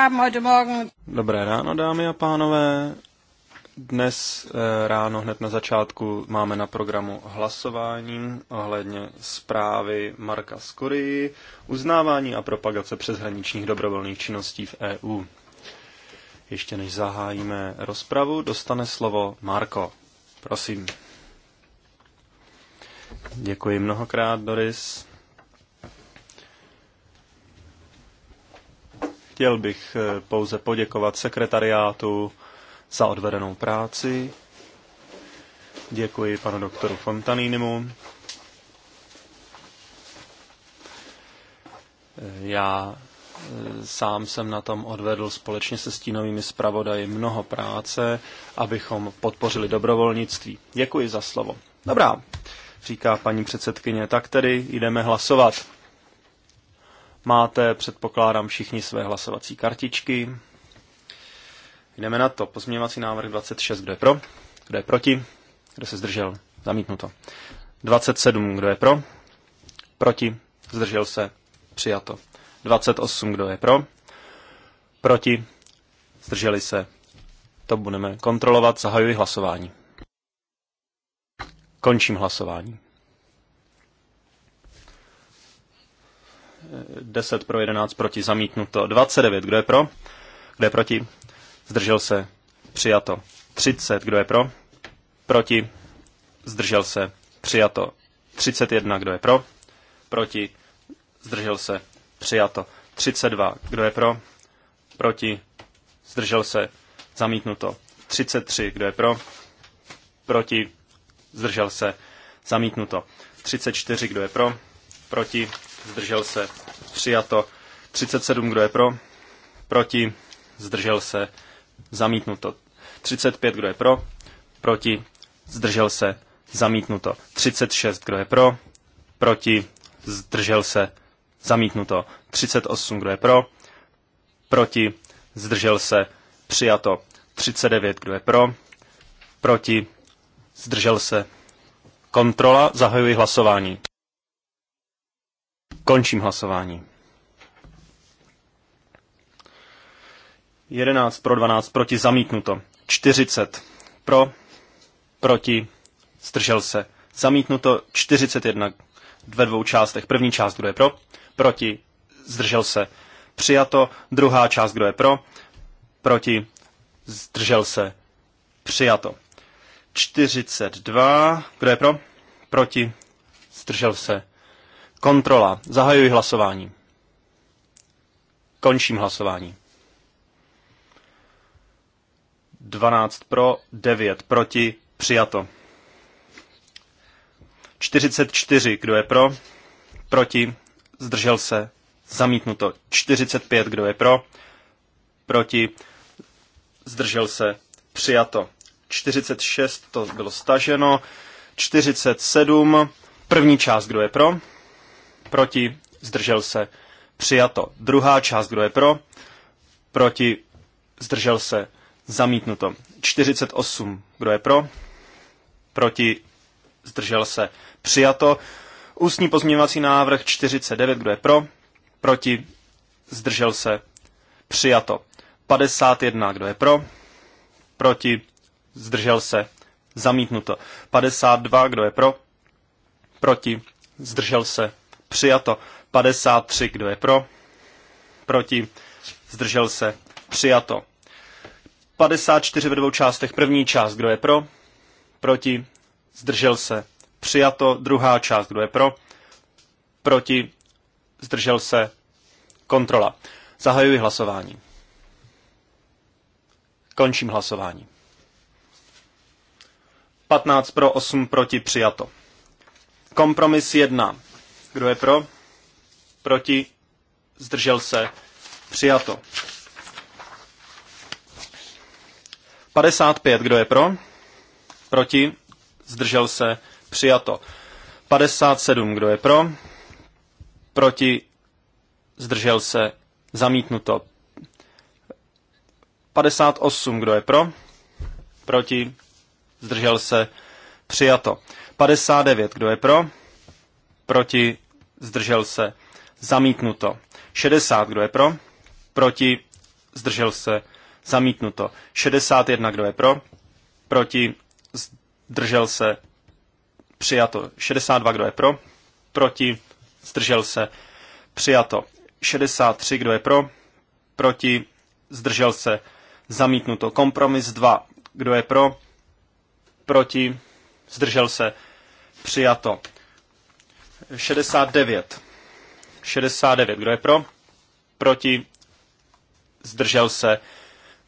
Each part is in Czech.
haben heute Morgen... Dobré ráno, dámy a pánové. Dnes eh, ráno hned na začátku máme na programu hlasování ohledně zprávy Marka Skory, uznávání a propagace přeshraničních dobrovolných činností v EU. Ještě než zahájíme rozpravu, dostane slovo Marko. Prosím. Děkuji mnohokrát, Doris. Chtěl bych eh, pouze poděkovat sekretariátu za odvedenou práci. Děkuji panu doktoru Fontaninimu. Eh, já eh, sám jsem na tom odvedl společně se stínovými zpravodaji mnoho práce, abychom podpořili dobrovolnictví. Děkuji za slovo. Dobrá, říká paní předsedkyně. Tak tedy jdeme hlasovat. Máte, předpokládám, všichni své hlasovací kartičky. Jdeme na to. Pozměňovací návrh 26. Kdo je pro? Kdo je proti? Kdo se zdržel? Zamítnuto. 27. Kdo je pro? Proti? Zdržel se? Přijato. 28. Kdo je pro? Proti? Zdrželi se? To budeme kontrolovat. Zahajuji hlasování. Končím hlasování. 10 pro 11 proti zamítnuto. 29, kdo je pro? Kdo je proti? Zdržel se. Přijato. 30, kdo je pro? Proti. Zdržel se. Přijato. 31, kdo je pro? Proti. Zdržel se. Přijato. 32, kdo je pro? Proti. Zdržel se. Zamítnuto. 33, kdo je pro? Proti. Zdržel se. Zamítnuto. 34, kdo je pro? Proti zdržel se, přijato. 37, kdo je pro, proti, zdržel se, zamítnuto. 35, kdo je pro, proti, zdržel se, zamítnuto. 36, kdo je pro, proti, zdržel se, zamítnuto. 38, kdo je pro, proti, zdržel se, přijato. 39, kdo je pro, proti, zdržel se. Kontrola, zahajuji hlasování. Končím hlasování. 11 pro 12 proti zamítnuto. 40 pro, proti, zdržel se. Zamítnuto 41 ve dvou částech. První část, kdo je pro, proti, zdržel se. Přijato. Druhá část, kdo je pro, proti, zdržel se. Přijato. 42, kdo je pro, proti, zdržel se. Kontrola. Zahajuji hlasování. Končím hlasování. 12 pro, 9 proti, přijato. 44, kdo je pro, proti, zdržel se, zamítnuto. 45, kdo je pro, proti, zdržel se, přijato. 46, to bylo staženo. 47, první část, kdo je pro, proti, zdržel se, přijato. Druhá část, kdo je pro, proti, zdržel se, zamítnuto. 48, kdo je pro, proti, zdržel se, přijato. Ústní pozměňovací návrh 49, kdo je pro, proti, zdržel se, přijato. 51, kdo je pro, proti, zdržel se, zamítnuto. 52, kdo je pro, proti, zdržel se, Přijato. 53. Kdo je pro? Proti. Zdržel se. Přijato. 54 ve dvou částech. První část. Kdo je pro? Proti. Zdržel se. Přijato. Druhá část. Kdo je pro? Proti. Zdržel se. Kontrola. Zahajuji hlasování. Končím hlasování. 15 pro 8 proti přijato. Kompromis 1. Kdo je pro? Proti? Zdržel se? Přijato. 55. Kdo je pro? Proti? Zdržel se? Přijato. 57. Kdo je pro? Proti? Zdržel se? Zamítnuto. 58. Kdo je pro? Proti? Zdržel se? Přijato. 59. Kdo je pro? proti, zdržel se, zamítnuto. 60, kdo je pro, proti, zdržel se, zamítnuto. 61, kdo je pro, proti, zdržel se, přijato. 62, kdo je pro, proti, zdržel se, přijato. 63, kdo je pro, proti, zdržel se, zamítnuto. Kompromis 2, kdo je pro, proti, zdržel se, přijato. 69. 69. Kdo je pro? Proti? Zdržel se?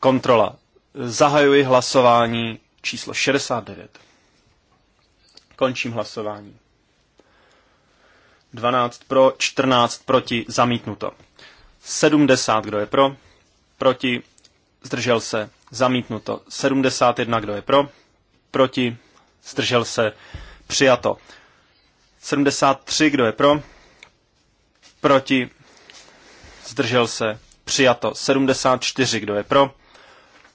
Kontrola. Zahajuji hlasování číslo 69. Končím hlasování. 12 pro, 14 proti, zamítnuto. 70, kdo je pro, proti, zdržel se, zamítnuto. 71, kdo je pro, proti, zdržel se, přijato. 73, kdo je pro? Proti? Zdržel se? Přijato. 74, kdo je pro?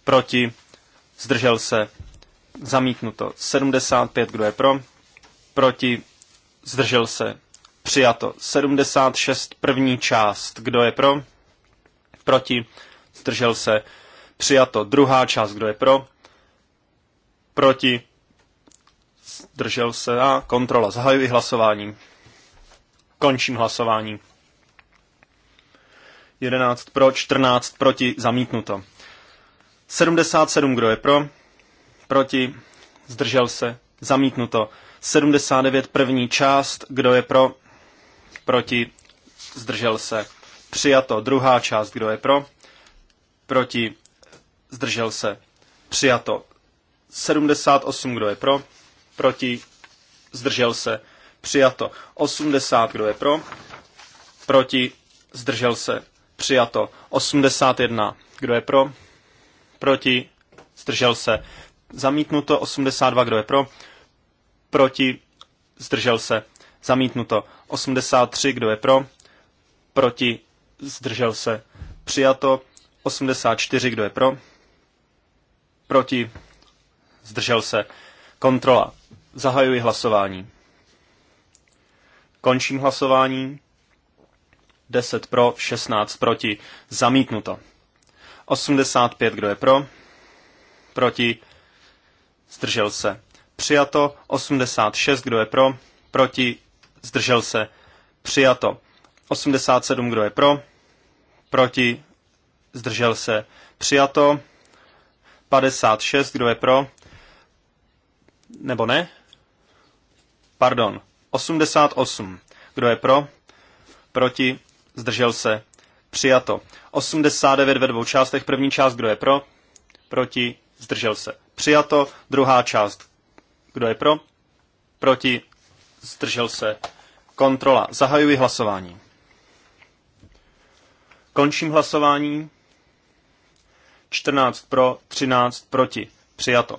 Proti? Zdržel se? Zamítnuto. 75, kdo je pro? Proti? Zdržel se? Přijato. 76, první část, kdo je pro? Proti? Zdržel se? Přijato. Druhá část, kdo je pro? Proti? zdržel se a kontrola. Zahajuji hlasování. Končím hlasování. 11 pro, 14 proti, zamítnuto. 77, kdo je pro, proti, zdržel se, zamítnuto. 79, první část, kdo je pro, proti, zdržel se, přijato. Druhá část, kdo je pro, proti, zdržel se, přijato. 78, kdo je pro, proti, zdržel se, přijato. 80, kdo je pro, proti, zdržel se, přijato. 81, kdo je pro, proti, zdržel se, zamítnuto. 82, kdo je pro, proti, zdržel se, zamítnuto. 83, kdo je pro, proti, zdržel se, přijato. 84, kdo je pro, proti, zdržel se, kontrola. Zahajuji hlasování. Končím hlasování. 10 pro, 16 proti. Zamítnuto. 85, kdo je pro? Proti. Zdržel se. Přijato. 86, kdo je pro? Proti. Zdržel se. Přijato. 87, kdo je pro? Proti. Zdržel se. Přijato. 56, kdo je pro? Nebo ne? Pardon, 88. Kdo je pro? Proti? Zdržel se? Přijato. 89 ve dvou částech. První část, kdo je pro? Proti? Zdržel se? Přijato. Druhá část, kdo je pro? Proti? Zdržel se? Kontrola. Zahajuji hlasování. Končím hlasování. 14 pro, 13 proti. Přijato.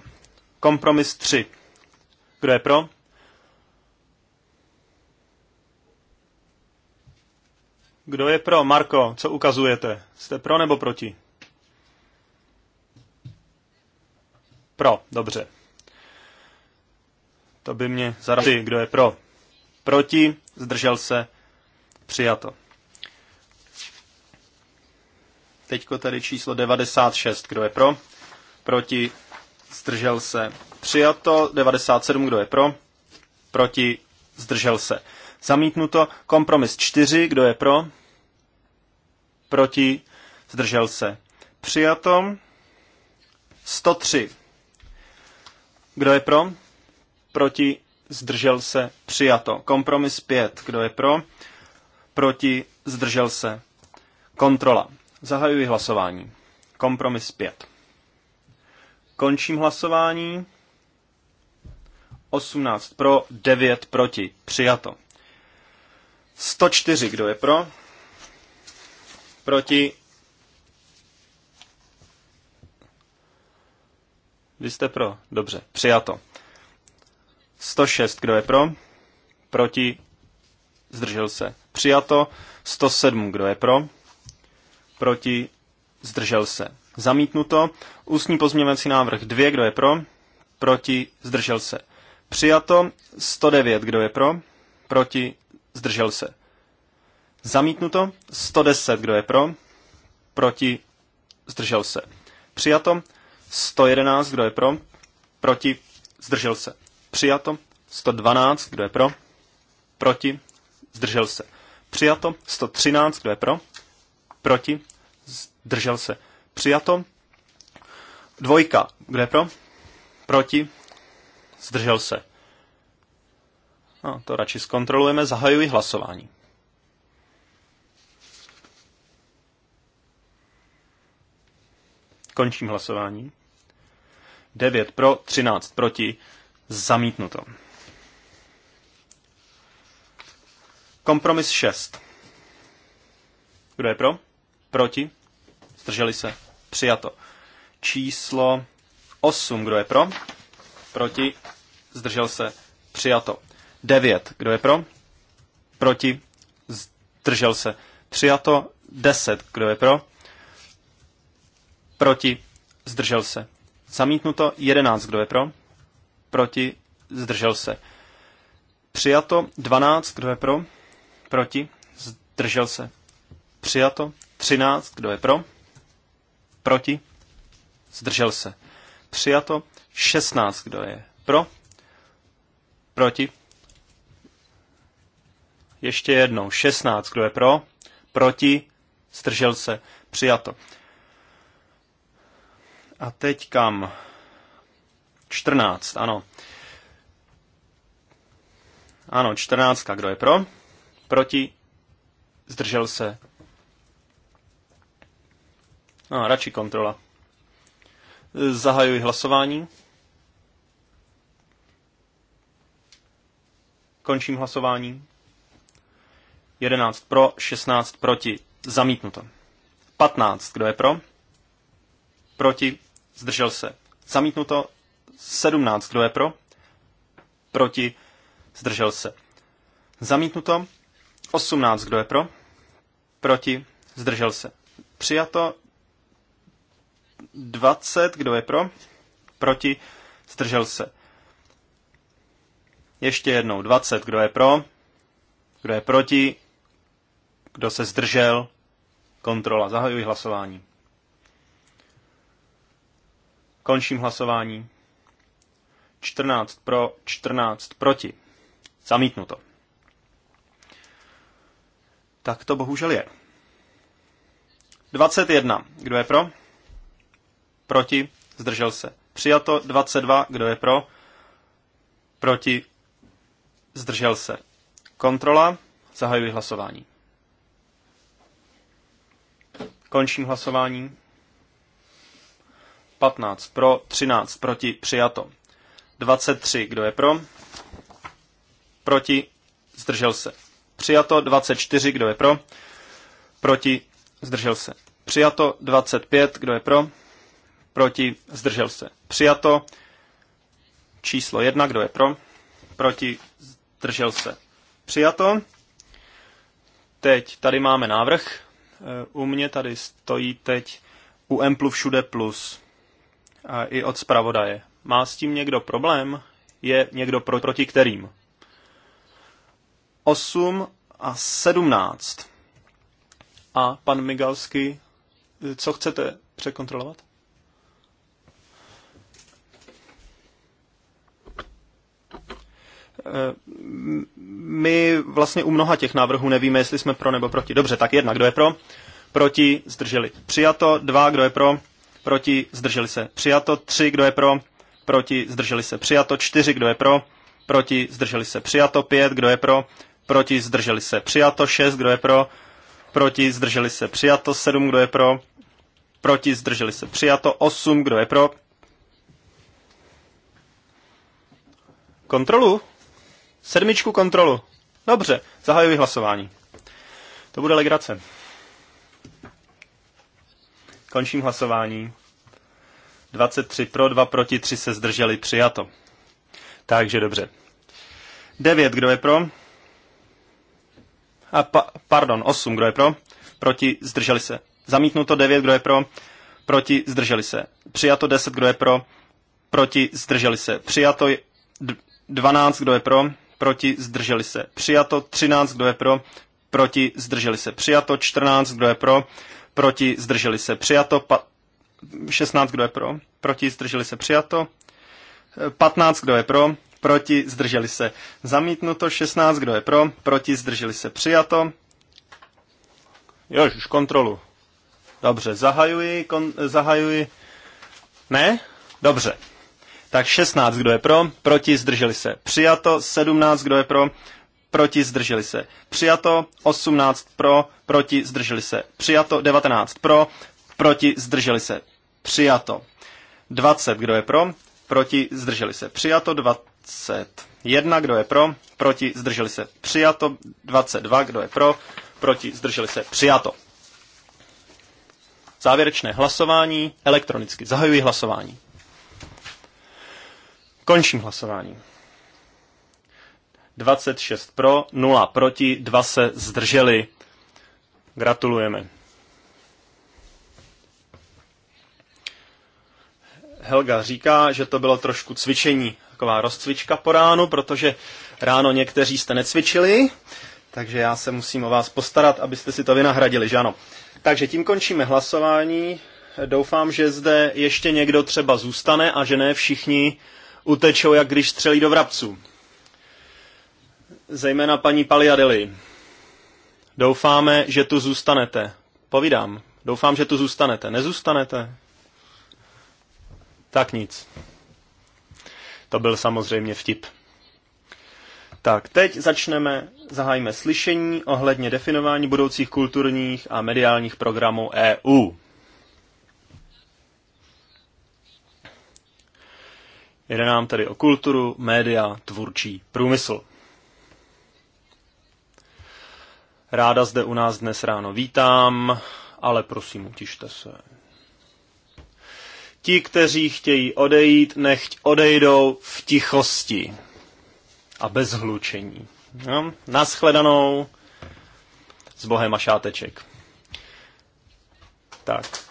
Kompromis 3. Kdo je pro? Kdo je pro? Marko, co ukazujete? Jste pro nebo proti? Pro, dobře. To by mě zarazí, kdo je pro. Proti, zdržel se, přijato. Teďko tady číslo 96, kdo je pro. Proti, zdržel se, přijato. 97, kdo je pro. Proti, zdržel se. Zamítnuto. Kompromis 4. Kdo je pro? Proti? Zdržel se. Přijato. 103. Kdo je pro? Proti? Zdržel se. Přijato. Kompromis 5. Kdo je pro? Proti? Zdržel se. Kontrola. Zahajuji hlasování. Kompromis 5. Končím hlasování. 18 pro, 9 proti. Přijato. 104, kdo je pro? Proti? Vy jste pro. Dobře, přijato. 106, kdo je pro? Proti? Zdržel se. Přijato. 107, kdo je pro? Proti? Zdržel se. Zamítnuto. Ústní pozměňovací návrh 2, kdo je pro? Proti? Zdržel se. Přijato. 109, kdo je pro? Proti? zdržel se. Zamítnuto 110, kdo je pro, proti, zdržel se. Přijato 111, kdo je pro, proti, zdržel se. Přijato 112, kdo je pro, proti, zdržel se. Přijato 113, kdo je pro, proti, zdržel se. Přijato dvojka, kdo je pro, proti, zdržel se. No, to radši zkontrolujeme. Zahajuji hlasování. Končím hlasování. 9 pro, 13 proti, zamítnuto. Kompromis 6. Kdo je pro? Proti? Zdrželi se? Přijato. Číslo 8. Kdo je pro? Proti? Zdržel se? Přijato. 9. Kdo je pro? Proti? Zdržel se. Přijato. 10. Kdo je pro? Proti? Zdržel se. Zamítnuto. 11. Kdo je pro? Proti? Zdržel se. Přijato. 12. Kdo je pro? Proti? Zdržel se. Přijato. 13. Kdo je pro? Proti? Zdržel se. Přijato. 16. Kdo je pro? Proti? Ještě jednou. 16. Kdo je pro? Proti? Zdržel se. Přijato. A teď kam? 14. Ano. Ano, 14. Kdo je pro? Proti? Zdržel se. No, radši kontrola. Zahajuji hlasování. Končím hlasování. 11 pro, 16 proti. Zamítnuto. 15. Kdo je pro? Proti. Zdržel se. Zamítnuto. 17. Kdo je pro? Proti. Zdržel se. Zamítnuto. 18. Kdo je pro? Proti. Zdržel se. Přijato. 20. Kdo je pro? Proti. Zdržel se. Ještě jednou. 20. Kdo je pro? Kdo je proti? Kdo se zdržel? Kontrola. Zahajuji hlasování. Končím hlasování. 14 pro, 14 proti. Zamítnuto. Tak to bohužel je. 21. Kdo je pro? Proti. Zdržel se. Přijato. 22. Kdo je pro? Proti. Zdržel se. Kontrola. Zahajuji hlasování. Končím hlasování. 15 pro, 13 proti, přijato. 23, kdo je pro? Proti, zdržel se. Přijato 24, kdo je pro? Proti, zdržel se. Přijato 25, kdo je pro? Proti, zdržel se. Přijato číslo 1, kdo je pro? Proti, zdržel se. Přijato. Teď tady máme návrh u mě tady stojí teď u Emplu všude plus. A i od zpravodaje. Má s tím někdo problém? Je někdo pro, proti kterým? 8 a 17. A pan Migalsky, co chcete překontrolovat? Eh, my vlastně u mnoha těch návrhů nevíme, jestli jsme pro nebo proti. Dobře, tak jedna, kdo je pro? Proti, zdrželi. Přijato, dva, kdo je pro? Proti, zdrželi se. Přijato, tři, kdo je pro? Proti, zdrželi se. Přijato, čtyři, kdo je pro? Proti, zdrželi se. Přijato, pět, kdo je pro? Proti, zdrželi se. Přijato, šest, kdo je pro? Proti, zdrželi se. Přijato, sedm, kdo je pro? Proti, zdrželi se. Přijato, osm, kdo je pro? Kontrolu? Sedmičku kontrolu. Dobře, zahajuji hlasování. To bude legrace. Končím hlasování. 23 pro, 2 proti, 3 se zdrželi, přijato. Takže dobře. 9, kdo je pro? A pa, pardon, 8, kdo je pro? Proti, zdrželi se. Zamítnuto 9, kdo je pro? Proti, zdrželi se. Přijato 10, kdo je pro? Proti, zdrželi se. Přijato 12, kdo je pro? proti, zdrželi se, přijato. 13, kdo je pro, proti, zdrželi se, přijato. 14, kdo je pro, proti, zdrželi se, přijato. Pa- 16, kdo je pro, proti, zdrželi se, přijato. 15, kdo je pro, proti, zdrželi se, zamítnuto. 16, kdo je pro, proti, zdrželi se, přijato. Jož, už kontrolu. Dobře, zahajuji, kon- zahajuji. Ne? Dobře. Tak 16, kdo je pro, proti, zdrželi se. Přijato, 17, kdo je pro, proti, zdrželi se. Přijato, 18 pro, proti, zdrželi se. Přijato, 19 pro, proti, zdrželi se. Přijato. 20, kdo je pro, proti, zdrželi se. Přijato, 21, kdo je pro, proti, zdrželi se. Přijato, 22, kdo je pro, proti, zdrželi se. Přijato. Závěrečné hlasování, elektronicky. Zahajuji hlasování. Končím hlasování. 26 pro, 0 proti, 2 se zdrželi. Gratulujeme. Helga říká, že to bylo trošku cvičení, taková rozcvička po ránu, protože ráno někteří jste necvičili, takže já se musím o vás postarat, abyste si to vynahradili, že ano. Takže tím končíme hlasování. Doufám, že zde ještě někdo třeba zůstane a že ne všichni utečou, jak když střelí do vrabců. Zejména paní Paliadeli. Doufáme, že tu zůstanete. Povídám. Doufám, že tu zůstanete. Nezůstanete? Tak nic. To byl samozřejmě vtip. Tak, teď začneme, zahájíme slyšení ohledně definování budoucích kulturních a mediálních programů EU. Jde nám tedy o kulturu, média, tvůrčí průmysl. Ráda zde u nás dnes ráno vítám, ale prosím, utište se. Ti, kteří chtějí odejít, nechť odejdou v tichosti a bez hlučení. No, naschledanou s Bohem a šáteček. Tak.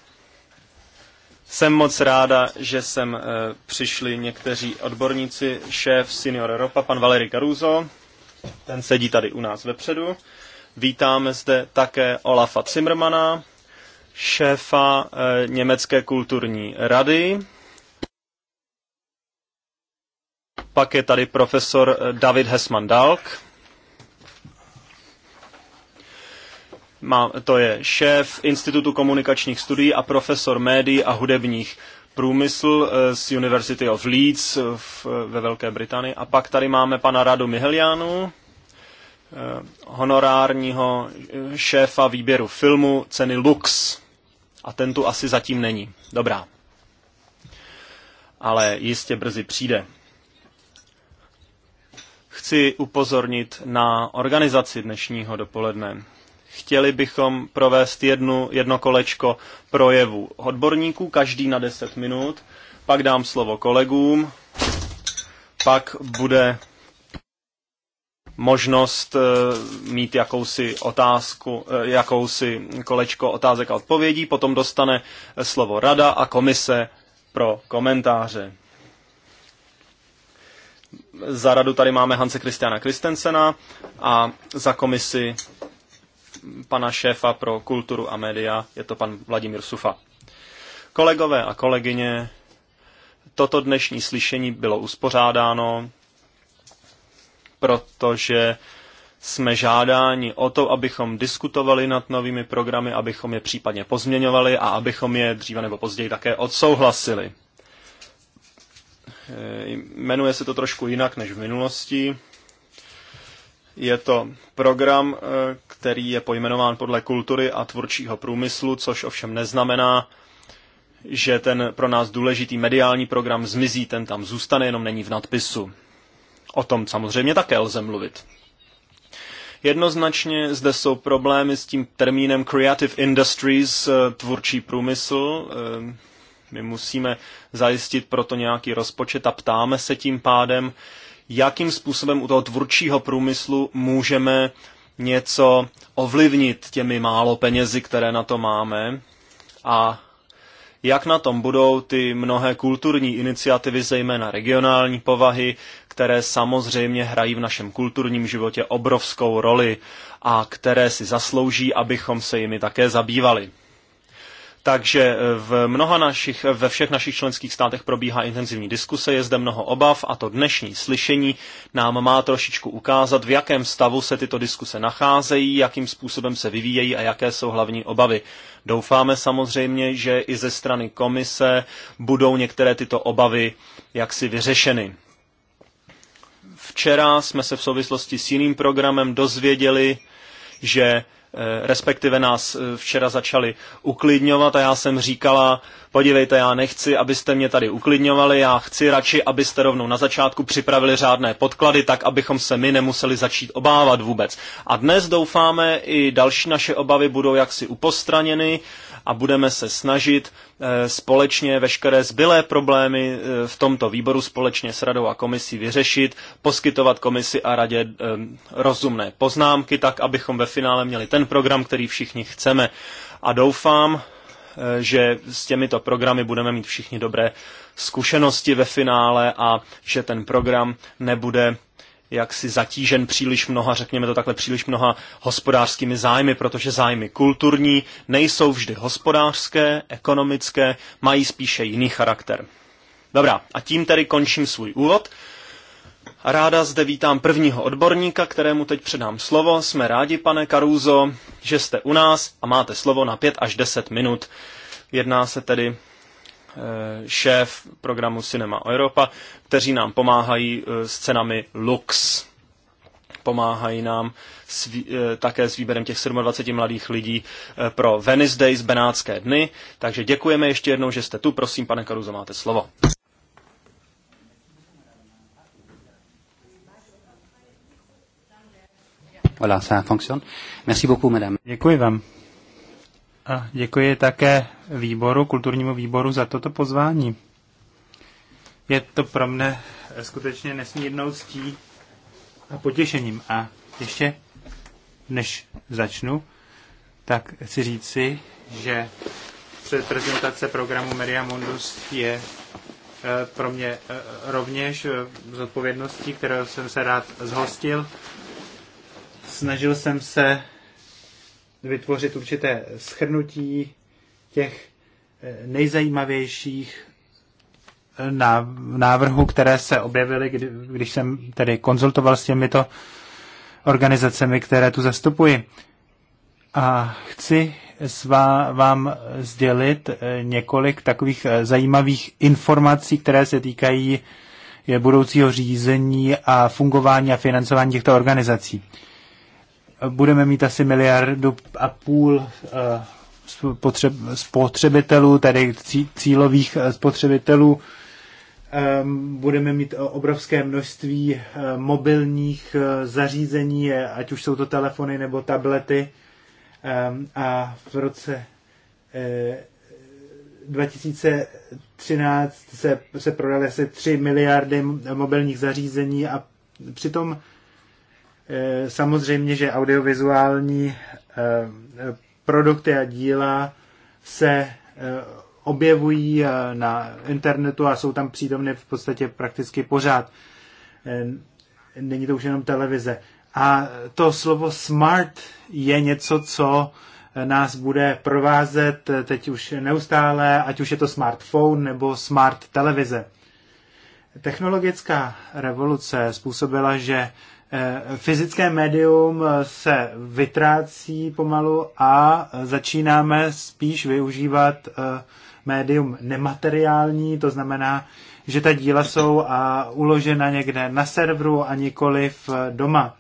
Jsem moc ráda, že sem eh, přišli někteří odborníci, šéf Senior Europa, pan Valery Caruso, ten sedí tady u nás vepředu. Vítáme zde také Olafa Zimmermana, šéfa eh, Německé kulturní rady. Pak je tady profesor eh, David Hesman-Dalk, Má, to je šéf Institutu komunikačních studií a profesor médií a hudebních průmysl eh, z University of Leeds eh, v, eh, ve Velké Británii. A pak tady máme pana Radu Mihelianu, honorárního šéfa výběru filmu ceny Lux. A ten tu asi zatím není. Dobrá. Ale jistě brzy přijde. Chci upozornit na organizaci dnešního dopoledne. Chtěli bychom provést jednu, jedno kolečko projevu odborníků, každý na 10 minut, pak dám slovo kolegům, pak bude možnost eh, mít jakousi otázku, eh, jakousi kolečko otázek a odpovědí, potom dostane slovo rada a komise pro komentáře. Za radu tady máme Hanse Kristiana Kristensena a za komisi pana šéfa pro kulturu a média, je to pan Vladimír Sufa. Kolegové a kolegyně, toto dnešní slyšení bylo uspořádáno, protože jsme žádáni o to, abychom diskutovali nad novými programy, abychom je případně pozměňovali a abychom je dříve nebo později také odsouhlasili. Jmenuje se to trošku jinak než v minulosti. Je to program, eh, který je pojmenován podle kultury a tvůrčího průmyslu, což ovšem neznamená, že ten pro nás důležitý mediální program zmizí, ten tam zůstane, jenom není v nadpisu. O tom samozřejmě také lze mluvit. Jednoznačně zde jsou problémy s tím termínem Creative Industries, eh, tvůrčí průmysl. Eh, my musíme zajistit proto nějaký rozpočet a ptáme se tím pádem, jakým způsobem u toho tvůrčího průmyslu můžeme něco ovlivnit těmi málo penězi, které na to máme a jak na tom budou ty mnohé kulturní iniciativy, zejména regionální povahy, které samozřejmě hrají v našem kulturním životě obrovskou roli a které si zaslouží, abychom se jimi také zabývali. Takže eh, v mnoha našich, eh, ve všech našich členských státech probíhá intenzivní diskuse, je zde mnoho obav a to dnešní slyšení nám má trošičku ukázat, v jakém stavu se tyto diskuse nacházejí, jakým způsobem se vyvíjejí a jaké jsou hlavní obavy. Doufáme samozřejmě, že i ze strany komise budou některé tyto obavy jaksi vyřešeny. Včera jsme se v souvislosti s jiným programem dozvěděli, že Eh, respektive nás eh, včera začali uklidňovat a já jsem říkala, podívejte, já nechci, abyste mě tady uklidňovali, já chci radši, abyste rovnou na začátku připravili řádné podklady, tak abychom se my nemuseli začít obávat vůbec. A dnes doufáme, i další naše obavy budou jaksi upostraněny, a budeme se snažit eh, společně veškeré zbylé problémy eh, v tomto výboru společně s radou a komisí vyřešit, poskytovat komisi a radě eh, rozumné poznámky, tak abychom ve finále měli ten program, který všichni chceme. A doufám, že s těmito programy budeme mít všichni dobré zkušenosti ve finále a že ten program nebude jaksi zatížen příliš mnoha, řekněme to takhle, příliš mnoha hospodářskými zájmy, protože zájmy kulturní nejsou vždy hospodářské, ekonomické, mají spíše jiný charakter. Dobrá, a tím tedy končím svůj úvod. A ráda zde vítám prvního odborníka, kterému teď předám slovo. Jsme rádi, pane Karuzo, že jste u nás a máte slovo na 5 až 10 minut. Jedná se tedy Eh, šéf programu Cinema Europa, kteří nám pomáhají eh, s cenami Lux. Pomáhají nám s, eh, také s výběrem těch 27 mladých lidí pro Venice Days Benátské dny. Takže děkujeme ještě jednou, že jste tu. Prosím, pane Karuzo, máte slovo. Voilà, ça fonctionne. Merci beaucoup, madame. Děkuji vám. A děkuji také výboru, kulturnímu výboru za toto pozvání. Je to pro mne skutečně nesmírnou ctí a potěšením. A ještě než začnu, tak chci říci, že před prezentace programu Media Mundus je eh, pro mě eh, rovněž eh, z odpovědností, kterou jsem se rád zhostil. Snažil jsem se vytvořit určité schrnutí těch eh, nejzajímavějších eh, návrhů, které se objevily, když jsem tedy konzultoval s těmito organizacemi, které tu zastupuji. A chci s vám sdělit eh, několik takových zajímavých informací, které se týkají budoucího řízení a fungování a financování těchto organizací budeme mít asi miliardu a půl eh, spotřebitelů, tedy cílových eh, spotřebitelů. Ehm, budeme mít eh, obrovské množství mobilních zařízení, ať už jsou to telefony nebo tablety. Ehm, a v roce 2013 se, se prodaly asi 3 miliardy mobilních zařízení a přitom Eh, samozřejmě, že audiovizuální eh, produkty a díla se eh, objevují na internetu a jsou tam přítomny v podstatě prakticky pořád. Není to už jenom televize. A to slovo smart je něco, co nás bude provázet teď už neustále, ať už je to smartphone nebo smart televize. Technologická revoluce způsobila, že Eh, fyzické médium eh, se vytrácí pomalu a začínáme spíš využívat eh, médium nemateriální, to znamená, že ta díla jsou a uložena někde na serveru a nikoliv doma.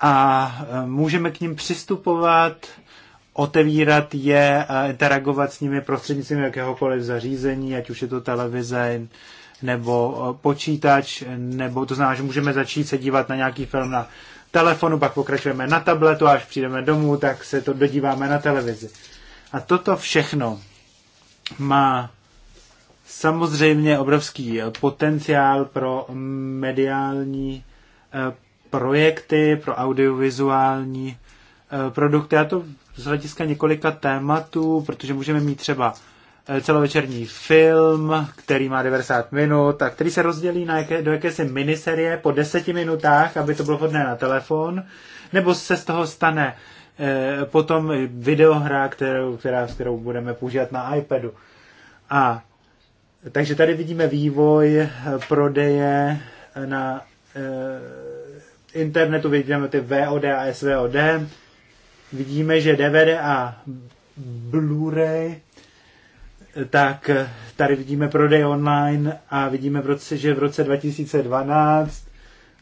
A můžeme k ním přistupovat, otevírat je, interagovat s nimi prostřednictvím jakéhokoliv zařízení, ať už je to televize, nebo eh, počítač, nebo to znamená, že můžeme začít se dívat na nějaký film na telefonu, pak pokračujeme na tabletu a až přijdeme domů, tak se to dodíváme na televizi. A toto všechno má samozřejmě obrovský eh, potenciál pro mediální eh, projekty, pro audiovizuální produkty. A to z hlediska několika tématů, protože můžeme mít třeba Eh, celovečerní film, který má 90 minut a který se rozdělí na jaké, do jakési miniserie po 10 minutách, aby to bylo hodné na telefon, nebo se z toho stane eh, potom videohra, kterou, která, kterou budeme používat na iPadu. A takže tady vidíme vývoj eh, prodeje eh, na eh, internetu, vidíme ty VOD a SVOD, vidíme, že DVD a Blu-ray tak eh, tady vidíme prodej online a vidíme, v roce, že v roce 2012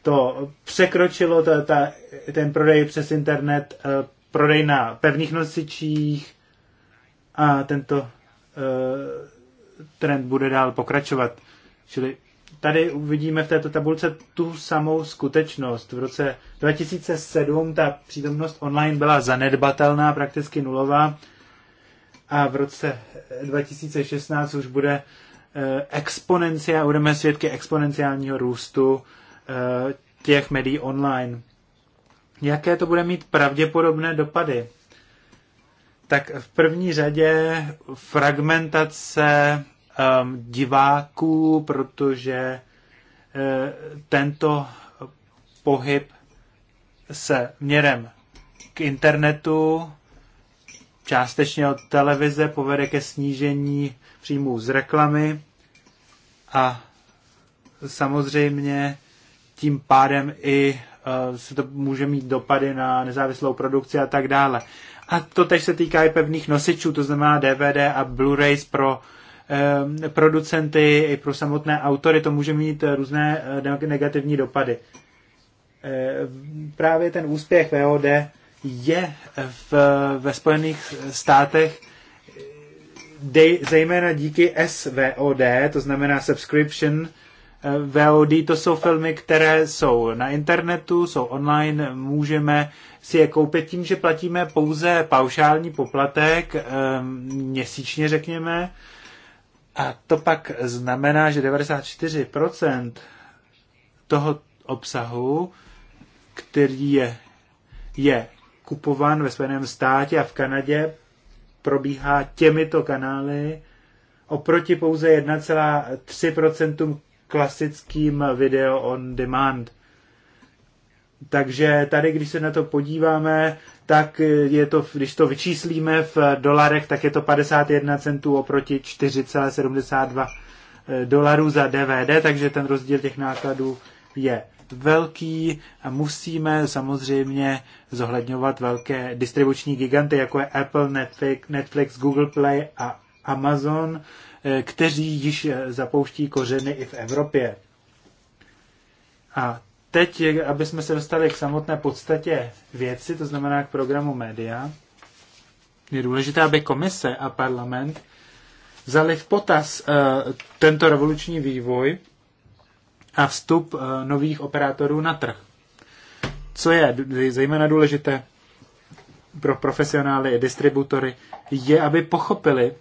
to překročilo ta, ta, ten prodej přes internet, eh, prodej na pevných nosičích a tento eh, trend bude dál pokračovat. Čili tady uvidíme v této tabulce tu samou skutečnost. V roce 2007 ta přítomnost online byla zanedbatelná, prakticky nulová a v roce 2016 eh, už bude eh, exponencia, budeme svědky exponenciálního růstu eh, těch médií online. Jaké to bude mít pravděpodobné dopady? Tak v první řadě fragmentace um, diváků, protože tento pohyb se měrem k internetu částečně od televize povede ke snížení příjmů z reklamy a samozřejmě tím pádem i e, se to může mít dopady na nezávislou produkci a tak dále. A to tež se týká i pevných nosičů, to znamená DVD a Blu-rays pro e, producenty i pro samotné autory, to může mít různé e, negativní dopady. právě ten úspěch VOD je v, ve Spojených státech de, zejména díky SVOD, to znamená Subscription eh, VOD, to jsou filmy, které jsou na internetu, jsou online, můžeme si je koupit tím, že platíme pouze paušální poplatek eh, měsíčně, řekněme. A to pak znamená, že 94% toho obsahu, který je, je kupován ve Spojeném státě a v Kanadě, probíhá těmito kanály oproti pouze 1,3% klasickým video on demand. Takže tady, když se na to podíváme, tak je to, když to vyčíslíme v dolarech, tak je to 51 centů oproti 4,72 dolarů za DVD, takže ten rozdíl těch nákladů je velký a musíme samozřejmě zohledňovat velké distribuční giganty, jako je Apple, Netflix, Netflix Google Play a Amazon, eh, kteří již eh, zapouští kořeny i v Evropě. A teď, aby jsme se dostali k samotné podstatě věci, to znamená k programu média, je důležité, aby komise a parlament vzali v potaz eh, tento revoluční vývoj a vstup eh, nových operátorů na trh. Co je zejména důležité pro profesionály i distributory, je, aby pochopili,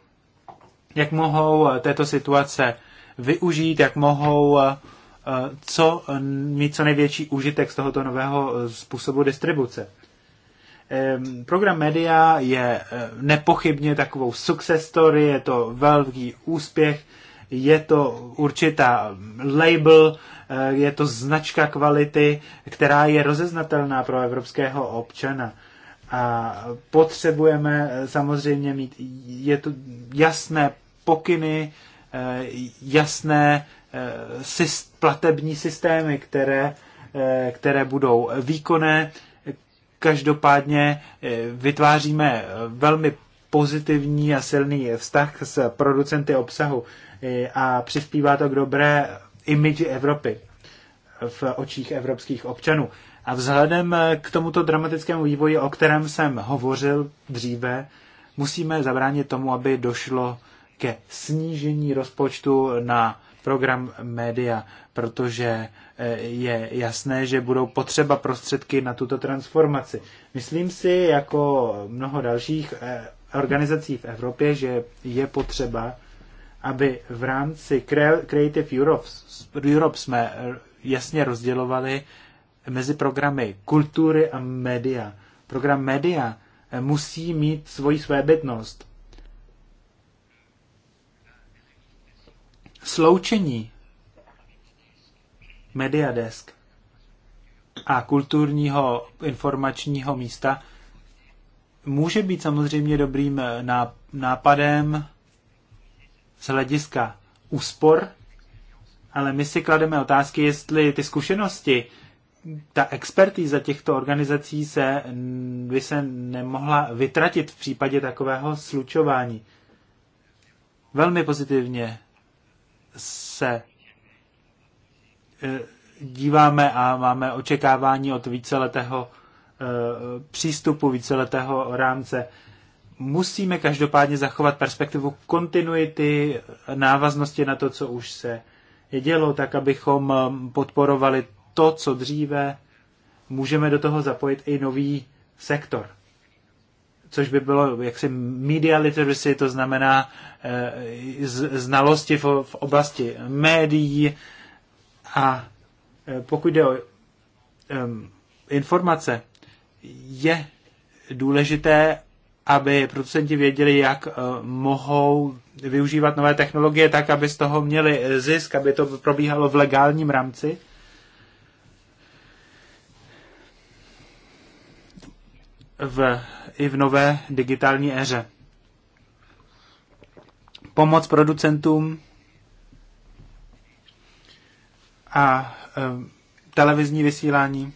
jak mohou eh, této situace využít, jak mohou eh, co, mít co největší užitek z tohoto nového způsobu distribuce. Ehm, program Media je nepochybně takovou success story, je to velký úspěch, je to určitá label, eh, je to značka kvality, která je rozeznatelná pro evropského občana. A potřebujeme eh, samozřejmě mít je to jasné pokyny, eh, jasné platební systémy, které, které budou výkonné. Každopádně vytváříme velmi pozitivní a silný vztah s producenty obsahu eh, a přispívá to k dobré imidži Evropy v očích evropských občanů. A vzhledem eh, k tomuto dramatickému vývoji, o kterém jsem hovořil dříve, musíme zabránit tomu, aby došlo ke snížení rozpočtu na program média, protože eh, je jasné, že budou potřeba prostředky na tuto transformaci. Myslím si, jako mnoho dalších organizací v Evropě, že je potřeba, aby v rámci Creative Europe, Europe jsme jasně rozdělovali mezi programy kultury a média. Program média eh, musí mít svoji svébytnost. Sloučení Mediadesk a kulturního informačního místa může být samozřejmě dobrým eh, nápadem z hlediska úspor, ale my si klademe otázky, jestli ty zkušenosti, ta expertíza těchto organizací se, by se nemohla vytratit v případě takového slučování. Velmi pozitivně se eh, díváme a máme očekávání od víceletého Eh, přístupu víceletého rámce. Musíme každopádně zachovat perspektivu kontinuity, návaznosti na to, co už se dělo, tak abychom eh, podporovali to, co dříve. Můžeme do toho zapojit i nový sektor což by bylo jaksi media literacy, to znamená eh, znalosti v oblasti médií a pokud jde o informace, je důležité, aby producenti věděli, jak eh, mohou využívat nové technologie tak, aby z toho měli eh, zisk, aby to probíhalo v legálním rámci. V, I v nové digitální éře. Pomoc producentům a eh, televizní vysílání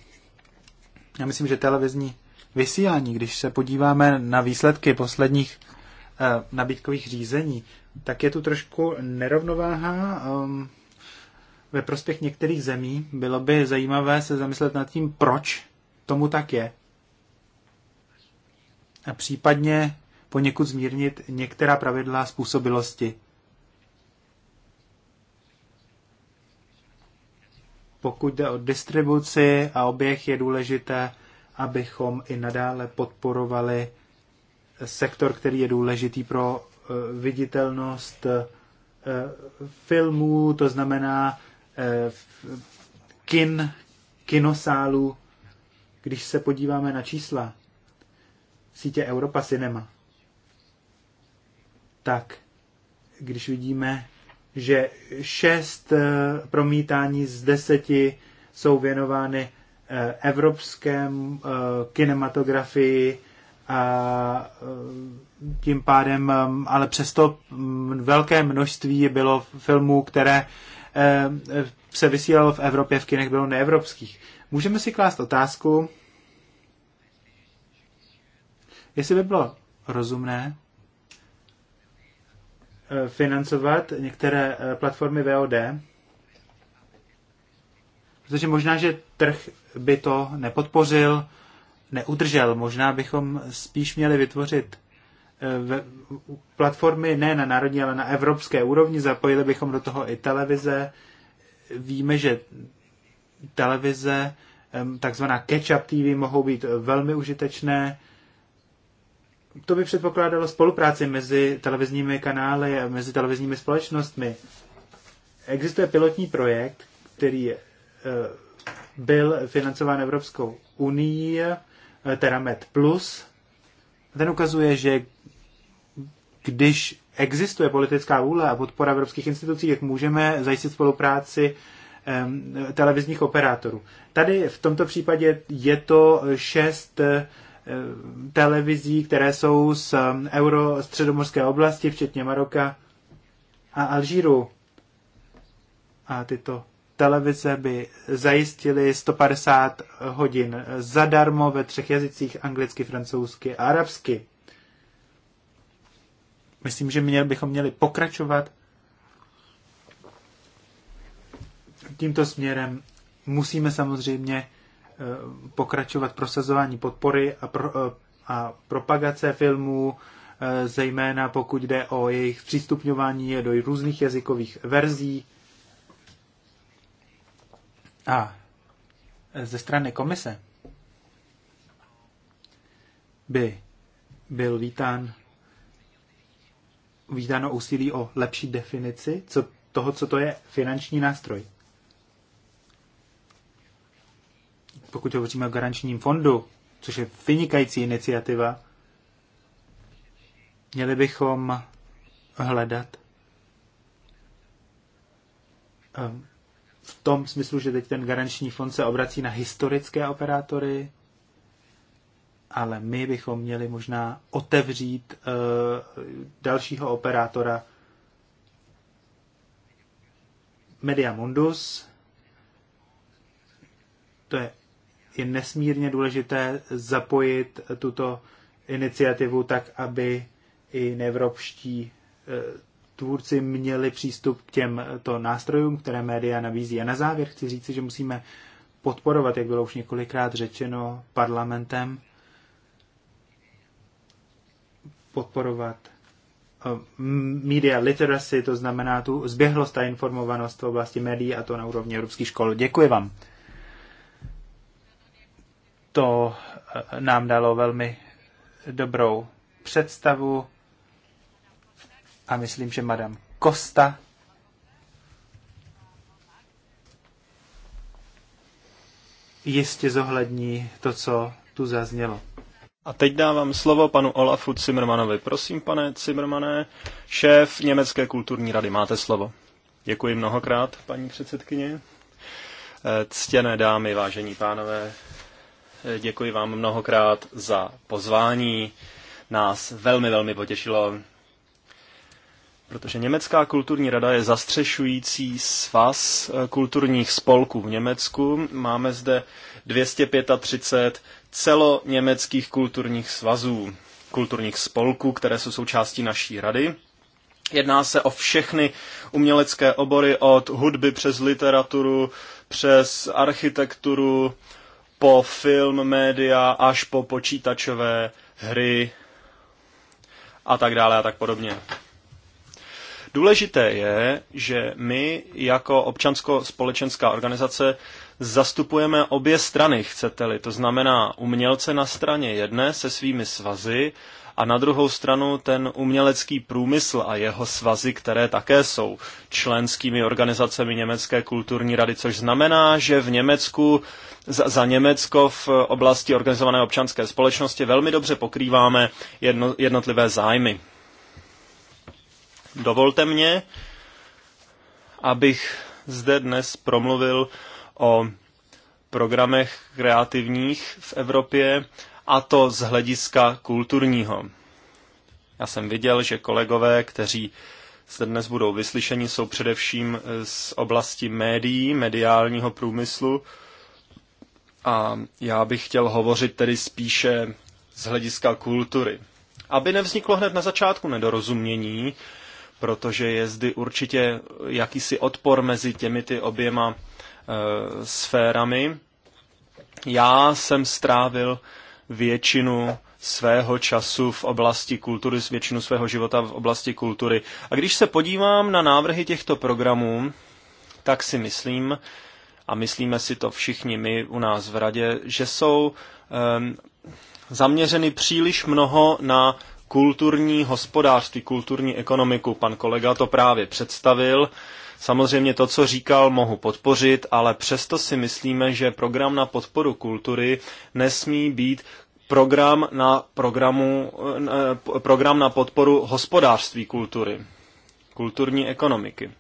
já myslím, že televizní vysílání, když se podíváme na výsledky posledních eh, nabídkových řízení, tak je tu trošku nerovnováha um, ve prospěch některých zemí. Bylo by zajímavé se zamyslet nad tím, proč tomu tak je. A případně poněkud zmírnit některá pravidla způsobilosti Pokud jde o distribuci a oběh, je důležité, abychom i nadále podporovali sektor, který je důležitý pro eh, viditelnost eh, filmů, to znamená eh, kin, kinosálů. Když se podíváme na čísla sítě Europa Cinema, tak když vidíme, že šest eh, promítání z deseti jsou věnovány eh, evropském eh, kinematografii a tím pádem, ale přesto mm, velké množství bylo filmů, které se vysílalo v Evropě, v kinech bylo neevropských. Můžeme si klást otázku, jestli by bylo rozumné financovat některé eh, platformy VOD, protože možná, že trh by to nepodpořil, neudržel. Možná bychom spíš měli vytvořit eh, platformy ne na národní, ale na evropské úrovni. Zapojili bychom do toho i televize. Víme, že televize, takzvaná catch-up TV, mohou být velmi užitečné to by předpokládalo spolupráci mezi televizními kanály a mezi televizními společnostmi. Existuje pilotní projekt, který eh, byl financován Evropskou unii, eh, Teramet Plus. Ten ukazuje, že když existuje politická vůle a podpora evropských institucí, jak můžeme zajistit spolupráci televizních operátorů. Tady v tomto případě je to šest eh, Eh, televizí, které jsou z eh, euro středomorské oblasti, včetně Maroka a Alžíru. A tyto televize by zajistily 150 hodin zadarmo ve třech jazycích anglicky, francouzsky a arabsky. Myslím, že měl, bychom měli pokračovat tímto směrem. Musíme samozřejmě Eh, pokračovat prosazování podpory a, pro, eh, a propagace filmů, eh, zejména pokud jde o jejich přístupňování do různých jazykových verzí. A ze strany komise by byl vítán vítáno úsilí o lepší definici co, toho, co to je finanční nástroj. pokud hovoříme o garančním fondu, což je vynikající iniciativa, měli bychom hledat eh, v tom smyslu, že teď ten garanční fond se obrací na historické operátory, ale my bychom měli možná otevřít eh, dalšího operátora Media Mundus. To je je nesmírně důležité zapojit tuto iniciativu tak, aby i nevropští e, tvůrci měli přístup k těmto e, nástrojům, které média nabízí. A na závěr chci říci, že musíme podporovat, jak bylo už několikrát řečeno parlamentem, podporovat e, media literacy, to znamená tu zběhlost a informovanost v oblasti médií a to na úrovni evropských škol. Děkuji vám to eh, nám dalo velmi dobrou představu a myslím, že madam Costa jistě zohlední to, co tu zaznělo. A teď dávám slovo panu Olafu Zimmermanovi. Prosím, pane Zimmermané, šéf Německé kulturní rady, máte slovo. Děkuji mnohokrát, paní předsedkyně. Eh, ctěné dámy, vážení pánové, Děkuji vám mnohokrát za pozvání. Nás velmi, velmi potěšilo, protože Německá kulturní rada je zastřešující svaz eh, kulturních spolků v Německu. Máme zde 235 celoněmeckých kulturních svazů, kulturních spolků, které jsou součástí naší rady. Jedná se o všechny umělecké obory od hudby přes literaturu, přes architekturu, po film, média, až po počítačové hry a tak dále a tak podobně. Důležité je, že my jako občansko-společenská organizace zastupujeme obě strany, chcete-li. To znamená umělce na straně jedné se svými svazy a na druhou stranu ten umělecký průmysl a jeho svazy, které také jsou členskými organizacemi Německé kulturní rady, což znamená, že v Německu za, za Německo v oblasti organizované občanské společnosti velmi dobře pokrýváme jedno, jednotlivé zájmy. Dovolte mě, abych zde dnes promluvil o programech kreativních v Evropě a to z hlediska kulturního. Já jsem viděl, že kolegové, kteří se dnes budou vyslyšeni, jsou především eh, z oblasti médií, mediálního průmyslu a já bych chtěl hovořit tedy spíše z hlediska kultury. Aby nevzniklo hned na začátku nedorozumění, protože je zde určitě jakýsi odpor mezi těmi ty oběma e, sférami. Já jsem strávil většinu svého času v oblasti kultury, většinu svého života v oblasti kultury. A když se podívám na návrhy těchto programů, tak si myslím, a myslíme si to všichni my u nás v radě, že jsou um, zaměřeny příliš mnoho na kulturní hospodářství, kulturní ekonomiku. Pan kolega to právě představil. Samozřejmě to, co říkal, mohu podpořit, ale přesto si myslíme, že program na podporu kultury nesmí být program na, programu, na, program na podporu hospodářství kultury, kulturní ekonomiky.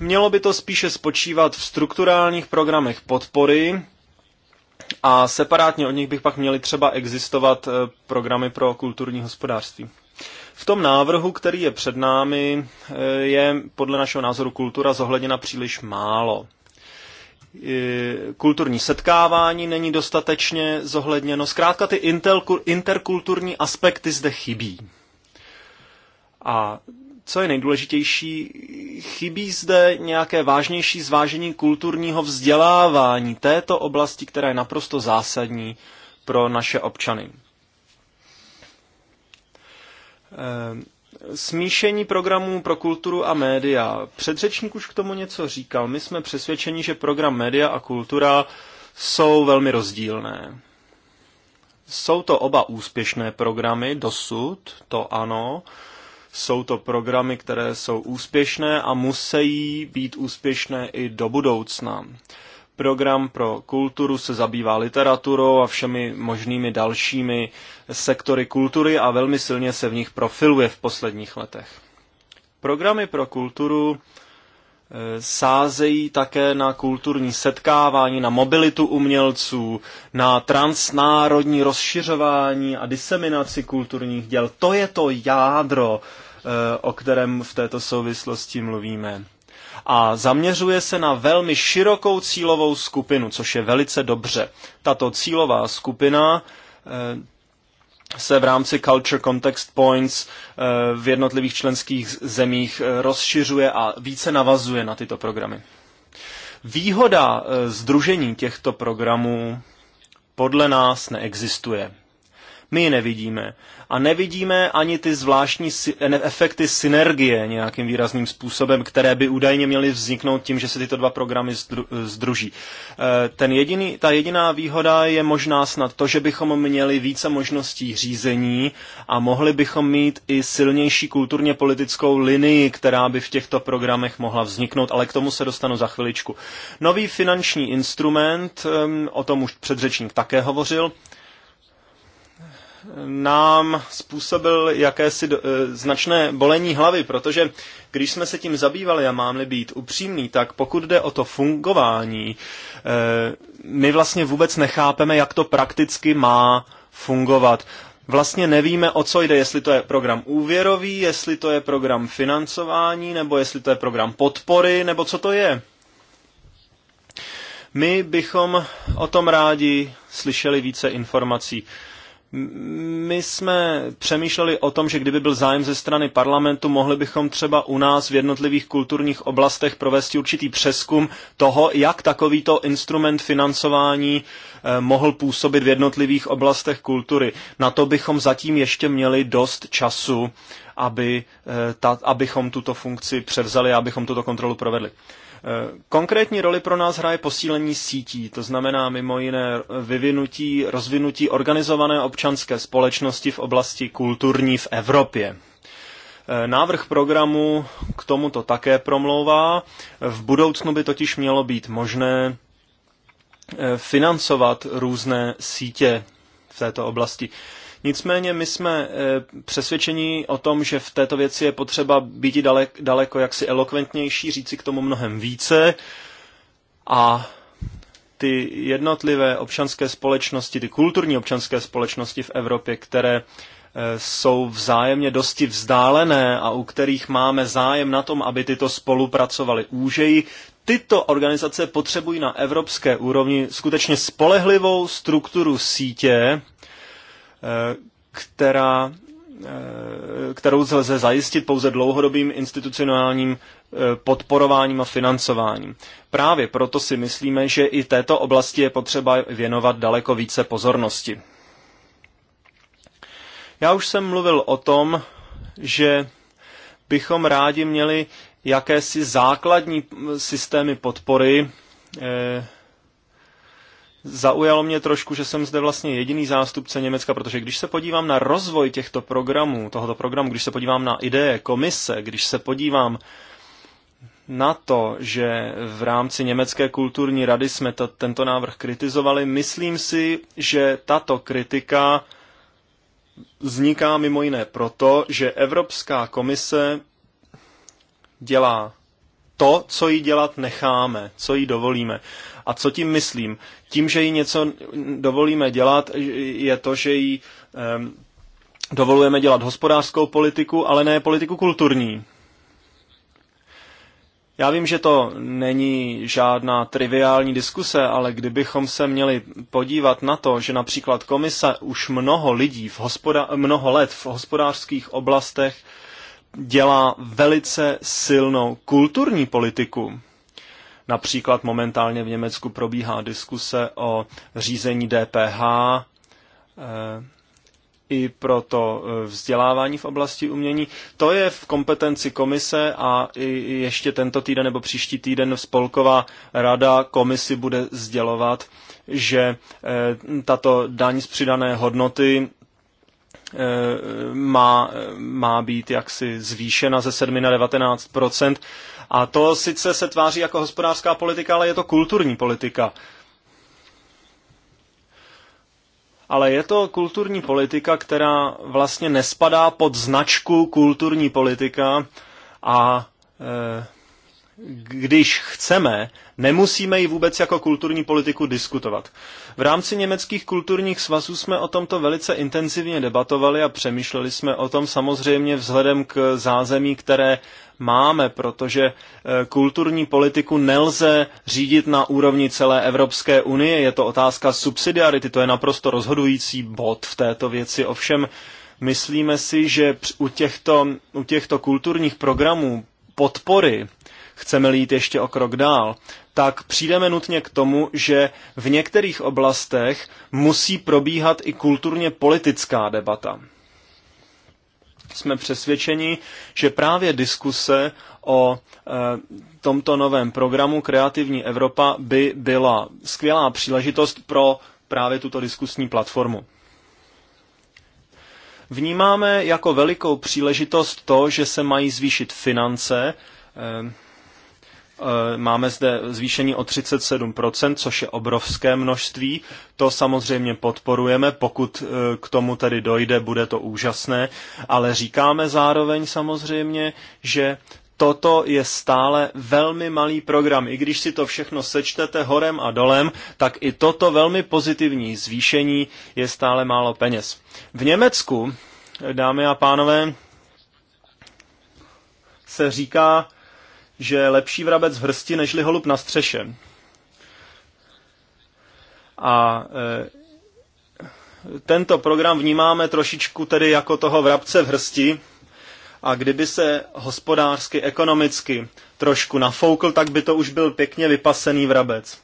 Mělo by to spíše spočívat v strukturálních programech podpory a separátně od nich bych pak měly třeba existovat eh, programy pro kulturní hospodářství. V tom návrhu, který je před námi, eh, je podle našeho názoru kultura zohledněna příliš málo. Eh, kulturní setkávání není dostatečně zohledněno. Zkrátka ty interkulturní aspekty zde chybí. A co je nejdůležitější, chybí zde nějaké vážnější zvážení kulturního vzdělávání této oblasti, která je naprosto zásadní pro naše občany. Eh, Smíšení programů pro kulturu a média. Předřečník už k tomu něco říkal. My jsme přesvědčeni, že program média a kultura jsou velmi rozdílné. Jsou to oba úspěšné programy dosud, to ano. Jsou to programy, které jsou úspěšné a musí být úspěšné i do budoucna program pro kulturu se zabývá literaturou a všemi možnými dalšími sektory kultury a velmi silně se v nich profiluje v posledních letech. Programy pro kulturu e, sázejí také na kulturní setkávání, na mobilitu umělců, na transnárodní rozšiřování a diseminaci kulturních děl. To je to jádro, e, o kterém v této souvislosti mluvíme a zaměřuje se na velmi širokou cílovou skupinu, což je velice dobře. Tato cílová skupina eh, se v rámci Culture Context Points eh, v jednotlivých členských zemích eh, rozšiřuje a více navazuje na tyto programy. Výhoda združení těchto programů podle nás neexistuje. My ji nevidíme. A nevidíme ani ty zvláštní efekty synergie nějakým výrazným způsobem, které by údajně měly vzniknout tím, že se tyto dva programy združí. E, ten jediný, ta jediná výhoda je možná snad to, že bychom měli více možností řízení a mohli bychom mít i silnější kulturně politickou linii, která by v těchto programech mohla vzniknout, ale k tomu se dostanu za chviličku. Nový finanční instrument, o tom už předřečník také hovořil, nám způsobil jakési do, e, značné bolení hlavy, protože když jsme se tím zabývali a mám-li být upřímný, tak pokud jde o to fungování, e, my vlastně vůbec nechápeme, jak to prakticky má fungovat. Vlastně nevíme, o co jde, jestli to je program úvěrový, jestli to je program financování, nebo jestli to je program podpory, nebo co to je. My bychom o tom rádi slyšeli více informací. My jsme přemýšleli o tom, že kdyby byl zájem ze strany parlamentu, mohli bychom třeba u nás v jednotlivých kulturních oblastech provést určitý přeskum toho, jak takovýto instrument financování eh, mohl působit v jednotlivých oblastech kultury. Na to bychom zatím ještě měli dost času, aby eh, ta, abychom tuto funkci převzali a abychom tuto kontrolu provedli. Konkrétní roli pro nás hraje posílení sítí, to znamená mimo jiné vyvinutí, rozvinutí organizované občanské společnosti v oblasti kulturní v Evropě. Eh, návrh programu k tomuto také promlouvá. V budoucnu by totiž mělo být možné eh, financovat různé sítě v této oblasti. Nicméně my jsme eh, přesvědčeni o tom, že v této věci je potřeba být daleko, daleko jaksi elokventnější, říci k tomu mnohem více a ty jednotlivé občanské společnosti, ty kulturní občanské společnosti v Evropě, které eh, jsou vzájemně dosti vzdálené a u kterých máme zájem na tom, aby tyto spolupracovaly úžeji. Tyto organizace potřebují na evropské úrovni skutečně spolehlivou strukturu sítě, Eh, která, eh, kterou lze zajistit pouze dlouhodobým institucionálním eh, podporováním a financováním. Právě proto si myslíme, že i této oblasti je potřeba věnovat daleko více pozornosti. Já už jsem mluvil o tom, že bychom rádi měli jakési základní systémy podpory, Zaujalo mě trošku, že jsem zde vlastně jediný zástupce Německa, protože když se podívám na rozvoj těchto programů, tohoto programu, když se podívám na ideje komise, když se podívám na to, že v rámci Německé kulturní rady jsme to tento návrh kritizovali, myslím si, že tato kritika vzniká mimo jiné proto, že Evropská komise dělá to, co jí dělat necháme, co jí dovolíme. A co tím myslím? Tím, že jí něco dovolíme dělat, je to, že jí um, dovolujeme dělat hospodářskou politiku, ale ne politiku kulturní. Já vím, že to není žádná triviální diskuse, ale kdybychom se měli podívat na to, že například komise už mnoho lidí v hospoda- mnoho let v hospodářských oblastech dělá velice silnou kulturní politiku, Například momentálně v Německu probíhá diskuse o řízení DPH eh, i pro to eh, vzdělávání v oblasti umění. To je v kompetenci komise a i ještě tento týden nebo příští týden spolková rada komisi bude sdělovat, že eh, tato daň z přidané hodnoty má, má být jaksi zvýšena ze 7 na 19 A to sice se tváří jako hospodářská politika, ale je to kulturní politika. Ale je to kulturní politika, která vlastně nespadá pod značku kulturní politika a e, když chceme, nemusíme ji vůbec jako kulturní politiku diskutovat. V rámci německých kulturních svazů jsme o tomto velice intenzivně debatovali a přemýšleli jsme o tom samozřejmě vzhledem k zázemí, které máme, protože e, kulturní politiku nelze řídit na úrovni celé Evropské unie. Je to otázka subsidiarity, to je naprosto rozhodující bod v této věci. Ovšem, myslíme si, že u těchto, u těchto kulturních programů podpory chceme jít ještě o krok dál, tak přijdeme nutně k tomu, že v některých oblastech musí probíhat i kulturně politická debata. Jsme přesvědčeni, že právě diskuse o e, tomto novém programu Kreativní Evropa by byla skvělá příležitost pro právě tuto diskusní platformu. Vnímáme jako velikou příležitost to, že se mají zvýšit finance e, Eh, máme zde zvýšení o 37%, což je obrovské množství. To samozřejmě podporujeme, pokud eh, k tomu tedy dojde, bude to úžasné, ale říkáme zároveň samozřejmě, že toto je stále velmi malý program. I když si to všechno sečtete horem a dolem, tak i toto velmi pozitivní zvýšení je stále málo peněz. V Německu, dámy a pánové, se říká, že lepší vrabec v hrsti, nežli holub na střeše. A e, tento program vnímáme trošičku tedy jako toho vrabce v hrsti, a kdyby se hospodářsky, ekonomicky trošku nafoukl, tak by to už byl pěkně vypasený vrabec.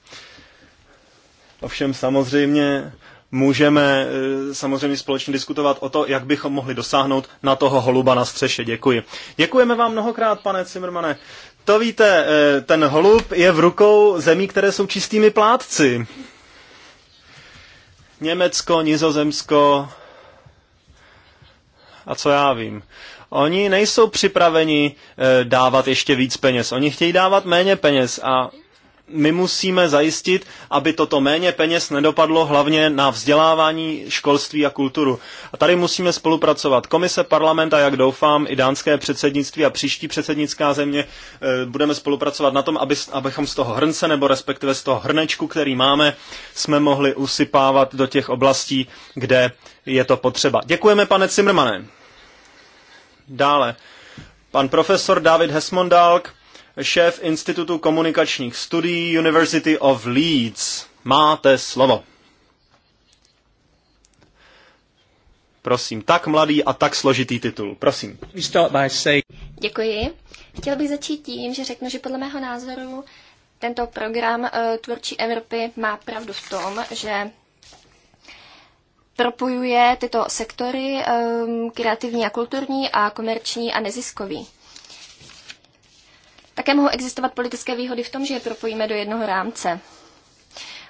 Ovšem samozřejmě můžeme e, samozřejmě společně diskutovat o to, jak bychom mohli dosáhnout na toho holuba na střeše. Děkuji. Děkujeme vám mnohokrát, pane Cimrmane. To víte, eh, ten holub je v rukou zemí, které jsou čistými plátci. Německo, Nizozemsko a co já vím. Oni nejsou připraveni eh, dávat ještě víc peněz. Oni chtějí dávat méně peněz a my musíme zajistit, aby toto méně peněz nedopadlo hlavně na vzdělávání, školství a kulturu. A tady musíme spolupracovat. Komise, parlament a jak doufám i dánské předsednictví a příští předsednická země eh, budeme spolupracovat na tom, aby, abychom z toho hrnce nebo respektive z toho hrnečku, který máme, jsme mohli usypávat do těch oblastí, kde je to potřeba. Děkujeme, pane Cimrmane. Dále. Pan profesor David Hesmondalk, šéf Institutu komunikačních studií University of Leeds. Máte slovo. Prosím, tak mladý a tak složitý titul. Prosím. Děkuji. Chtěl bych začít tím, že řeknu, že podle mého názoru tento program uh, Tvůrčí Evropy má pravdu v tom, že propojuje tyto sektory um, kreativní a kulturní a komerční a neziskový. Také mohou existovat politické výhody v tom, že je propojíme do jednoho rámce.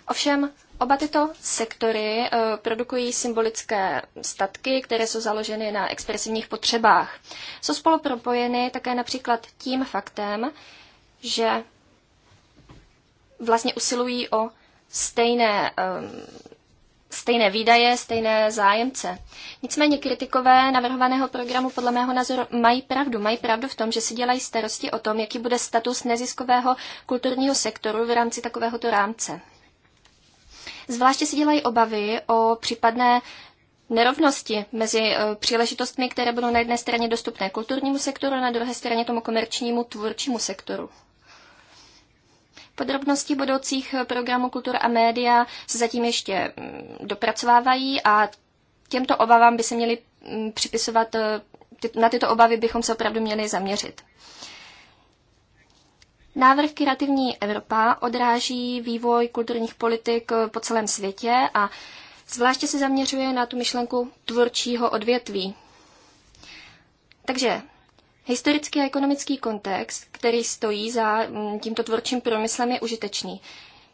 Ovšem, oba tyto sektory eh, produkují symbolické statky, které jsou založeny na expresivních potřebách. Jsou spolu propojeny také například tím faktem, že vlastně usilují o stejné um, stejné výdaje, stejné zájemce. Nicméně kritikové navrhovaného programu podle mého názoru mají pravdu. Mají pravdu v tom, že si dělají starosti o tom, jaký bude status neziskového kulturního sektoru v rámci takovéhoto rámce. Zvláště si dělají obavy o případné nerovnosti mezi eh, příležitostmi, které budou na jedné straně dostupné kulturnímu sektoru a na druhé straně tomu komerčnímu tvůrčímu sektoru. Podrobnosti budoucích programů Kultura a média se zatím ještě mm, dopracovávají a těmto obavám by se měly mm, připisovat, eh, na tyto obavy bychom se opravdu měli zaměřit. Návrh Kreativní Evropa odráží vývoj kulturních politik eh, po celém světě a zvláště se zaměřuje na tu myšlenku tvůrčího odvětví. Takže Historický a ekonomický kontext, který stojí za mm, tímto tvůrčím průmyslem, je užitečný.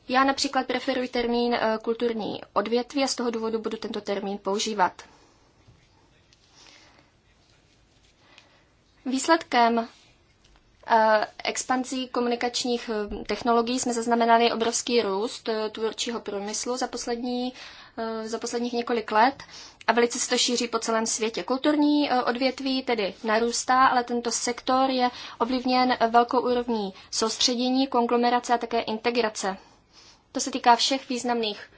Já například preferuji termín eh, kulturní odvětví a z toho důvodu budu tento termín používat. Výsledkem eh, expanzí komunikačních eh, technologií jsme zaznamenali obrovský růst tvůrčího průmyslu za poslední Eh, za posledních několik let a velice se to šíří po celém světě. Kulturní eh, odvětví tedy narůstá, ale tento sektor je ovlivněn velkou úrovní soustředění, konglomerace a také integrace. To se týká všech významných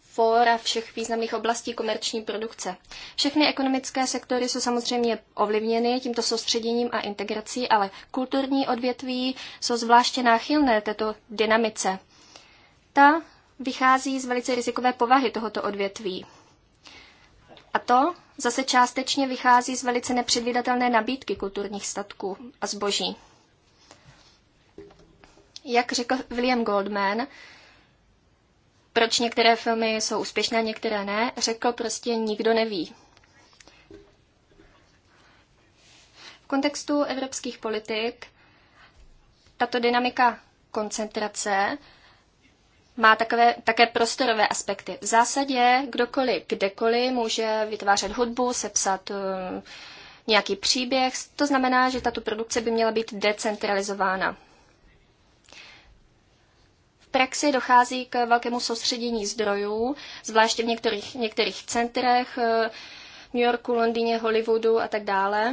fóra všech významných oblastí komerční produkce. Všechny ekonomické sektory jsou samozřejmě ovlivněny tímto soustředěním a integrací, ale kulturní odvětví jsou zvláště náchylné této dynamice. Ta vychází z velice rizikové povahy tohoto odvětví. A to zase částečně vychází z velice nepředvídatelné nabídky kulturních statků a zboží. Jak řekl William Goldman, proč některé filmy jsou úspěšné, některé ne, řekl prostě nikdo neví. V kontextu evropských politik tato dynamika koncentrace má takové, také prostorové aspekty. V zásadě kdokoliv, kdekoliv může vytvářet hudbu, sepsat eh, nějaký příběh. To znamená, že tato produkce by měla být decentralizována. V praxi dochází k velkému soustředění zdrojů, zvláště v některých, některých centrech, eh, New Yorku, Londýně, Hollywoodu a tak dále.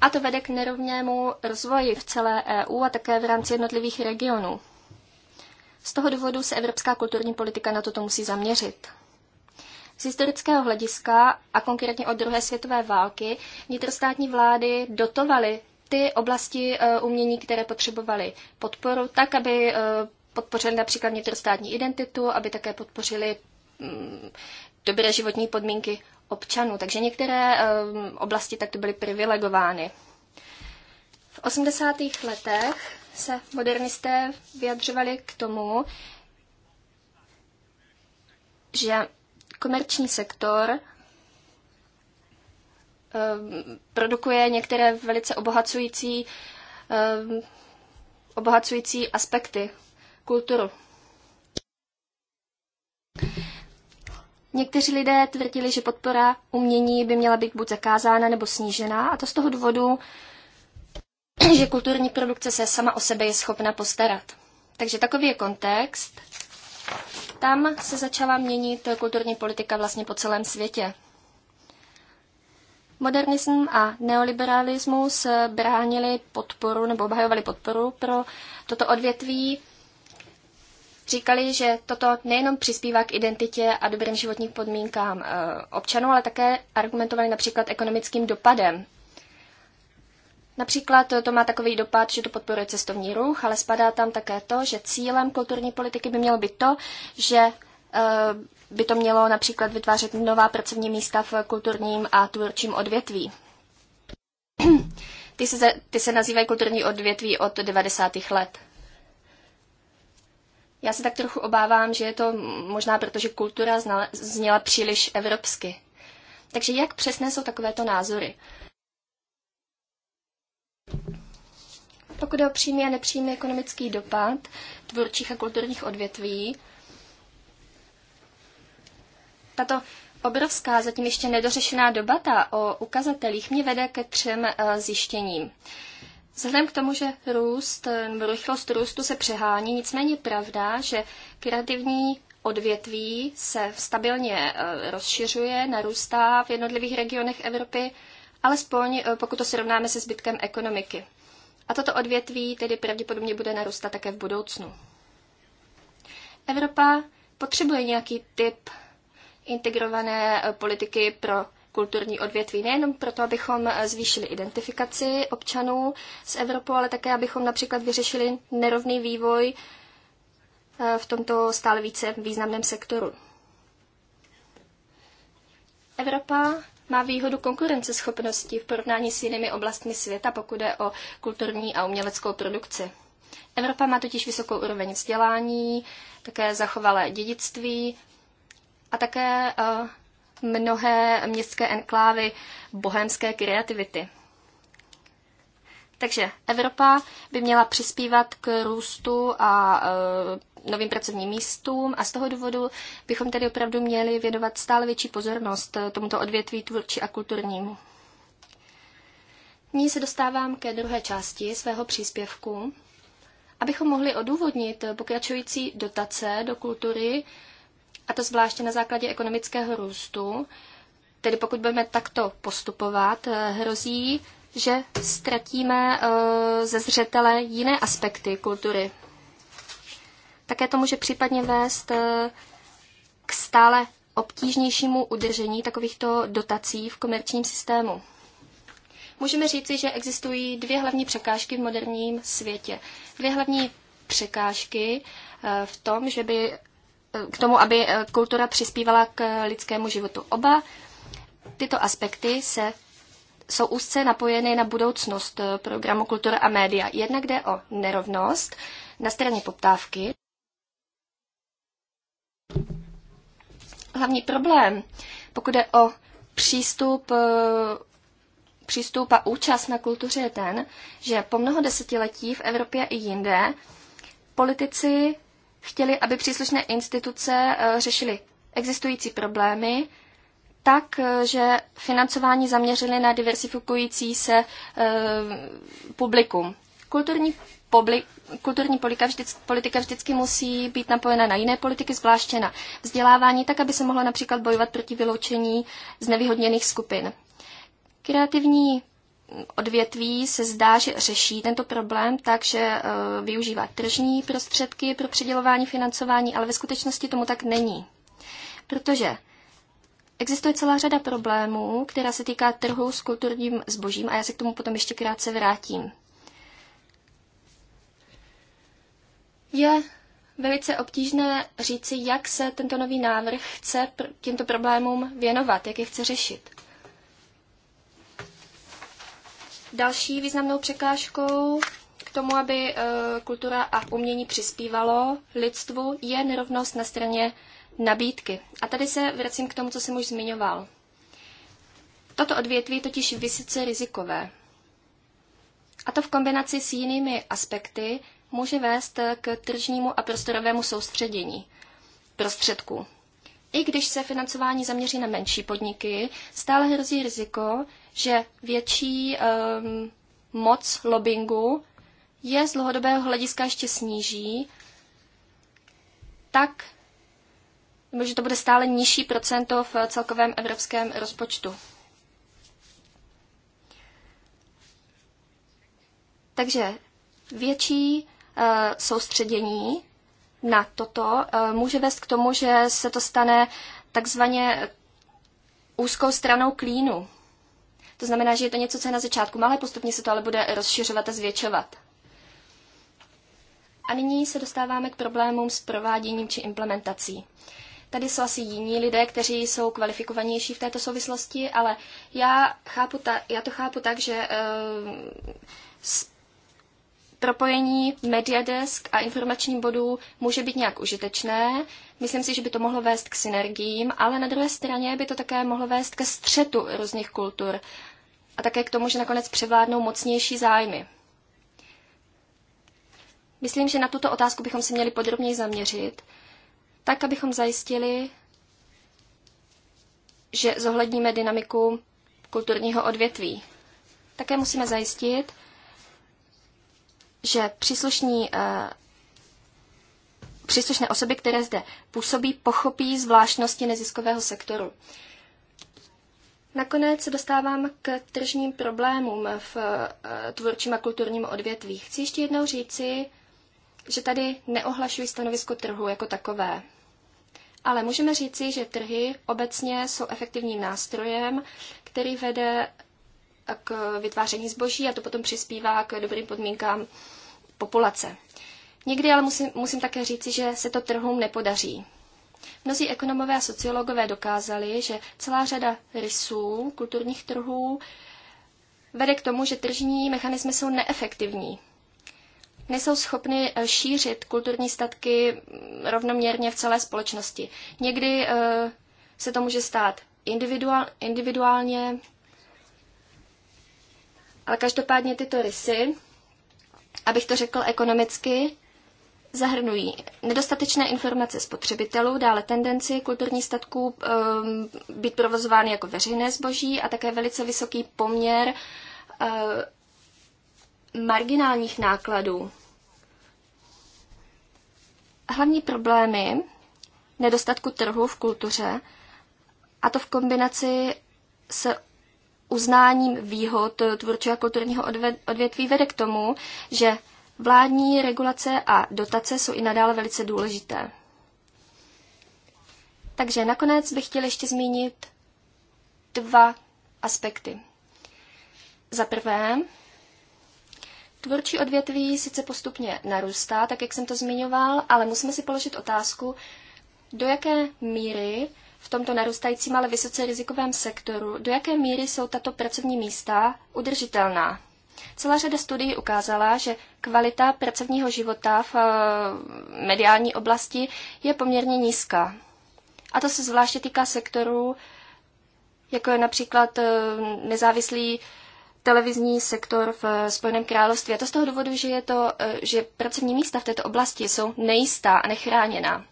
A to vede k nerovnému rozvoji v celé EU a také v rámci jednotlivých regionů. Z toho důvodu se evropská kulturní politika na toto musí zaměřit. Z historického hlediska a konkrétně od druhé světové války vnitrostátní vlády dotovaly ty oblasti e, umění, které potřebovaly podporu, tak, aby e, podpořili například vnitrostátní identitu, aby také podpořili mm, dobré životní podmínky občanů. Takže některé e, oblasti takto byly privilegovány. V 80. letech se modernisté vyjadřovali k tomu, že komerční sektor eh, produkuje některé velice obohacující, eh, obohacující aspekty kulturu. Někteří lidé tvrdili, že podpora umění by měla být buď zakázána nebo snížená, a to z toho důvodu, že kulturní produkce se sama o sebe je schopna postarat. Takže takový je kontext. Tam se začala měnit kulturní politika vlastně po celém světě. Modernism a neoliberalismus bránili podporu nebo obhajovali podporu pro toto odvětví. Říkali, že toto nejenom přispívá k identitě a dobrým životním podmínkám eh, občanů, ale také argumentovali například ekonomickým dopadem Například to má takový dopad, že to podporuje cestovní ruch, ale spadá tam také to, že cílem kulturní politiky by mělo být to, že eh, by to mělo například vytvářet nová pracovní místa v kulturním a tvůrčím odvětví. Ty se, ty se nazývají kulturní odvětví od 90. let. Já se tak trochu obávám, že je to možná proto, že kultura znala, zněla příliš evropsky. Takže jak přesné jsou takovéto názory? Uh, pokud je o přímý a nepřímý ekonomický dopad tvůrčích a kulturních odvětví, tato obrovská, zatím ještě nedořešená debata o ukazatelích mě vede ke třem eh, zjištěním. Vzhledem k tomu, že růst, rychlost růstu se přehání, nicméně je pravda, že kreativní odvětví se stabilně eh, rozšiřuje, narůstá v jednotlivých regionech Evropy alespoň eh, pokud to srovnáme se zbytkem ekonomiky. A toto odvětví tedy pravděpodobně bude narůstat také v budoucnu. Evropa potřebuje nějaký typ integrované eh, politiky pro kulturní odvětví, nejenom proto, abychom eh, zvýšili identifikaci občanů s Evropou, ale také, abychom například vyřešili nerovný vývoj v tomto stále více významném sektoru. Evropa má výhodu konkurenceschopnosti v porovnání s jinými oblastmi světa, pokud je o kulturní a uměleckou produkci. Evropa má totiž vysokou úroveň vzdělání, také zachovalé dědictví a také uh, mnohé městské enklávy bohemské kreativity. Takže Evropa by měla přispívat k růstu a uh, novým pracovním místům a z toho důvodu bychom tedy opravdu měli věnovat stále větší pozornost tomuto odvětví tvůrčí a kulturnímu. Nyní se dostávám ke druhé části svého příspěvku. Abychom mohli odůvodnit pokračující dotace do kultury, a to zvláště na základě ekonomického růstu, tedy pokud budeme takto postupovat, hrozí, že ztratíme eh, ze zřetele jiné aspekty kultury, také to může případně vést eh, k stále obtížnějšímu udržení takovýchto dotací v komerčním systému. Můžeme říci, že existují dvě hlavní překážky v moderním světě. Dvě hlavní překážky eh, v tom, že by eh, k tomu, aby kultura přispívala k lidskému životu. Oba tyto aspekty se, jsou úzce napojeny na budoucnost programu Kultura a média. Jednak jde o nerovnost na straně poptávky. Hlavní problém, pokud je o přístup, eh, přístup a účast na kultuře je ten, že po mnoho desetiletí v Evropě i jinde politici chtěli, aby příslušné instituce eh, řešily existující problémy tak, eh, že financování zaměřili na diversifikující se publikum. Kulturní, pobli, kulturní politika, vždycky, politika vždycky musí být napojena na jiné politiky, zvláště na vzdělávání, tak aby se mohlo například bojovat proti vyloučení z nevyhodněných skupin. Kreativní odvětví se zdá, že řeší tento problém tak, že eh, využívá tržní prostředky pro přidělování financování, ale ve skutečnosti tomu tak není. Protože existuje celá řada problémů, která se týká trhu s kulturním zbožím a já se k tomu potom ještě krátce vrátím. Je velice obtížné říci, jak se tento nový návrh chce pr- těmto problémům věnovat, jak je chce řešit. Další významnou překážkou k tomu, aby e, kultura a umění přispívalo lidstvu, je nerovnost na straně nabídky. A tady se vracím k tomu, co jsem už zmiňoval. Toto odvětví je totiž vysoce rizikové. A to v kombinaci s jinými aspekty, může vést k tržnímu a prostorovému soustředění prostředků. I když se financování zaměří na menší podniky, stále hrozí riziko, že větší um, moc lobbingu je z dlouhodobého hlediska ještě sníží, tak, nebo že to bude stále nižší procento v celkovém evropském rozpočtu. Takže větší Eh, soustředění na toto eh, může vést k tomu, že se to stane takzvaně úzkou stranou klínu. To znamená, že je to něco, co je na začátku malé, postupně se to ale bude rozšiřovat a zvětšovat. A nyní se dostáváme k problémům s prováděním či implementací. Tady jsou asi jiní lidé, kteří jsou kvalifikovanější v této souvislosti, ale já, chápu ta, já to chápu tak, že uh, propojení mediadesk a informačním bodů může být nějak užitečné. Myslím si, že by to mohlo vést k synergiím, ale na druhé straně by to také mohlo vést ke střetu různých kultur a také k tomu, že nakonec převládnou mocnější zájmy. Myslím, že na tuto otázku bychom se měli podrobněji zaměřit, tak abychom zajistili, že zohledníme dynamiku kulturního odvětví. Také musíme zajistit, že příslušní, eh, příslušné osoby, které zde působí, pochopí zvláštnosti neziskového sektoru. Nakonec se dostávám k tržním problémům v eh, tvůrčím a kulturním odvětví. Chci ještě jednou říci, že tady neohlašují stanovisko trhu jako takové. Ale můžeme říci, že trhy obecně jsou efektivním nástrojem, který vede k vytváření zboží a to potom přispívá k dobrým podmínkám populace. Někdy ale musím, musím také říci, že se to trhům nepodaří. Mnozí ekonomové a sociologové dokázali, že celá řada rysů kulturních trhů vede k tomu, že tržní mechanismy jsou neefektivní. Nejsou schopny šířit kulturní statky rovnoměrně v celé společnosti. Někdy eh, se to může stát individuál, individuálně, ale každopádně tyto rysy, abych to řekl ekonomicky, zahrnují nedostatečné informace spotřebitelů, dále tendenci kulturních statků um, být provozovány jako veřejné zboží a také velice vysoký poměr uh, marginálních nákladů. Hlavní problémy nedostatku trhu v kultuře, a to v kombinaci se uznáním výhod tvůrčího a kulturního odvětví vede k tomu, že vládní regulace a dotace jsou i nadále velice důležité. Takže nakonec bych chtěl ještě zmínit dva aspekty. Za prvé, tvůrčí odvětví sice postupně narůstá, tak jak jsem to zmiňoval, ale musíme si položit otázku, do jaké míry v tomto narůstajícím, ale vysoce rizikovém sektoru, do jaké míry jsou tato pracovní místa udržitelná. Celá řada studií ukázala, že kvalita pracovního života v eh, mediální oblasti je poměrně nízká. A to se zvláště týká sektorů, jako je například eh, nezávislý televizní sektor v eh, Spojeném království. A to z toho důvodu, že, je to, že pracovní místa v této oblasti jsou nejistá a nechráněná.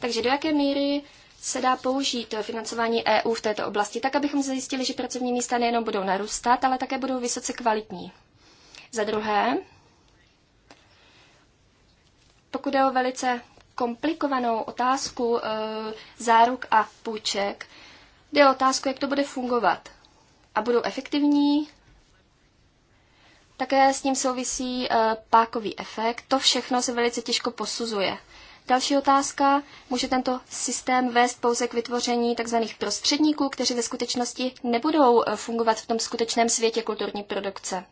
Takže do jaké míry se dá použít financování EU v této oblasti, tak abychom zajistili, že pracovní místa nejenom budou narůstat, ale také budou vysoce kvalitní. Za druhé, pokud je o velice komplikovanou otázku e, záruk a půjček, jde o otázku, jak to bude fungovat. A budou efektivní? Také s ním souvisí e, pákový efekt. To všechno se velice těžko posuzuje. Další otázka. Může tento systém vést pouze k vytvoření tzv. prostředníků, kteří ve skutečnosti nebudou eh, fungovat v tom skutečném světě kulturní produkce?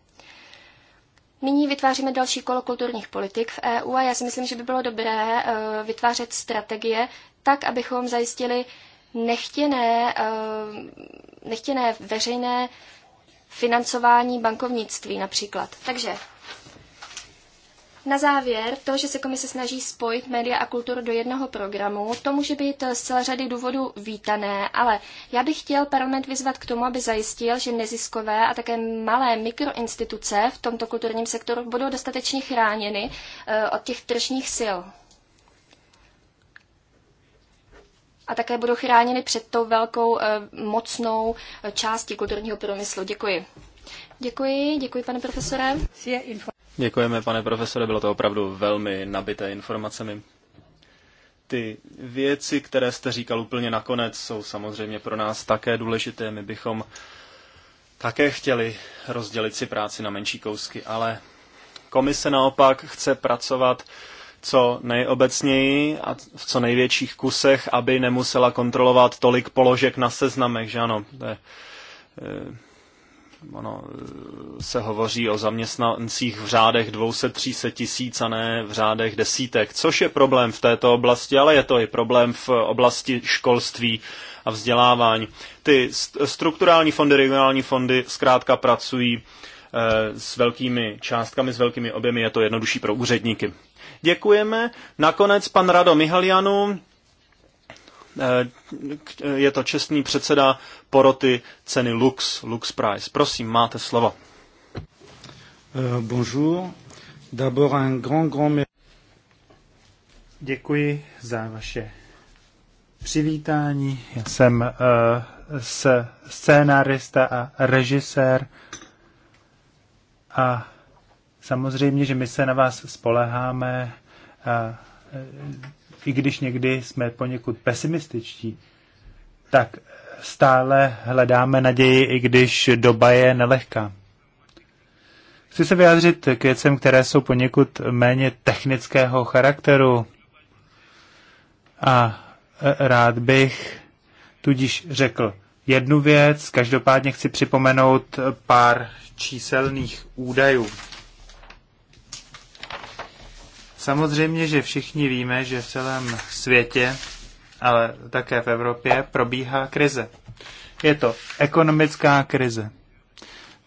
Nyní vytváříme další kolo kulturních politik v EU a já si myslím, že by bylo dobré eh, vytvářet strategie tak, abychom zajistili nechtěné, eh, nechtěné veřejné financování bankovnictví například. Takže na závěr, to, že se komise snaží spojit média a kulturu do jednoho programu, to může být z celé řady důvodů vítané, ale já bych chtěl parlament vyzvat k tomu, aby zajistil, že neziskové a také malé mikroinstituce v tomto kulturním sektoru budou dostatečně chráněny eh, od těch tržních sil. A také budou chráněny před tou velkou eh, mocnou eh, částí kulturního průmyslu. Děkuji. Děkuji, děkuji pane profesore. Děkujeme, pane profesore, bylo to opravdu velmi nabité informacemi. Ty věci, které jste říkal úplně nakonec, jsou samozřejmě pro nás také důležité. My bychom také chtěli rozdělit si práci na menší kousky, ale komise naopak chce pracovat co nejobecněji a v co největších kusech, aby nemusela kontrolovat tolik položek na seznamech, že ano. To je, eh, ono e, se hovoří o zaměstnancích v řádech 200-300 tisíc a ne v řádech desítek, což je problém v této oblasti, ale je to i problém v oblasti školství a vzdělávání. Ty strukturální fondy, regionální fondy zkrátka pracují e, s velkými částkami, s velkými objemy, je to jednodušší pro úředníky. Děkujeme. Nakonec pan Rado Mihalianu, Eh, je to čestný předseda poroty ceny Lux, Lux Prize. Prosím, máte slovo. Eh, bonjour. D'abord un grand, grand Děkuji za vaše přivítání. Já jsem uh, s scénárista a režisér a samozřejmě, že my se na vás spoleháme. Uh, i když někdy jsme poněkud pesimističtí, tak stále hledáme naději, i když doba je nelehká. Chci se vyjádřit k věcem, které jsou poněkud méně technického charakteru a rád bych tudíž řekl jednu věc, každopádně chci připomenout pár číselných údajů. Samozřejmě, že všichni víme, že v celém světě, ale také v Evropě, probíhá krize. Je to ekonomická krize.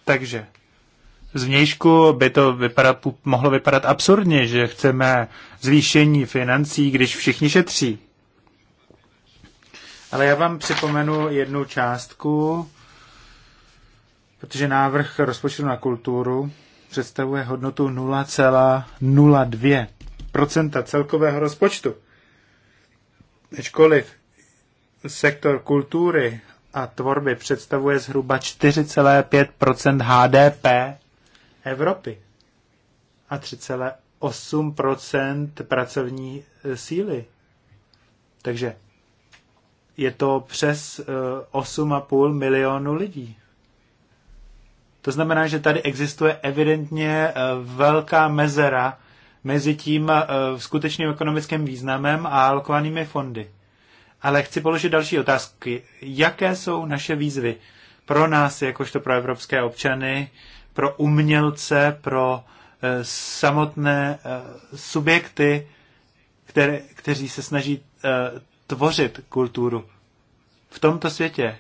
Takže z vnějšku by to vypadat, mohlo vypadat absurdně, že chceme zvýšení financí, když všichni šetří. Ale já vám připomenu jednu částku, protože návrh rozpočtu na kulturu představuje hodnotu 0,02 Procenta celkového rozpočtu. Ačkoliv sektor kultury a tvorby představuje zhruba 4,5 HDP Evropy a 3,8 pracovní síly. Takže je to přes 8,5 eh, milionu lidí. To znamená, že tady existuje evidentně eh, velká mezera mezi tím eh, skutečným ekonomickým významem a alokovanými fondy. Ale chci položit další otázky. Jaké jsou naše výzvy pro nás, jakožto pro evropské občany, pro umělce, pro eh, samotné eh, subjekty, které, kteří se snaží tvořit kulturu v tomto světě,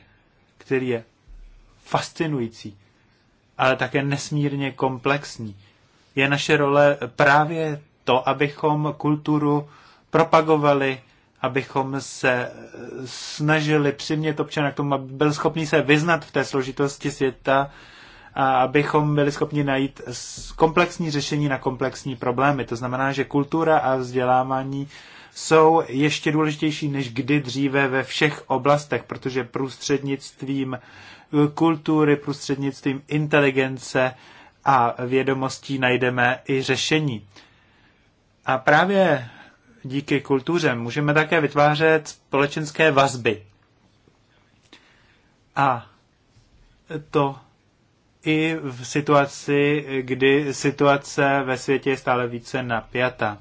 který je fascinující, ale také nesmírně komplexní je naše role právě to, abychom kulturu propagovali, abychom se eh, snažili přimět občana k tomu, aby byl schopný se vyznat v té složitosti světa a abychom byli schopni najít komplexní řešení na komplexní problémy. To znamená, že kultura a vzdělávání jsou ještě důležitější než kdy dříve ve všech oblastech, protože prostřednictvím eh, kultury, prostřednictvím inteligence, a vědomostí najdeme i řešení. A právě díky kultuře můžeme také vytvářet společenské vazby. A to i v situaci, kdy situace ve světě je stále více napjata.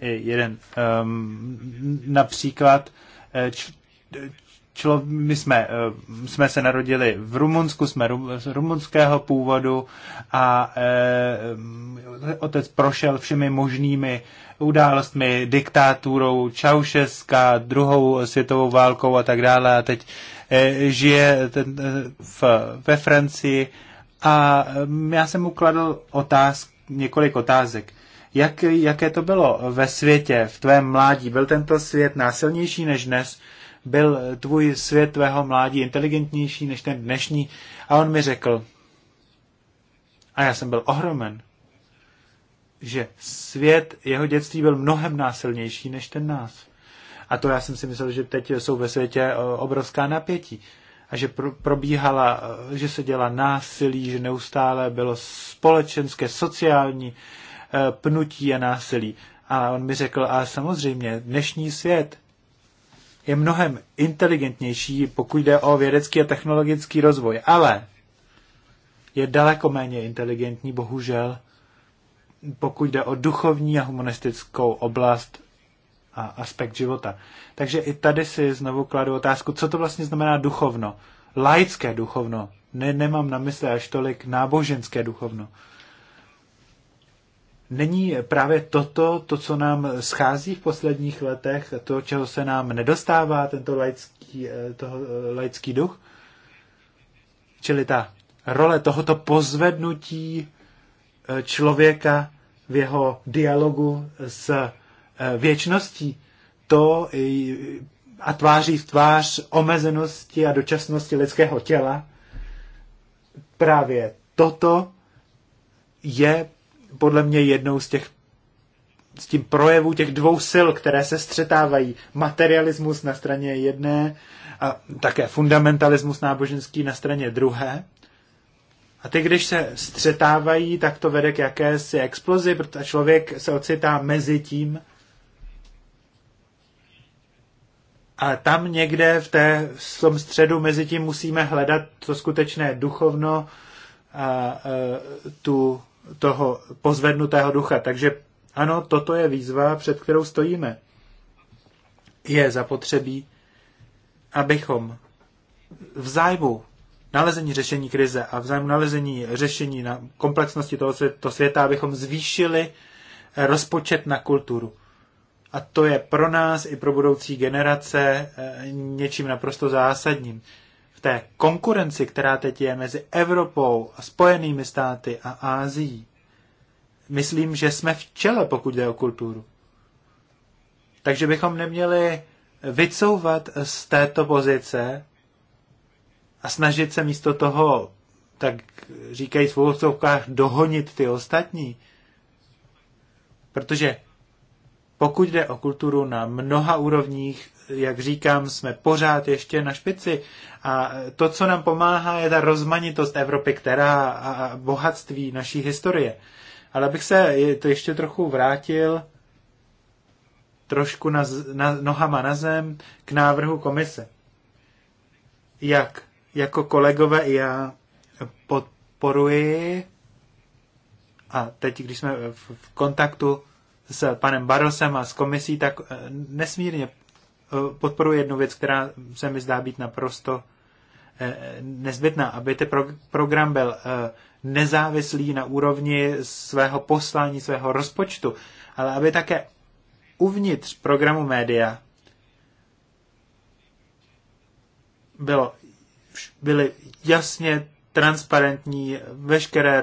Jeden um, například eh, člo, my jsme, eh, jsme se narodili v Rumunsku, jsme rum, z rumunského původu a uh, otec prošel všemi možnými událostmi, diktátůrou Čaušeska, druhou světovou válkou a tak dále a teď eh, žije ten, v, ve Francii a mm, já jsem mu kladl otázk, několik otázek. Jak, jaké to bylo ve světě, v tvém mládí? Byl tento svět násilnější než dnes? byl tvůj svět tvého mládí inteligentnější než ten dnešní? A on mi řekl, a já jsem byl ohromen, že svět jeho dětství byl mnohem násilnější než ten nás. A to já jsem si myslel, že teď jsou ve světě eh, obrovská napětí. A že probíhala, eh, že se děla násilí, že neustále bylo společenské, sociální eh, pnutí a násilí. A on mi řekl, a samozřejmě, dnešní svět je mnohem inteligentnější, pokud jde o vědecký a technologický rozvoj, ale je daleko méně inteligentní, bohužel, pokud jde o duchovní a humanistickou oblast a aspekt života. Takže i tady si znovu kladu otázku, co to vlastně znamená duchovno. Laické duchovno. Ne, nemám na mysli až tolik náboženské duchovno není právě toto, to, co nám schází v posledních letech, to, čeho se nám nedostává, tento laický, eh, toho, eh, laický duch? Čili ta role tohoto pozvednutí eh, člověka v jeho dialogu s věčností, to a tváří v tvář omezenosti a dočasnosti lidského těla, právě toto je podle mě jednou z těch s tím projevu těch dvou sil, které se střetávají. Materialismus na straně jedné a také fundamentalismus náboženský na straně druhé. A ty, když se střetávají, tak to vede k jakési explozi, protože člověk se ocitá mezi tím. A tam někde v, té, v tom středu mezi tím musíme hledat to skutečné duchovno a, a tu toho pozvednutého ducha. Takže ano, toto je výzva, před kterou stojíme. Je zapotřebí, abychom v zájmu nalezení řešení krize a v zájmu nalezení řešení na komplexnosti toho to světa, abychom zvýšili eh, rozpočet na kulturu. A to je pro nás i pro budoucí generace eh, něčím naprosto zásadním té konkurenci, která teď je mezi Evropou a Spojenými státy a Ázií, myslím, že jsme v čele, pokud jde o kulturu. Takže bychom neměli vycouvat z této pozice a snažit se místo toho, tak říkají v dohonit ty ostatní. Protože pokud jde o kulturu na mnoha úrovních, jak říkám, jsme pořád ještě na špici. A to, co nám pomáhá, je ta rozmanitost Evropy, která a bohatství naší historie. Ale abych se to ještě trochu vrátil trošku na, na, nohama na zem k návrhu komise. Jak jako kolegové i já podporuji a teď, když jsme v, v kontaktu s panem Barosem a s komisí, tak eh, nesmírně eh, podporuji jednu věc, která se mi zdá být naprosto eh, nezbytná, aby ten program byl nezávislý na úrovni svého poslání, svého rozpočtu, ale aby také uvnitř programu média bylo, byly jasně transparentní veškeré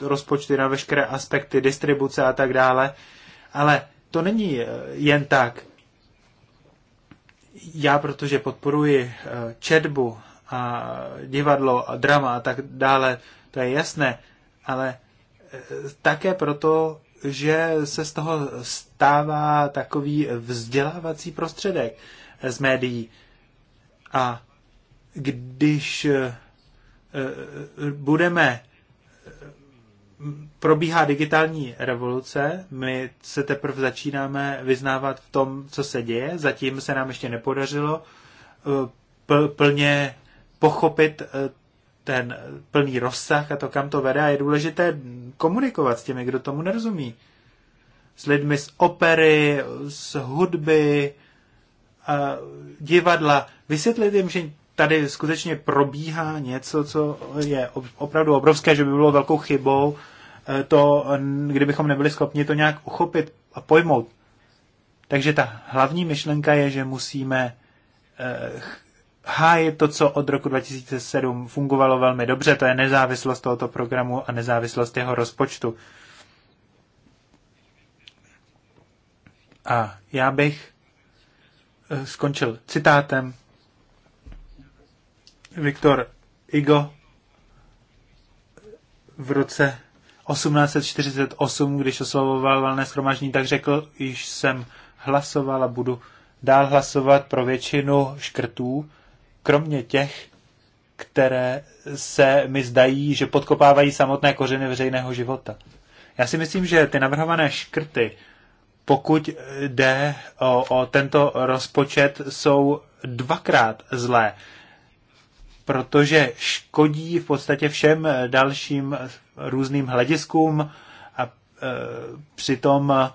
rozpočty na veškeré aspekty distribuce a tak dále, ale to není eh, jen tak. Já, protože podporuji eh, četbu a divadlo a drama a tak dále, to je jasné, ale eh, také proto, že se z toho stává takový vzdělávací prostředek z médií. A když budeme probíhá digitální revoluce, my se teprve začínáme vyznávat v tom, co se děje, zatím se nám ještě nepodařilo eh, plně pochopit eh, ten plný rozsah a to, kam to vede a je důležité komunikovat s těmi, kdo tomu nerozumí. S lidmi z opery, z hudby, eh, divadla. Vysvětlit jim, že tady skutečně probíhá něco, co je opravdu obrovské, že by bylo velkou chybou Eh, to, kdybychom nebyli schopni to nějak uchopit a pojmout. Takže ta hlavní myšlenka je, že musíme eh, hájit to, co od roku 2007 fungovalo velmi dobře, to je nezávislost tohoto programu a nezávislost jeho rozpočtu. A já bych eh, skončil citátem Viktor Igo v roce 1848, když oslavoval valné schromaždění, tak řekl, již jsem hlasoval a budu dál hlasovat pro většinu škrtů, kromě těch, které se mi zdají, že podkopávají samotné kořeny veřejného života. Já si myslím, že ty navrhované škrty, pokud jde o, o tento rozpočet, jsou dvakrát zlé, protože škodí v podstatě všem dalším různým hlediskům a e, přitom e,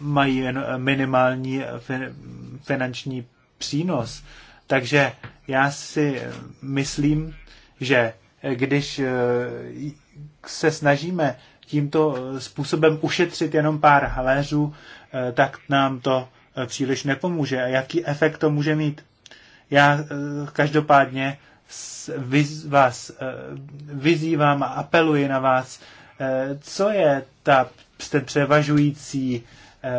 mají jen minimální finanční přínos. Takže já si myslím, že když e, se snažíme tímto způsobem ušetřit jenom pár haléřů, tak nám to příliš nepomůže. A jaký efekt to může mít? Já každopádně vás eh, vyzývám a apeluji na vás, eh, co je ta, ten převažující eh,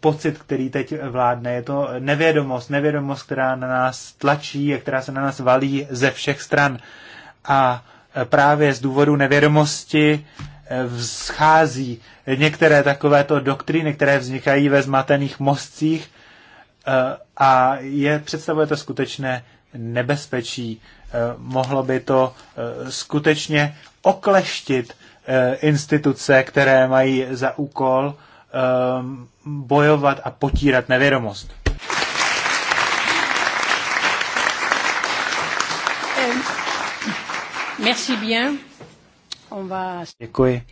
pocit, který teď vládne. Je to nevědomost, nevědomost, která na nás tlačí a která se na nás valí ze všech stran. A právě z důvodu nevědomosti vzchází některé takovéto doktríny, které vznikají ve zmatených mostcích a je, představuje to skutečné nebezpečí. Eh, mohlo by to eh, skutečně okleštit eh, instituce, které mají za úkol bojovat a potírat nevědomost. Merci bien. On va... Děkuji.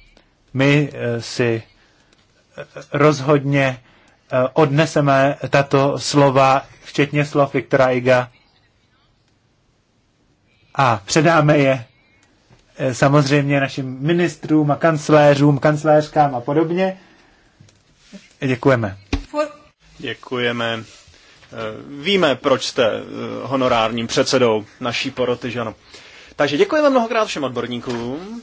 My si rozhodně odneseme tato slova, včetně slov Viktora Iga, a předáme je eh, samozřejmě našim ministrům a kancléřům, kancléřkám a podobně. Děkujeme. Děkujeme. Eh, víme, proč jste eh, honorárním předsedou naší poroty, že ano. Takže děkujeme mnohokrát všem odborníkům.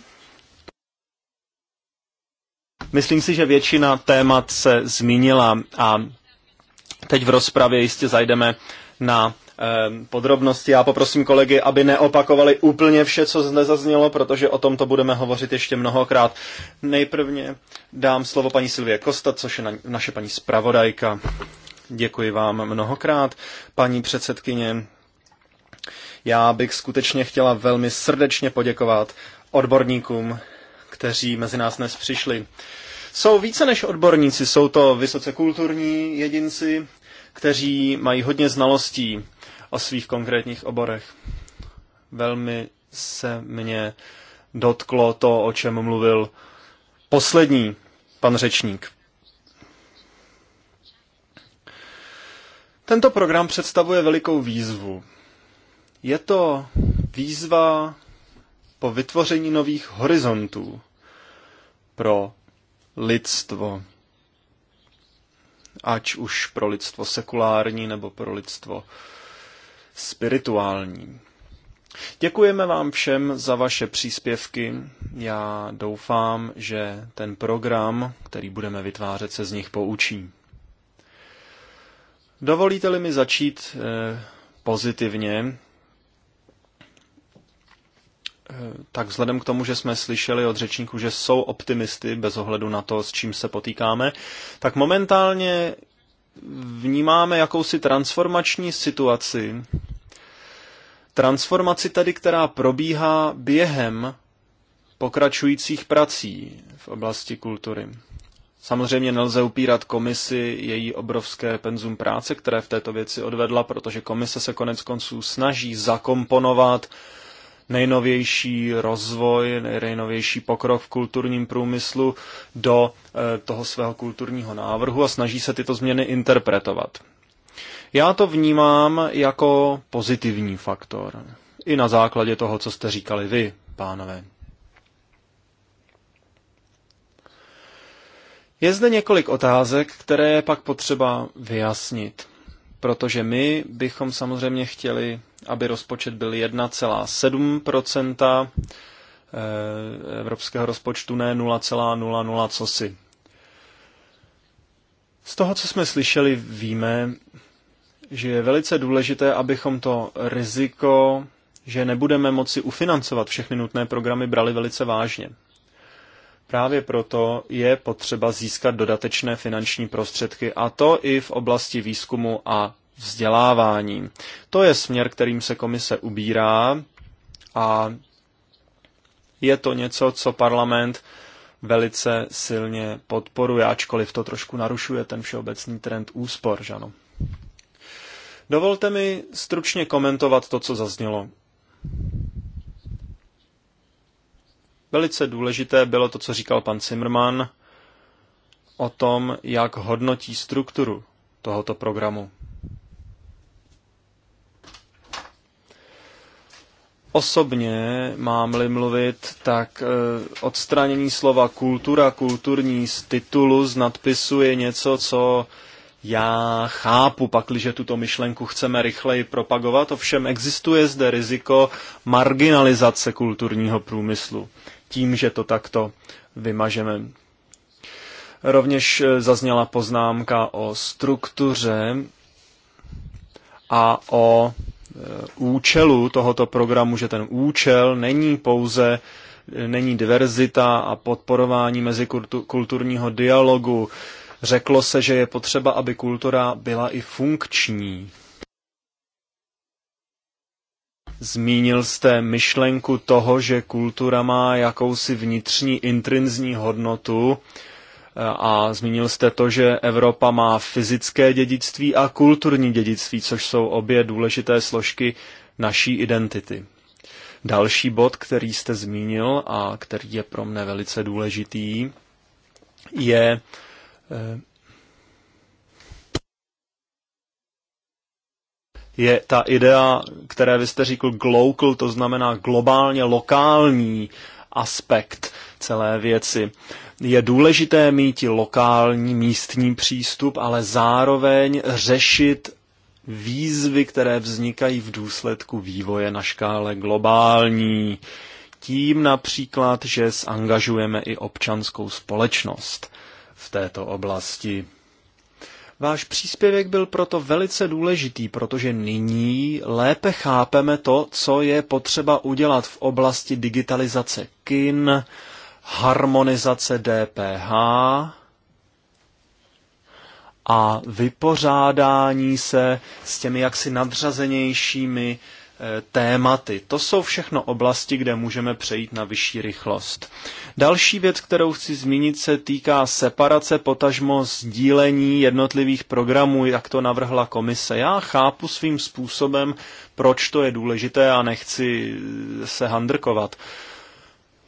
Myslím si, že většina témat se zmínila a teď v rozpravě jistě zajdeme na Ehm, podrobnosti. Já poprosím kolegy, aby neopakovali úplně vše, co zde zaznělo, protože o tomto budeme hovořit ještě mnohokrát. Nejprvně dám slovo paní Silvie Kosta, což je na, naše paní zpravodajka. Děkuji vám mnohokrát, paní předsedkyně. Já bych skutečně chtěla velmi srdečně poděkovat odborníkům, kteří mezi nás dnes přišli. Jsou více než odborníci, jsou to vysoce kulturní jedinci, kteří mají hodně znalostí o svých konkrétních oborech. Velmi se mě dotklo to, o čem mluvil poslední pan řečník. Tento program představuje velikou výzvu. Je to výzva po vytvoření nových horizontů pro lidstvo. Ať už pro lidstvo sekulární nebo pro lidstvo spirituální. Děkujeme vám všem za vaše příspěvky. Já doufám, že ten program, který budeme vytvářet, se z nich poučí. Dovolíte-li mi začít eh, pozitivně, eh, tak vzhledem k tomu, že jsme slyšeli od řečníků, že jsou optimisty bez ohledu na to, s čím se potýkáme, tak momentálně vnímáme jakousi transformační situaci. Transformaci tedy, která probíhá během pokračujících prací v oblasti kultury. Samozřejmě nelze upírat komisi její obrovské penzum práce, které v této věci odvedla, protože komise se konec konců snaží zakomponovat uh, nejnovější rozvoj, nejnovější pokrok v kulturním průmyslu do eh, toho svého kulturního návrhu a snaží se tyto změny interpretovat. Já to vnímám jako pozitivní faktor. I na základě toho, co jste říkali vy, pánové. Je zde několik otázek, které je pak potřeba vyjasnit, protože my bychom samozřejmě chtěli aby rozpočet byl 1,7 eh, evropského rozpočtu, ne 0,00 cosi. Z toho, co jsme slyšeli, víme, že je velice důležité, abychom to riziko, že nebudeme moci ufinancovat všechny nutné programy, brali velice vážně. Právě proto je potřeba získat dodatečné finanční prostředky, a to i v oblasti výzkumu a vzdělávání. To je směr, kterým se komise ubírá a je to něco, co parlament velice silně podporuje, ačkoliv to trošku narušuje ten všeobecný trend úspor, žano. Dovolte mi stručně komentovat to, co zaznělo. Velice důležité bylo to, co říkal pan Zimmerman o tom, jak hodnotí strukturu tohoto programu. osobně, mám-li mluvit, tak e, odstranění slova kultura, kulturní z titulu, z nadpisu je něco, co já chápu, pakliže tuto myšlenku chceme rychleji propagovat, ovšem existuje zde riziko marginalizace kulturního průmyslu tím, že to takto vymažeme. Rovněž e, zazněla poznámka o struktuře a o Eh, účelu tohoto programu, že ten účel není pouze eh, není diverzita a podporování mezikulturního dialogu. Řeklo se, že je potřeba, aby kultura byla i funkční. Zmínil jste myšlenku toho, že kultura má jakousi vnitřní intrinzní hodnotu, a zmínil jste to, že Evropa má fyzické dědictví a kulturní dědictví, což jsou obě důležité složky naší identity. Další bod, který jste zmínil a který je pro mne velice důležitý, je eh, je ta idea, které vy jste říkal global, to znamená globálně lokální aspekt celé věci. Je důležité mít lokální, místní přístup, ale zároveň řešit výzvy, které vznikají v důsledku vývoje na škále globální. Tím například, že zangažujeme i občanskou společnost v této oblasti. Váš příspěvek byl proto velice důležitý, protože nyní lépe chápeme to, co je potřeba udělat v oblasti digitalizace kin, harmonizace DPH a vypořádání se s těmi jaksi nadřazenějšími eh, tématy. To jsou všechno oblasti, kde můžeme přejít na vyšší rychlost. Další věc, kterou chci zmínit, se týká separace, potažmo sdílení jednotlivých programů, jak to navrhla komise. Já chápu svým způsobem, proč to je důležité a nechci se handrkovat.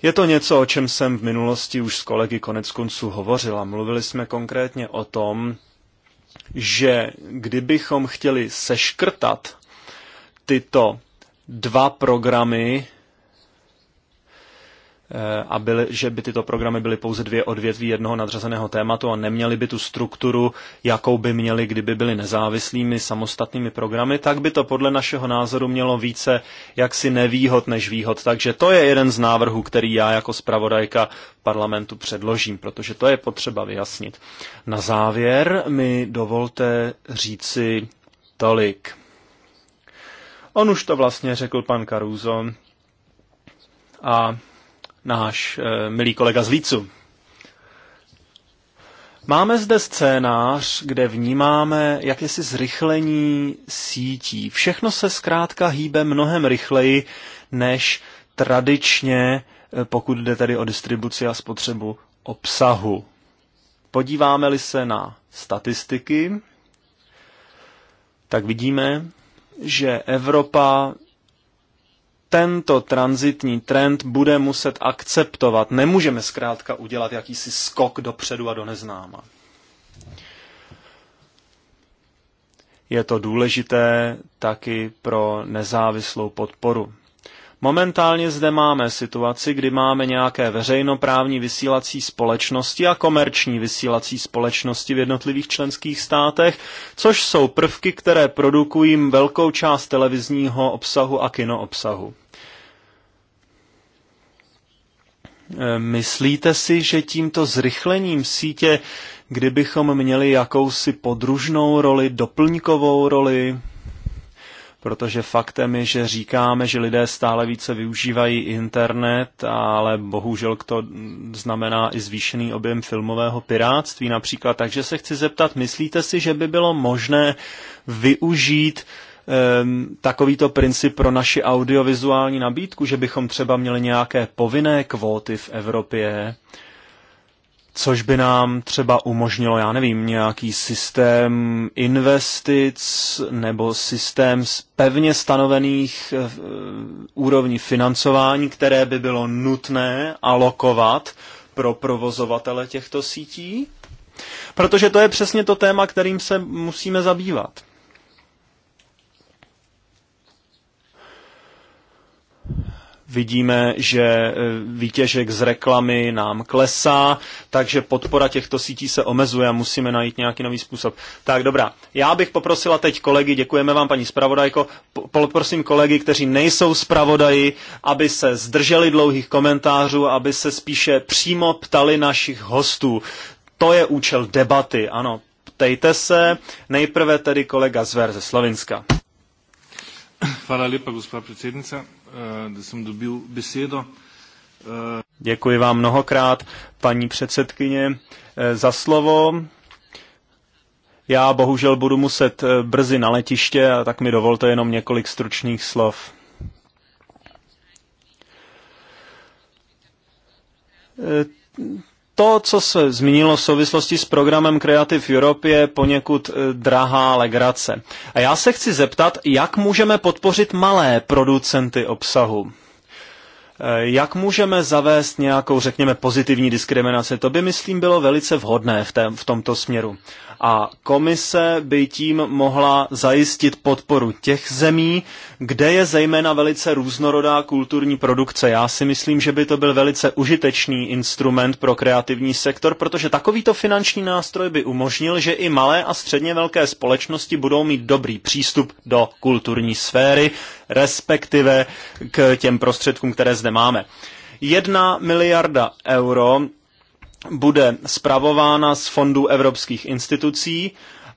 Je to něco, o čem jsem v minulosti už s kolegy konec konců hovořila. Mluvili jsme konkrétně o tom, že kdybychom chtěli seškrtat tyto dva programy Eh, a byly, že by tyto programy byly pouze dvě odvětví jednoho nadřazeného tématu a neměly by tu strukturu, jakou by měly, kdyby byly nezávislými samostatnými programy, tak by to podle našeho názoru mělo více jaksi nevýhod než výhod. Takže to je jeden z návrhů, který já jako zpravodajka parlamentu předložím, protože to je potřeba vyjasnit. Na závěr mi dovolte říci tolik. On už to vlastně řekl pan Karuzo. A náš eh, milý kolega z Lícu. Máme zde scénář, kde vnímáme jakési zrychlení sítí. Všechno se zkrátka hýbe mnohem rychleji než tradičně, eh, pokud jde tedy o distribuci a spotřebu obsahu. Podíváme-li se na statistiky, tak vidíme, že Evropa tento transitní trend bude muset akceptovat. Nemůžeme zkrátka udělat jakýsi skok dopředu a do neznáma. Je to důležité taky pro nezávislou podporu. Momentálně zde máme situaci, kdy máme nějaké veřejnoprávní vysílací společnosti a komerční vysílací společnosti v jednotlivých členských státech, což jsou prvky, které produkují velkou část televizního obsahu a kinoobsahu. Myslíte si, že tímto zrychlením sítě, kdybychom měli jakousi podružnou roli, doplňkovou roli, protože faktem je, že říkáme, že lidé stále více využívají internet, ale bohužel to znamená i zvýšený objem filmového piráctví například. Takže se chci zeptat, myslíte si, že by bylo možné využít Ehm, takovýto princip pro naši audiovizuální nabídku, že bychom třeba měli nějaké povinné kvóty v Evropě, což by nám třeba umožnilo, já nevím, nějaký systém investic nebo systém z pevně stanovených uh, úrovní financování, které by bylo nutné alokovat pro provozovatele těchto sítí? Protože to je přesně to téma, kterým se musíme zabývat. Vidíme, že e, výtěžek z reklamy nám klesá, takže podpora těchto sítí se omezuje a musíme najít nějaký nový způsob. Tak dobrá, já bych poprosila teď kolegy, děkujeme vám paní zpravodajko, poprosím kolegy, kteří nejsou zpravodaji, aby se zdrželi dlouhých komentářů, aby se spíše přímo ptali našich hostů. To je účel debaty, ano. Ptejte se, nejprve tedy kolega Zver ze Slovenska. Hvala lepa, gospa predsednica. Eh, da dobil besedo. Eh, Děkuji vám mnohokrát, paní předsedkyně, eh, za slovo. Já bohužel budu muset brzy na letiště, a tak mi dovolte jenom několik stručných slov to, co se zmínilo v souvislosti s programem Creative Europe, je poněkud eh, drahá legrace. A já se chci zeptat, jak můžeme podpořit malé producenty obsahu? Eh, jak můžeme zavést nějakou, řekněme, pozitivní diskriminaci? To by, myslím, bylo velice vhodné v, té, v tomto směru. A komise by tím mohla zajistit podporu těch zemí, kde je zejména velice různorodá kulturní produkce. Já si myslím, že by to byl velice užitečný instrument pro kreativní sektor, protože takovýto finanční nástroj by umožnil, že i malé a středně velké společnosti budou mít dobrý přístup do kulturní sféry, respektive k těm prostředkům, které zde máme. Jedna miliarda euro bude spravována z fondů evropských institucí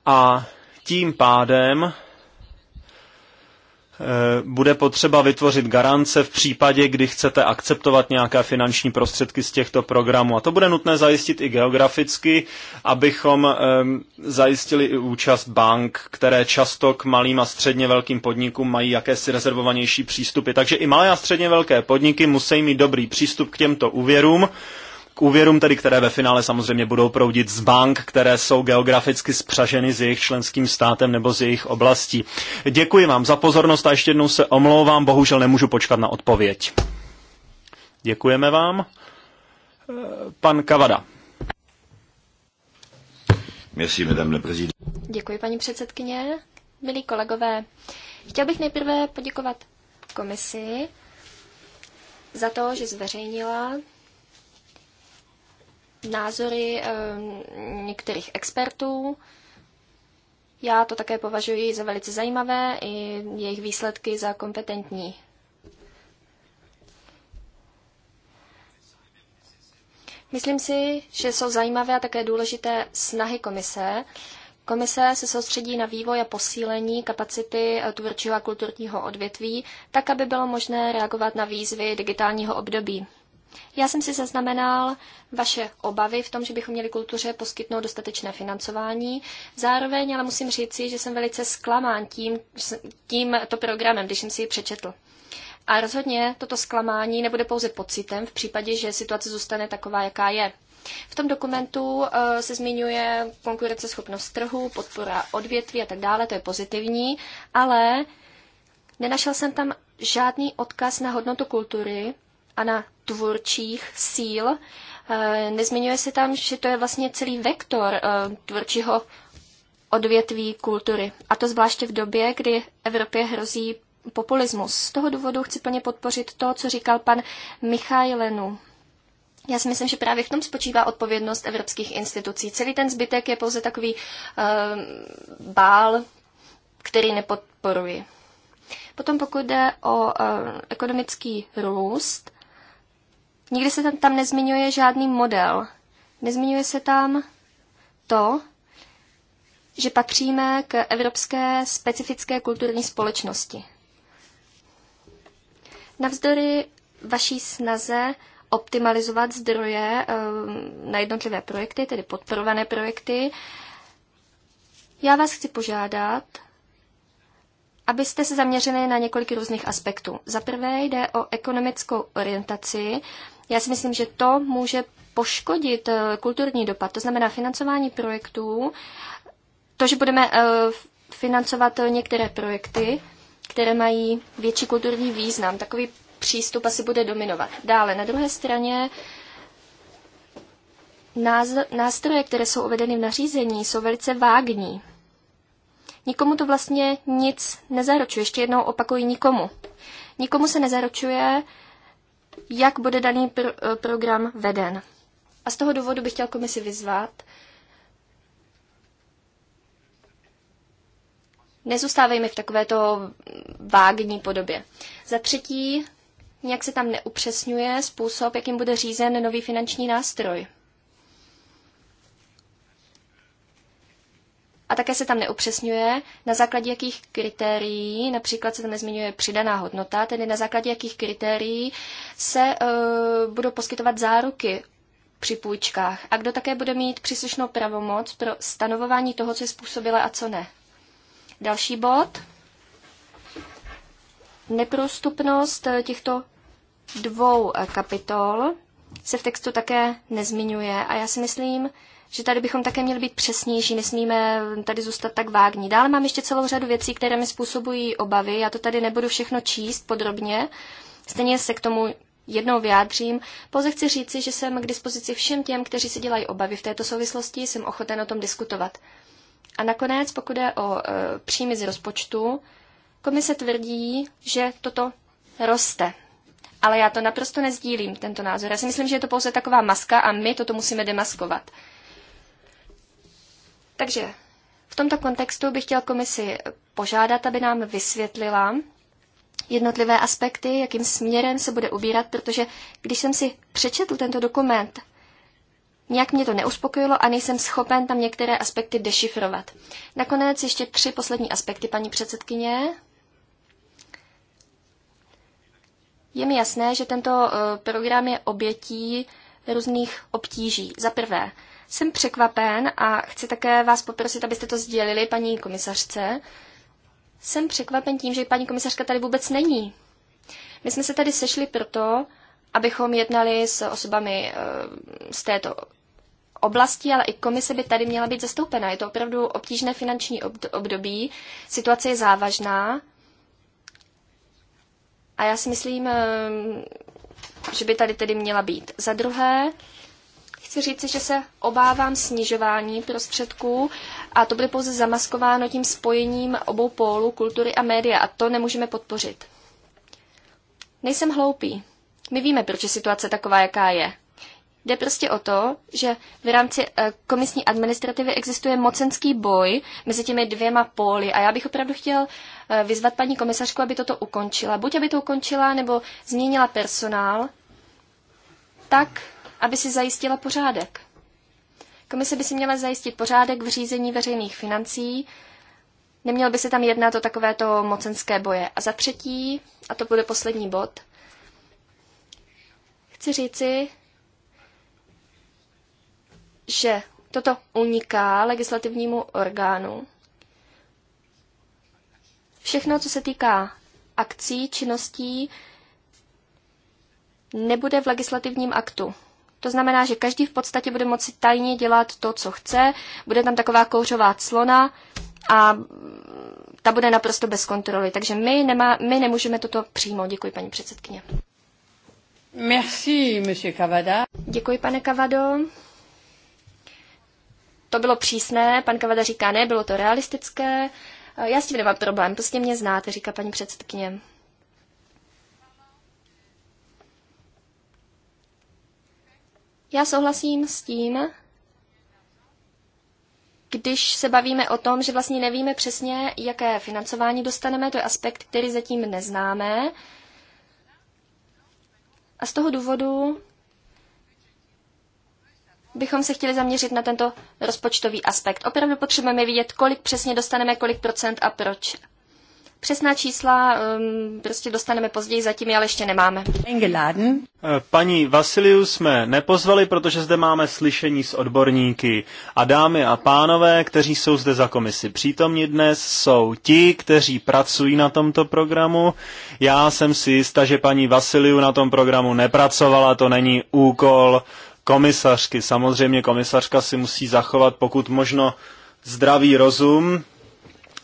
a tím pádem Eh, bude potřeba vytvořit garance v případě, kdy chcete akceptovat nějaké finanční prostředky z těchto programů. A to bude nutné zajistit i geograficky, abychom eh, zajistili i účast bank, které často k malým a středně velkým podnikům mají jakési rezervovanější přístupy. Takže i malé a středně velké podniky musí mít dobrý přístup k těmto úvěrům úvěrům tedy, které ve finále samozřejmě budou proudit z bank, které jsou geograficky spřaženy s jejich členským státem nebo z jejich oblastí. Děkuji vám za pozornost a ještě jednou se omlouvám, bohužel nemůžu počkat na odpověď. Děkujeme vám. Pan Kavada. Merci, madame la Děkuji, paní předsedkyně. Milí kolegové, chtěl bych nejprve poděkovat komisi za to, že zveřejnila názory ehm, některých expertů. Já to také považuji za velice zajímavé i jejich výsledky za kompetentní. Myslím si, že jsou zajímavé a také důležité snahy komise. Komise se soustředí na vývoj a posílení kapacity eh, tvůrčího a kulturního odvětví, tak aby bylo možné reagovat na výzvy digitálního období. Já jsem si zaznamenal vaše obavy v tom, že bychom měli kultuře poskytnout dostatečné financování. Zároveň ale musím říci, že jsem velice zklamán tím, tímto programem, když jsem si ji přečetl. A rozhodně toto zklamání nebude pouze pocitem v případě, že situace zůstane taková, jaká je. V tom dokumentu eh, se zmiňuje konkurenceschopnost trhu, podpora odvětví a tak dále, to je pozitivní, ale nenašel jsem tam žádný odkaz na hodnotu kultury, a na tvůrčích síl. Eh, nezmiňuje se tam, že to je vlastně celý vektor eh, tvůrčího odvětví kultury. A to zvláště v době, kdy Evropě hrozí populismus. Z toho důvodu chci plně podpořit to, co říkal pan Michailenu. Já si myslím, že právě v tom spočívá odpovědnost evropských institucí. Celý ten zbytek je pouze takový uh, bál, který nepodporuji. Potom pokud jde o uh, ekonomický růst, Nikdy se tam, tam nezmiňuje žádný model. Nezmiňuje se tam to, že patříme k evropské specifické kulturní společnosti. Navzdory vaší snaze optimalizovat zdroje ehm, na jednotlivé projekty, tedy podporované projekty, já vás chci požádat, abyste se zaměřili na několik různých aspektů. Za prvé jde o ekonomickou orientaci, já si myslím, že to může poškodit eh, kulturní dopad. To znamená financování projektů, to, že budeme eh, financovat eh, některé projekty, které mají větší kulturní význam. Takový přístup asi bude dominovat. Dále, na druhé straně, nástroje, které jsou uvedeny v nařízení, jsou velice vágní. Nikomu to vlastně nic nezaručuje. Ještě jednou opakuji, nikomu. Nikomu se nezaručuje, jak bude daný pr- eh, program veden. A z toho důvodu bych chtěl komisi vyzvat, nezůstávejme v takovéto vágní podobě. Za třetí, nějak se tam neupřesňuje způsob, jakým bude řízen nový finanční nástroj. A také se tam neupřesňuje, na základě jakých kritérií, například se tam nezmiňuje přidaná hodnota, tedy na základě jakých kritérií se uh, budou poskytovat záruky při půjčkách a kdo také bude mít příslušnou pravomoc pro stanovování toho, co je způsobila a co ne. Další bod. Neprostupnost e, těchto dvou e, kapitol se v textu také nezmiňuje a já si myslím, že tady bychom také měli být přesnější, nesmíme tady zůstat tak vágní. Dále mám ještě celou řadu věcí, které mi způsobují obavy. Já to tady nebudu všechno číst podrobně, stejně se k tomu jednou vyjádřím. Pouze chci říci, že jsem k dispozici všem těm, kteří si dělají obavy v této souvislosti, jsem ochoten o tom diskutovat. A nakonec, pokud je o e, příjmy z rozpočtu, komise tvrdí, že toto roste. Ale já to naprosto nezdílím, tento názor. Já si myslím, že je to pouze taková maska a my toto musíme demaskovat. Takže v tomto kontextu bych chtěl komisi požádat, aby nám vysvětlila jednotlivé aspekty, jakým směrem se bude ubírat, protože když jsem si přečetl tento dokument, nějak mě to neuspokojilo a nejsem schopen tam některé aspekty dešifrovat. Nakonec ještě tři poslední aspekty, paní předsedkyně. Je mi jasné, že tento eh, program je obětí různých obtíží. Za prvé, jsem překvapen a chci také vás poprosit, abyste to sdělili paní komisařce. Jsem překvapen tím, že paní komisařka tady vůbec není. My jsme se tady sešli proto, abychom jednali s osobami eh, z této oblasti, ale i komise by tady měla být zastoupena. Je to opravdu obtížné finanční období, situace je závažná a já si myslím, eh, že by tady tedy měla být. Za druhé, chci říci, že se obávám snižování prostředků a to bude pouze zamaskováno tím spojením obou pólů kultury a média a to nemůžeme podpořit. Nejsem hloupý. My víme, proč je situace taková, jaká je. Jde prostě o to, že v rámci eh, komisní administrativy existuje mocenský boj mezi těmi dvěma póly a já bych opravdu chtěl eh, vyzvat paní komisařku, aby toto ukončila. Buď aby to ukončila, nebo změnila personál tak, aby si zajistila pořádek. Komise by si měla zajistit pořádek v řízení veřejných financí, neměl by se tam jednat o takovéto mocenské boje. A za třetí, a to bude poslední bod, chci říci, že toto uniká legislativnímu orgánu. Všechno, co se týká akcí, činností, nebude v legislativním aktu. To znamená, že každý v podstatě bude moci tajně dělat to, co chce. Bude tam taková kouřová clona a ta bude naprosto bez kontroly. Takže my, nemá, my nemůžeme toto přijmout. Děkuji, paní předsedkyně. Merci, monsieur Cavada. Děkuji, pane Kavado. To bylo přísné, pan Kavada říká ne, bylo to realistické. Já s tím nemám problém, prostě mě znáte, říká paní předsedkyně. Já souhlasím s tím, když se bavíme o tom, že vlastně nevíme přesně, jaké financování dostaneme, to je aspekt, který zatím neznáme. A z toho důvodu bychom se chtěli zaměřit na tento rozpočtový aspekt. Opravdu potřebujeme vidět, kolik přesně dostaneme, kolik procent a proč. Přesná čísla um, prostě dostaneme později, zatím je ale ještě nemáme. Engeladen. Eh, paní Vasiliu jsme nepozvali, protože zde máme slyšení s odborníky. A dámy a pánové, kteří jsou zde za komisi Přítomní dnes, jsou ti, kteří pracují na tomto programu. Já jsem si jista, že paní Vasiliu na tom programu nepracovala, to není úkol komisařky. Samozřejmě komisařka si musí zachovat pokud možno zdravý rozum,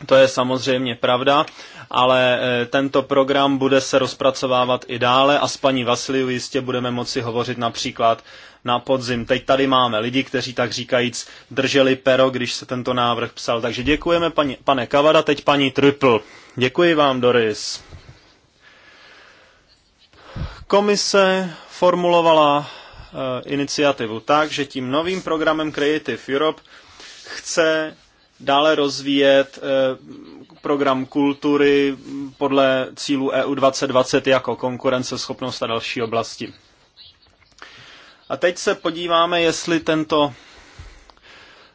to je samozřejmě pravda, ale eh, tento program bude se rozpracovávat i dále a s paní Vasiliu jistě budeme moci hovořit například na podzim. Teď tady máme lidi, kteří tak říkajíc drželi pero, když se tento návrh psal. Takže děkujeme paní, pane Kavada, teď paní Triple. Děkuji vám, Doris. Komise formulovala eh, iniciativu tak, že tím novým programem Creative Europe chce dále rozvíjet eh, program kultury podle cílů EU 2020 jako konkurenceschopnost a další oblasti. A teď se podíváme, jestli tento,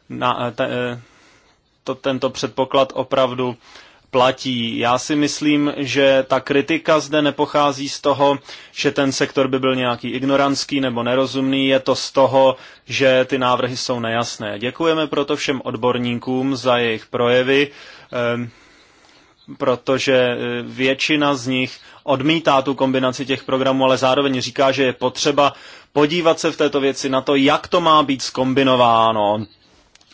na, te, eh, to, tento předpoklad opravdu platí. Já si myslím, že ta kritika zde nepochází z toho, že ten sektor by byl nějaký ignorantský nebo nerozumný, je to z toho, že ty návrhy jsou nejasné. Děkujeme proto všem odborníkům za jejich projevy, ehm, protože eh, většina z nich odmítá tu kombinaci těch programů, ale zároveň říká, že je potřeba podívat se v této věci na to, jak to má být skombinováno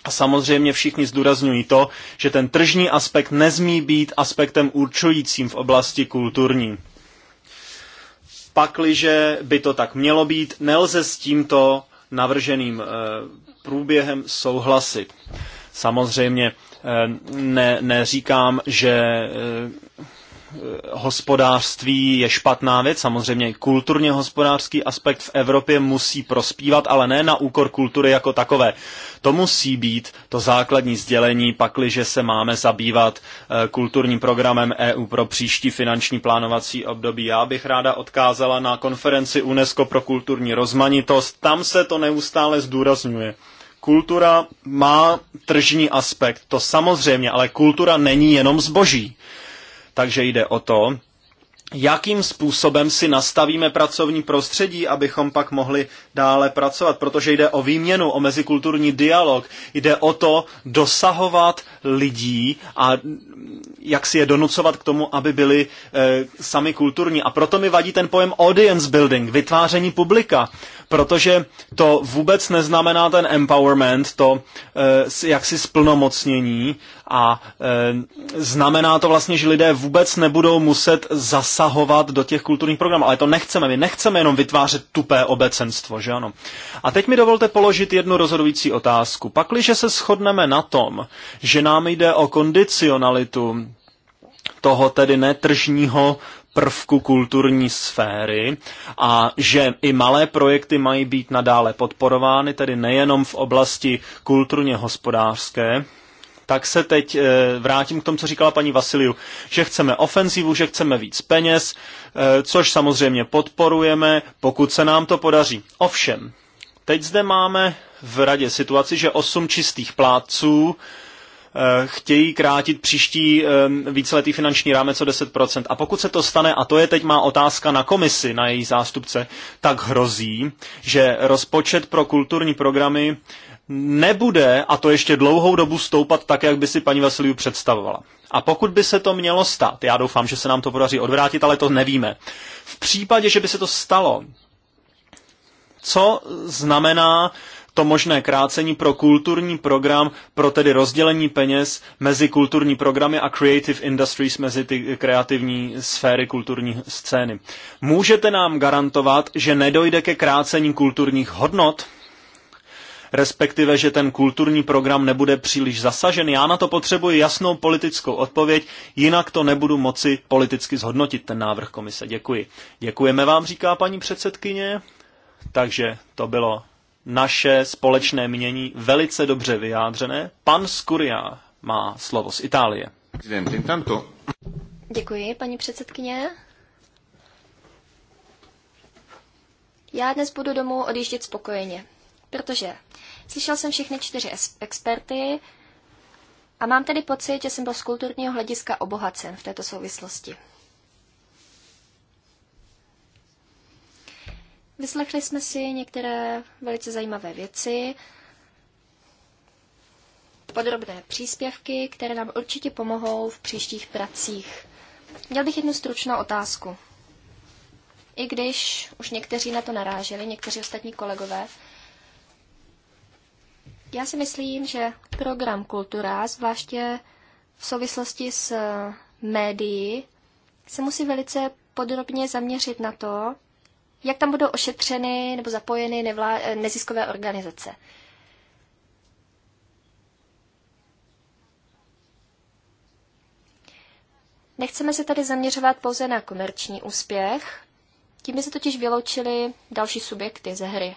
a samozřejmě všichni zdůrazňují to, že ten tržní aspekt nezmí být aspektem určujícím v oblasti kulturní. Pakliže by to tak mělo být, nelze s tímto navrženým eh, průběhem souhlasit. Samozřejmě eh, ne, neříkám, že eh, hospodářství je špatná věc. Samozřejmě kulturně hospodářský aspekt v Evropě musí prospívat, ale ne na úkor kultury jako takové. To musí být to základní sdělení, pakliže se máme zabývat eh, kulturním programem EU pro příští finanční plánovací období. Já bych ráda odkázala na konferenci UNESCO pro kulturní rozmanitost. Tam se to neustále zdůrazňuje kultura má tržní aspekt, to samozřejmě, ale kultura není jenom zboží. Takže jde o to, jakým způsobem si nastavíme pracovní prostředí, abychom pak mohli dále pracovat, protože jde o výměnu, o mezikulturní dialog, jde o to dosahovat lidí a jak si je donucovat k tomu, aby byli e, sami kulturní. A proto mi vadí ten pojem audience building, vytváření publika protože to vůbec neznamená ten empowerment, to eh, jaksi splnomocnění a eh, znamená to vlastně, že lidé vůbec nebudou muset zasahovat do těch kulturních programů. Ale to nechceme, my nechceme jenom vytvářet tupé obecenstvo, že ano. A teď mi dovolte položit jednu rozhodující otázku. Pakliže se shodneme na tom, že nám jde o kondicionalitu toho tedy netržního prvku kulturní sféry a že i malé projekty mají být nadále podporovány, tedy nejenom v oblasti kulturně hospodářské, tak se teď eh, vrátím k tomu, co říkala paní Vasiliu, že chceme ofenzivu, že chceme víc peněz, eh, což samozřejmě podporujeme, pokud se nám to podaří. Ovšem, teď zde máme v radě situaci, že osm čistých plátců Eh, chtějí krátit příští eh, víceletý finanční rámec o 10%. A pokud se to stane, a to je teď má otázka na komisi, na její zástupce, tak hrozí, že rozpočet pro kulturní programy nebude, a to ještě dlouhou dobu, stoupat tak, jak by si paní Vasiliu představovala. A pokud by se to mělo stát, já doufám, že se nám to podaří odvrátit, ale to nevíme. V případě, že by se to stalo, co znamená uh, to možné krácení pro kulturní program, pro tedy rozdělení peněz mezi kulturní programy a creative industries, mezi ty kreativní sféry kulturní scény. Můžete nám garantovat, že nedojde ke krácení kulturních hodnot? respektive že ten kulturní program nebude příliš zasažen. Já na to potřebuji jasnou politickou odpověď, jinak to nebudu moci politicky zhodnotit, ten návrh komise. Děkuji. Děkujeme vám, říká paní předsedkyně. Takže to bylo naše společné mění velice dobře vyjádřené. Pan Skuria má slovo z Itálie. Děkuji, paní předsedkyně. Já dnes budu domů odjíždět spokojeně, protože slyšel jsem všechny čtyři experty a mám tedy pocit, že jsem byl z kulturního hlediska obohacen v této souvislosti. Vyslechli jsme si některé velice zajímavé věci, podrobné příspěvky, které nám určitě pomohou v příštích pracích. Měl bych jednu stručnou otázku. I když už někteří na to naráželi, někteří ostatní kolegové, já si myslím, že program Kultura, zvláště v souvislosti s médií, se musí velice podrobně zaměřit na to, jak tam budou ošetřeny nebo zapojeny nevlá- neziskové organizace. Nechceme se tady zaměřovat pouze na komerční úspěch, tím by se totiž vyloučili další subjekty ze hry.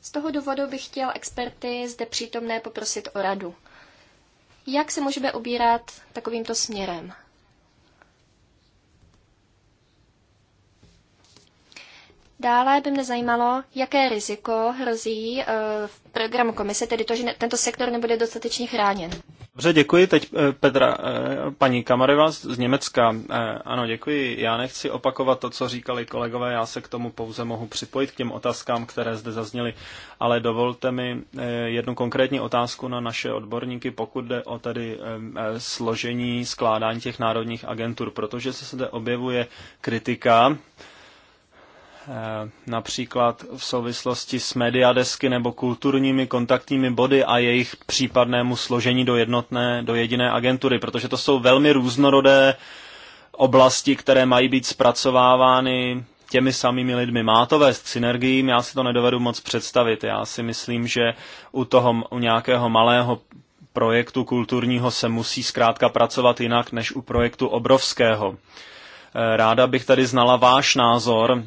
Z toho důvodu bych chtěl experty zde přítomné poprosit o radu. Jak se můžeme ubírat takovýmto směrem? Dále by mě zajímalo, jaké riziko hrozí eh, v programu komise, tedy to, že tento sektor nebude dostatečně chráněn. Dobře, děkuji. Teď eh, Petra, eh, paní Kamareva z Německa. Ano, děkuji. Já nechci opakovat to, co říkali kolegové, já se k tomu pouze mohu připojit k těm otázkám, které zde zazněly, ale dovolte mi jednu konkrétní otázku na naše odborníky, pokud jde o tedy složení, skládání těch národních agentur, protože se zde objevuje kritika, Eh, například v souvislosti s mediadesky nebo kulturními kontaktními body a jejich případnému složení do jednotné, do jediné agentury, protože to jsou velmi různorodé oblasti, které mají být zpracovávány těmi samými lidmi. Má to vést k synergiím, já si to nedovedu moc představit. Já si myslím, že u toho u nějakého malého projektu kulturního se musí zkrátka pracovat jinak než u projektu obrovského. Eh, ráda bych tady znala váš názor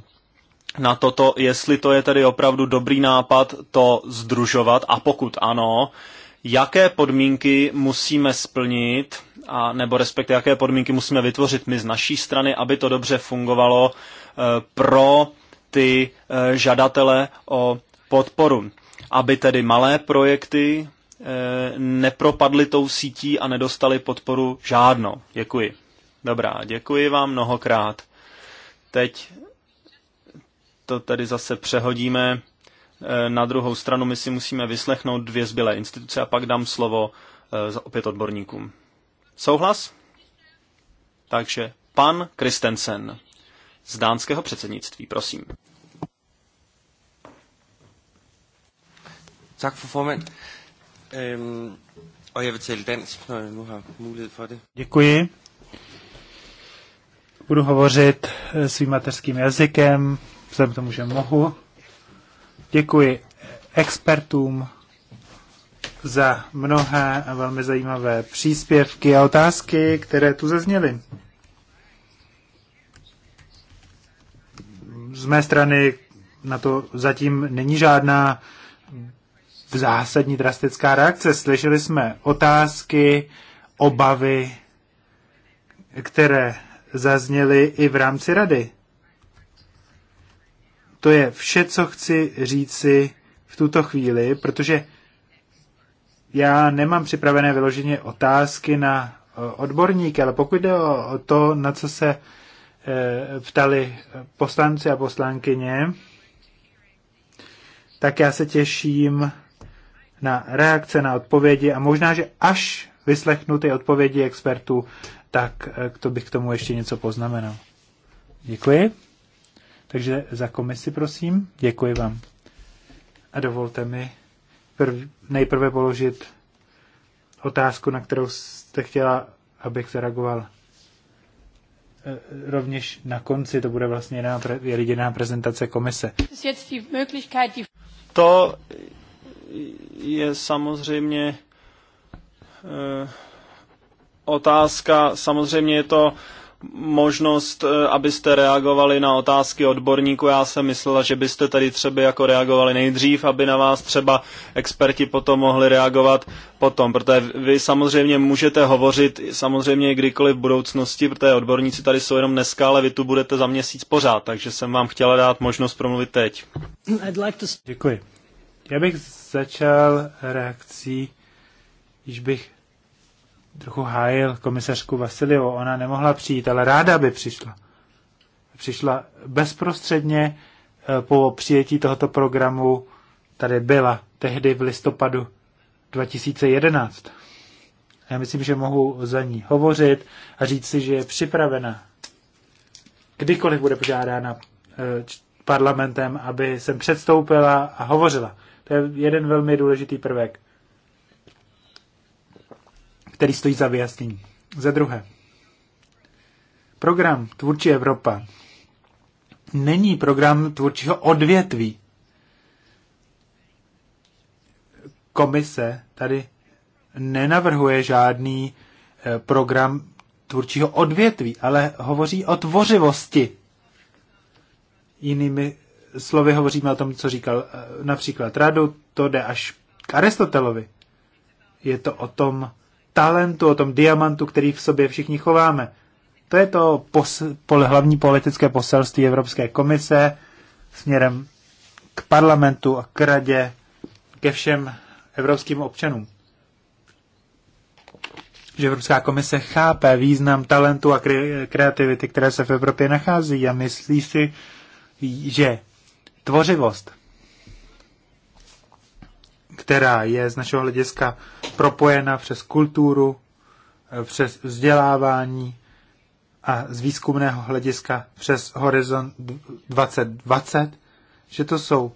na toto, jestli to je tedy opravdu dobrý nápad to združovat a pokud ano, jaké podmínky musíme splnit, a nebo respektive jaké podmínky musíme vytvořit my z naší strany, aby to dobře fungovalo eh, pro ty eh, žadatele o podporu. Aby tedy malé projekty eh, nepropadly tou sítí a nedostali podporu žádnou. Děkuji. Dobrá, děkuji vám mnohokrát. Teď to tedy zase přehodíme eh, na druhou stranu my si musíme vyslechnout dvě zbylé instituce a pak dám slovo eh, opět odborníkům. Souhlas? Takže pan Kristensen z dánského předsednictví, prosím. Tak for formand. og jeg vil tale dansk, når jeg nu har mulighed for det. Děkuji. Budu hovořit eh, svým mateřským jazykem, vzhledem k tomu, že mohu. Děkuji expertům za mnohé a velmi zajímavé příspěvky a otázky, které tu zazněly. Z mé strany na to zatím není žádná zásadní drastická reakce. Slyšeli jsme otázky, obavy, které zazněly i v rámci rady. To je vše, co chci říci v tuto chvíli, protože já nemám připravené vyloženě otázky na eh, odborníky, ale pokud jde o to, na co se eh, ptali poslanci a poslankyně, tak já se těším na reakce, na odpovědi a možná, že až vyslechnu ty odpovědi expertů, tak eh, to bych k tomu ještě něco poznamenal. Děkuji. Takže za komisi, prosím, děkuji vám. A dovolte mi prv, nejprve položit otázku, na kterou jste chtěla, abych zareagoval e, rovněž na konci, to bude vlastně jediná, jediná prezentace komise. To je samozřejmě e, otázka, samozřejmě je to možnost, eh, abyste reagovali na otázky odborníků. Já jsem myslela, že byste tady třeba jako reagovali nejdřív, aby na vás třeba experti potom mohli reagovat potom, protože vy samozřejmě můžete hovořit samozřejmě kdykoliv v budoucnosti, protože odborníci tady jsou jenom dneska, ale vy tu budete za měsíc pořád, takže jsem vám chtěla dát možnost promluvit teď. Děkuji. Já bych začal reakcí, když bych trochu hájil komisařku Vasilio. Ona nemohla přijít, ale ráda by přišla. Přišla bezprostředně eh, po přijetí tohoto programu. Tady byla tehdy v listopadu 2011. Já myslím, že mohu za ní hovořit a říct si, že je připravena. Kdykoliv bude požádána eh, parlamentem, aby jsem předstoupila a hovořila. To je jeden velmi důležitý prvek který stojí za vyjasnění. Za druhé, program Tvůrčí Evropa není program tvůrčího odvětví. Komise tady nenavrhuje žádný eh, program tvůrčího odvětví, ale hovoří o tvořivosti. Jinými slovy hovoříme o tom, co říkal eh, například Radu, to jde až k Aristotelovi. Je to o tom talentu, o tom diamantu, který v sobě všichni chováme. To je to pos, pol, hlavní politické poselství Evropské komise směrem k parlamentu a k radě, ke všem evropským občanům. Že Evropská komise chápe význam talentu a kreativity, které se v Evropě nachází a myslí si, že tvořivost která je z našeho hlediska propojena přes kulturu, eh, přes vzdělávání a z výzkumného hlediska přes Horizon 2020, že to jsou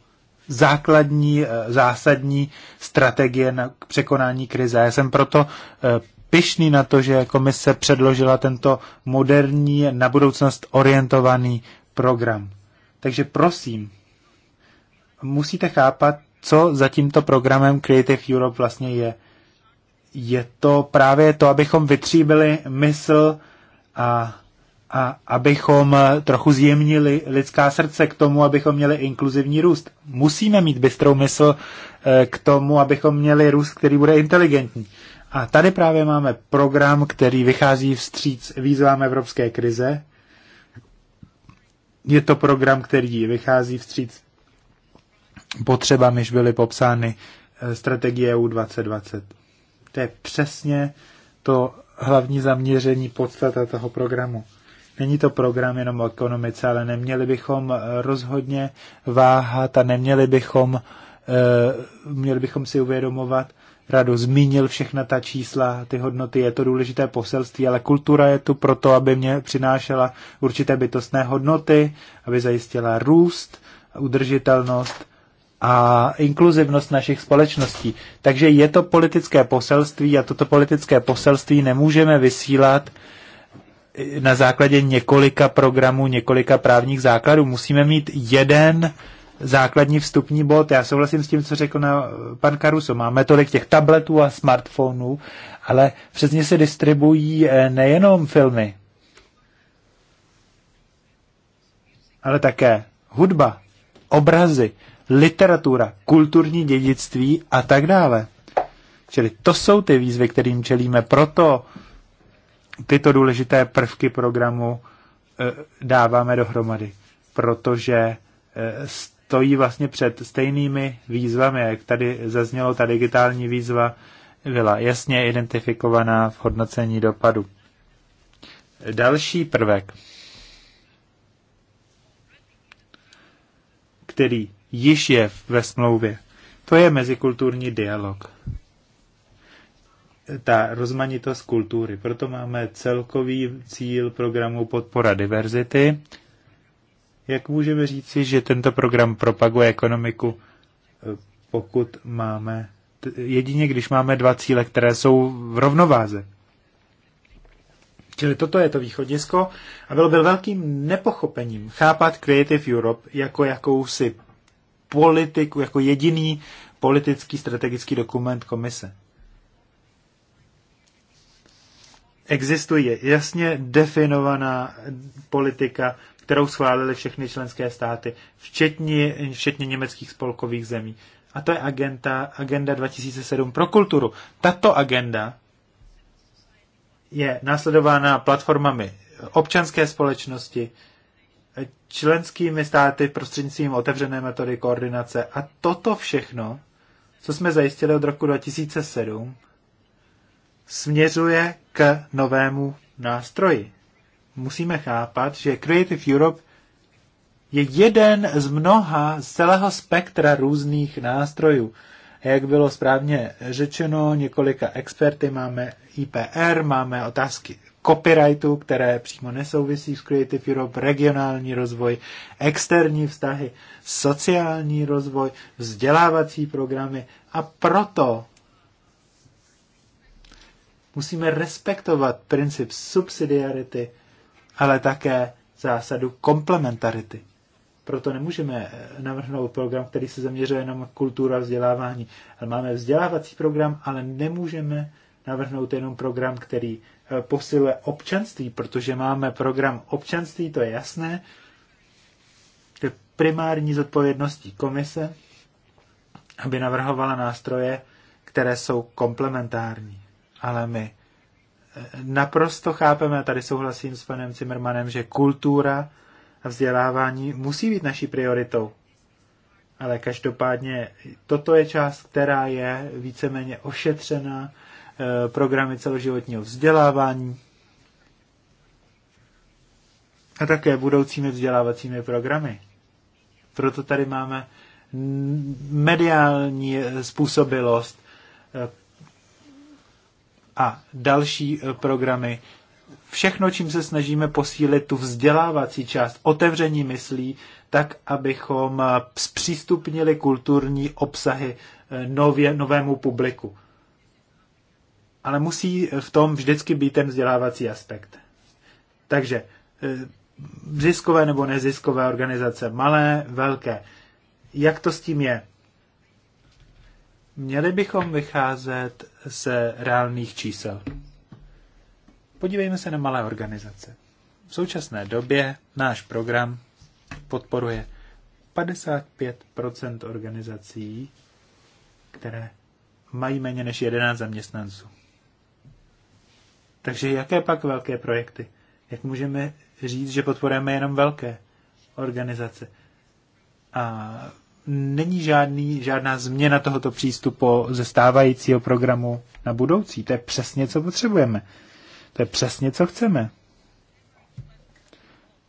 základní, eh, zásadní strategie na překonání krize. Já jsem proto eh, pyšný na to, že komise předložila tento moderní, na budoucnost orientovaný program. Takže prosím, musíte chápat, co za tímto programem Creative Europe vlastně je. Je to právě to, abychom vytříbili mysl a, a abychom trochu zjemnili lidská srdce k tomu, abychom měli inkluzivní růst. Musíme mít bystrou mysl eh, k tomu, abychom měli růst, který bude inteligentní. A tady právě máme program, který vychází vstříc výzvám evropské krize. Je to program, který vychází vstříc potřebami, že byly popsány eh, strategie EU 2020. To je přesně to hlavní zaměření, podstata toho programu. Není to program jenom o ekonomice, ale neměli bychom eh, rozhodně váhat a neměli bychom, eh, měli bychom si uvědomovat, Rado zmínil všechna ta čísla, ty hodnoty, je to důležité poselství, ale kultura je tu proto, aby mě přinášela určité bytostné hodnoty, aby zajistila růst, udržitelnost a inkluzivnost našich společností. Takže je to politické poselství a toto politické poselství nemůžeme vysílat e, na základě několika programů, několika právních základů. Musíme mít jeden základní vstupní bod. Já souhlasím s tím, co řekl na pan Karuso. Máme tolik těch tabletů a smartphonů, ale přesně se distribuují e, nejenom filmy, ale také hudba, obrazy, literatura, kulturní dědictví a tak dále. Čili to jsou ty výzvy, kterým čelíme. Proto tyto důležité prvky programu eh, dáváme dohromady, protože eh, stojí vlastně před stejnými výzvami, jak tady zaznělo, ta digitální výzva byla jasně identifikovaná v hodnocení dopadu. Další prvek, který již je ve smlouvě. To je mezikulturní dialog. Ta rozmanitost kultury. Proto máme celkový cíl programu podpora diverzity. Jak můžeme říci, že tento program propaguje ekonomiku, eh, pokud máme, jedině když máme dva cíle, které jsou v rovnováze. Čili toto je to východisko a bylo byl velkým nepochopením chápat Creative Europe jako jakousi politiku, jako jediný politický strategický dokument komise. Existuje jasně definovaná politika, kterou schválili všechny členské státy, včetně, včetně německých spolkových zemí. A to je agenda, agenda 2007 pro kulturu. Tato agenda je následována platformami občanské společnosti, členskými státy prostřednictvím otevřené metody koordinace. A toto všechno, co jsme zajistili od roku 2007, směřuje k novému nástroji. Musíme chápat, že Creative Europe je jeden z mnoha z celého spektra různých nástrojů. A jak bylo správně řečeno několika experty, máme IPR, máme otázky copyrightu, které přímo nesouvisí s Creative Europe, regionální rozvoj, externí vztahy, sociální rozvoj, vzdělávací programy a proto musíme respektovat princip subsidiarity, ale také zásadu komplementarity. Proto nemůžeme navrhnout program, který se zaměřuje jenom na a vzdělávání. Ale máme vzdělávací program, ale nemůžeme navrhnout jenom program, který Eh, posiluje občanství, protože máme program občanství, to je jasné, je primární zodpovědností komise, aby navrhovala nástroje, které jsou komplementární. Ale my eh, naprosto chápeme, a tady souhlasím s panem Zimmermanem, že kultura a vzdělávání musí být naší prioritou. Ale každopádně toto je část, která je víceméně ošetřena Eh, programy celoživotního vzdělávání a také budoucími vzdělávacími programy. Proto tady máme mediální eh, způsobilost eh, a další programy. Všechno, čím se snažíme posílit tu vzdělávací část, otevření myslí, tak, abychom zpřístupnili kulturní obsahy nově, novému publiku ale musí v tom vždycky být ten vzdělávací aspekt. Takže eh, ziskové nebo neziskové organizace, malé, velké, jak to s tím je? Měli bychom vycházet se reálných čísel. Podívejme se na malé organizace. V současné době náš program podporuje 55 organizací, které mají méně než 11 zaměstnanců. Takže jaké pak velké projekty? Jak můžeme říct, že podporujeme jenom velké organizace? A není žádný, žádná změna tohoto přístupu ze stávajícího programu na budoucí. To je přesně, co potřebujeme. To je přesně, co chceme.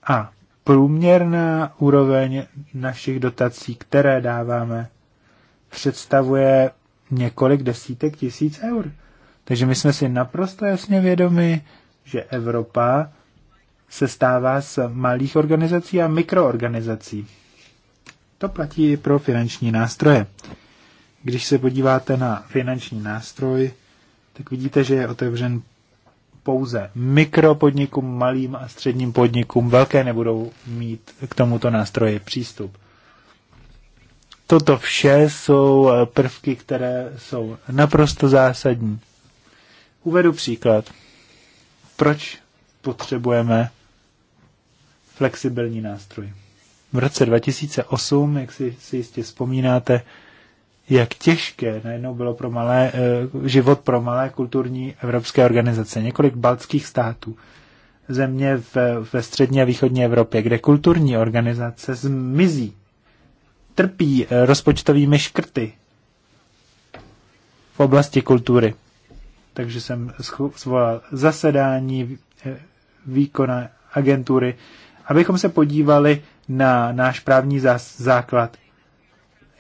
A průměrná úroveň našich dotací, které dáváme, představuje několik desítek tisíc eur. Takže my jsme si naprosto jasně vědomi, že Evropa se stává z malých organizací a mikroorganizací. To platí i pro finanční nástroje. Když se podíváte na finanční nástroj, tak vidíte, že je otevřen pouze mikropodnikům, malým a středním podnikům. Velké nebudou mít k tomuto nástroji přístup. Toto vše jsou prvky, které jsou naprosto zásadní. Uvedu příklad. Proč potřebujeme flexibilní nástroj? V roce 2008, jak si, si jistě vzpomínáte, jak těžké najednou bylo pro malé, eh, život pro malé kulturní evropské organizace. Několik baltských států, země ve, ve střední a východní Evropě, kde kulturní organizace zmizí, trpí eh, rozpočtovými škrty v oblasti kultury takže jsem zvolal zasedání eh, výkona agentury, abychom se podívali na náš právní základ.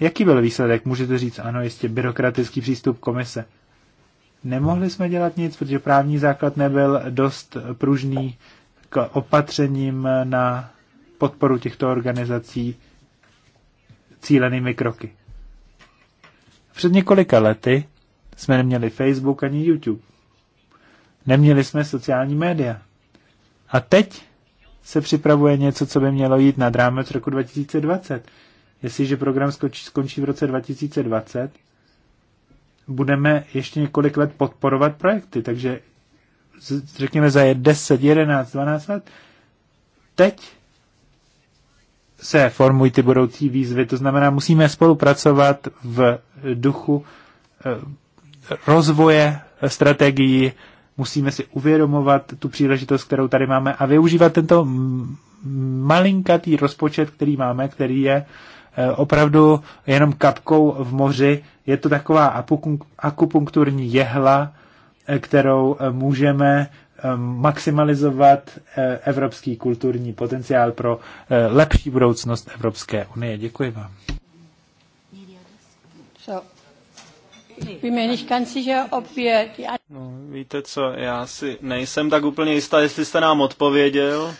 Jaký byl výsledek? Můžete říct, ano, jistě byrokratický přístup komise. Nemohli jsme dělat nic, protože právní základ nebyl dost pružný k opatřením na podporu těchto organizací cílenými kroky. Před několika lety jsme neměli Facebook ani YouTube. Neměli jsme sociální média. A teď se připravuje něco, co by mělo jít na rámec roku 2020. Jestliže program skončí v roce 2020, budeme ještě několik let podporovat projekty, takže řekněme za 10, 11, 12 let, teď se formují ty budoucí výzvy, to znamená, musíme spolupracovat v duchu eh, rozvoje strategií. Musíme si uvědomovat tu příležitost, kterou tady máme a využívat tento malinkatý rozpočet, který máme, který je eh, opravdu jenom kapkou v moři. Je to taková akupunkturní jehla, eh, kterou eh, můžeme maximalizovat evropský kulturní potenciál pro lepší budoucnost Evropské unie. Děkuji vám. No, víte co, já si nejsem tak úplně jistá, jestli jste nám odpověděl.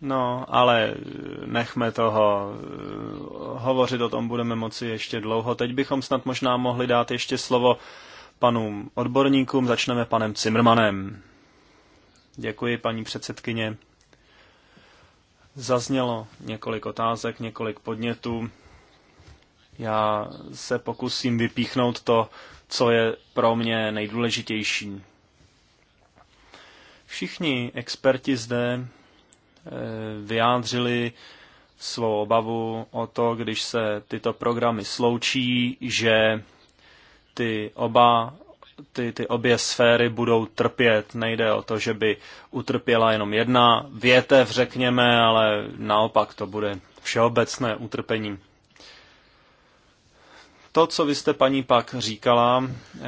No, ale eh, nechme toho. Eh, hovořit o tom budeme moci ještě dlouho. Teď bychom snad možná mohli dát ještě slovo panům odborníkům. Začneme panem Cimrmanem. Děkuji, paní předsedkyně. Zaznělo několik otázek, několik podnětů. Já se pokusím vypíchnout to, co je pro mě nejdůležitější. Všichni experti zde eh, vyjádřili svou obavu o to, když se tyto programy sloučí, že ty oba ty, ty obě sféry budou trpět. Nejde o to, že by utrpěla jenom jedna větev, řekněme, ale naopak to bude všeobecné utrpení. To, co vy jste paní pak říkala, eh,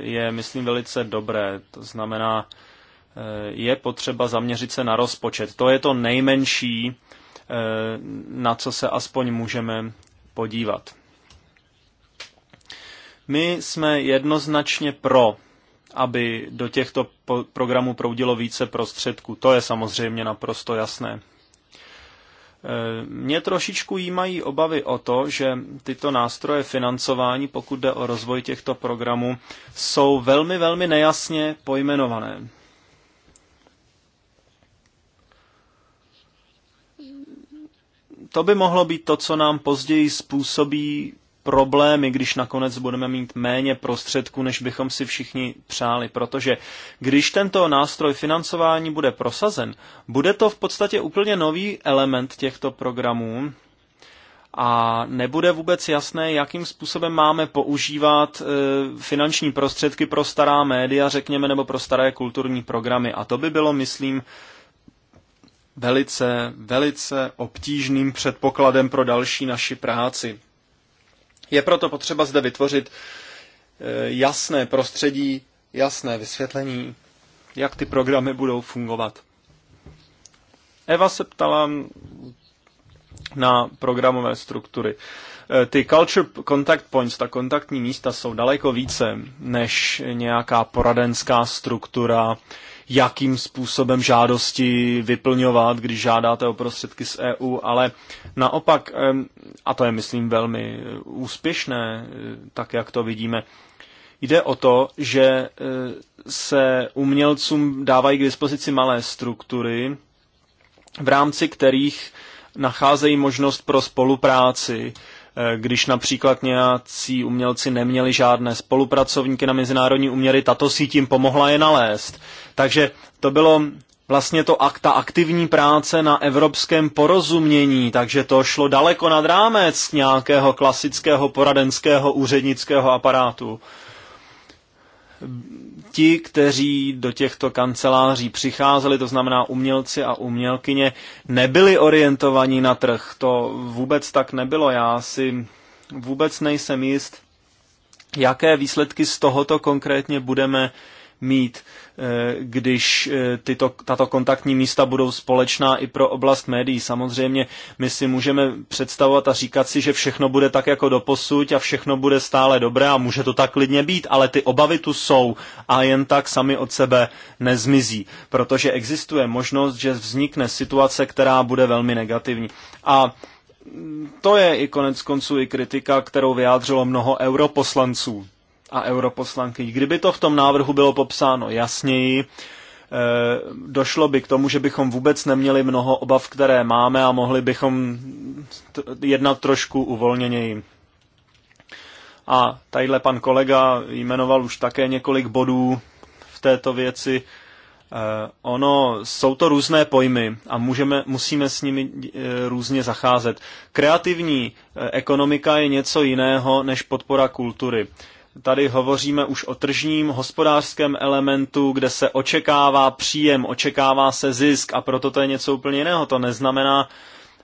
je, myslím, velice dobré. To znamená, eh, je potřeba zaměřit se na rozpočet. To je to nejmenší, eh, na co se aspoň můžeme podívat. My jsme jednoznačně pro, aby do těchto programů proudilo více prostředků. To je samozřejmě naprosto jasné. Mě trošičku jímají obavy o to, že tyto nástroje financování, pokud jde o rozvoj těchto programů, jsou velmi, velmi nejasně pojmenované. To by mohlo být to, co nám později způsobí problémy, když nakonec budeme mít méně prostředků, než bychom si všichni přáli. Protože když tento nástroj financování bude prosazen, bude to v podstatě úplně nový element těchto programů, a nebude vůbec jasné, jakým způsobem máme používat e, finanční prostředky pro stará média, řekněme, nebo pro staré kulturní programy. A to by bylo, myslím, velice, velice obtížným předpokladem pro další naši práci. Je proto potřeba zde vytvořit eh, jasné prostředí, jasné vysvětlení, jak ty programy budou fungovat. Eva se ptala na programové struktury. Eh, ty culture contact points, ta kontaktní místa, jsou daleko více než nějaká poradenská struktura, jakým způsobem žádosti vyplňovat, když žádáte o prostředky z EU, ale naopak, a to je, myslím, velmi eh, úspěšné, eh, tak jak to vidíme, Jde o to, že eh, se umělcům dávají k dispozici malé struktury, v rámci kterých nacházejí možnost pro spolupráci Eh, když například nějací umělci neměli žádné spolupracovníky na mezinárodní uměry, tato síť jim pomohla je nalézt. Takže to bylo vlastně to akta aktivní práce na evropském porozumění, takže to šlo daleko nad rámec nějakého klasického poradenského úřednického aparátu ti, kteří do těchto kanceláří přicházeli, to znamená umělci a umělkyně, nebyli orientovaní na trh. To vůbec tak nebylo. Já si vůbec nejsem jist, jaké výsledky z tohoto konkrétně budeme mít. Eh, když eh, tyto, tato kontaktní místa budou společná i pro oblast médií. Samozřejmě my si můžeme představovat a říkat si, že všechno bude tak jako doposud a všechno bude stále dobré a může to tak klidně být, ale ty obavy tu jsou a jen tak sami od sebe nezmizí, protože existuje možnost, že vznikne situace, která bude velmi negativní. A to je i konec konců i kritika, kterou vyjádřilo mnoho europoslanců a europoslanky. Kdyby to v tom návrhu bylo popsáno jasněji, eh, došlo by k tomu, že bychom vůbec neměli mnoho obav, které máme a mohli bychom jednat trošku uvolněněji. A tadyhle pan kolega jmenoval už také několik bodů v této věci. Eh, ono, jsou to různé pojmy a můžeme, musíme s nimi eh, různě zacházet. Kreativní ekonomika je něco jiného než podpora kultury. Tady hovoříme už o tržním hospodářském elementu, kde se očekává příjem, očekává se zisk a proto to je něco úplně jiného. To neznamená,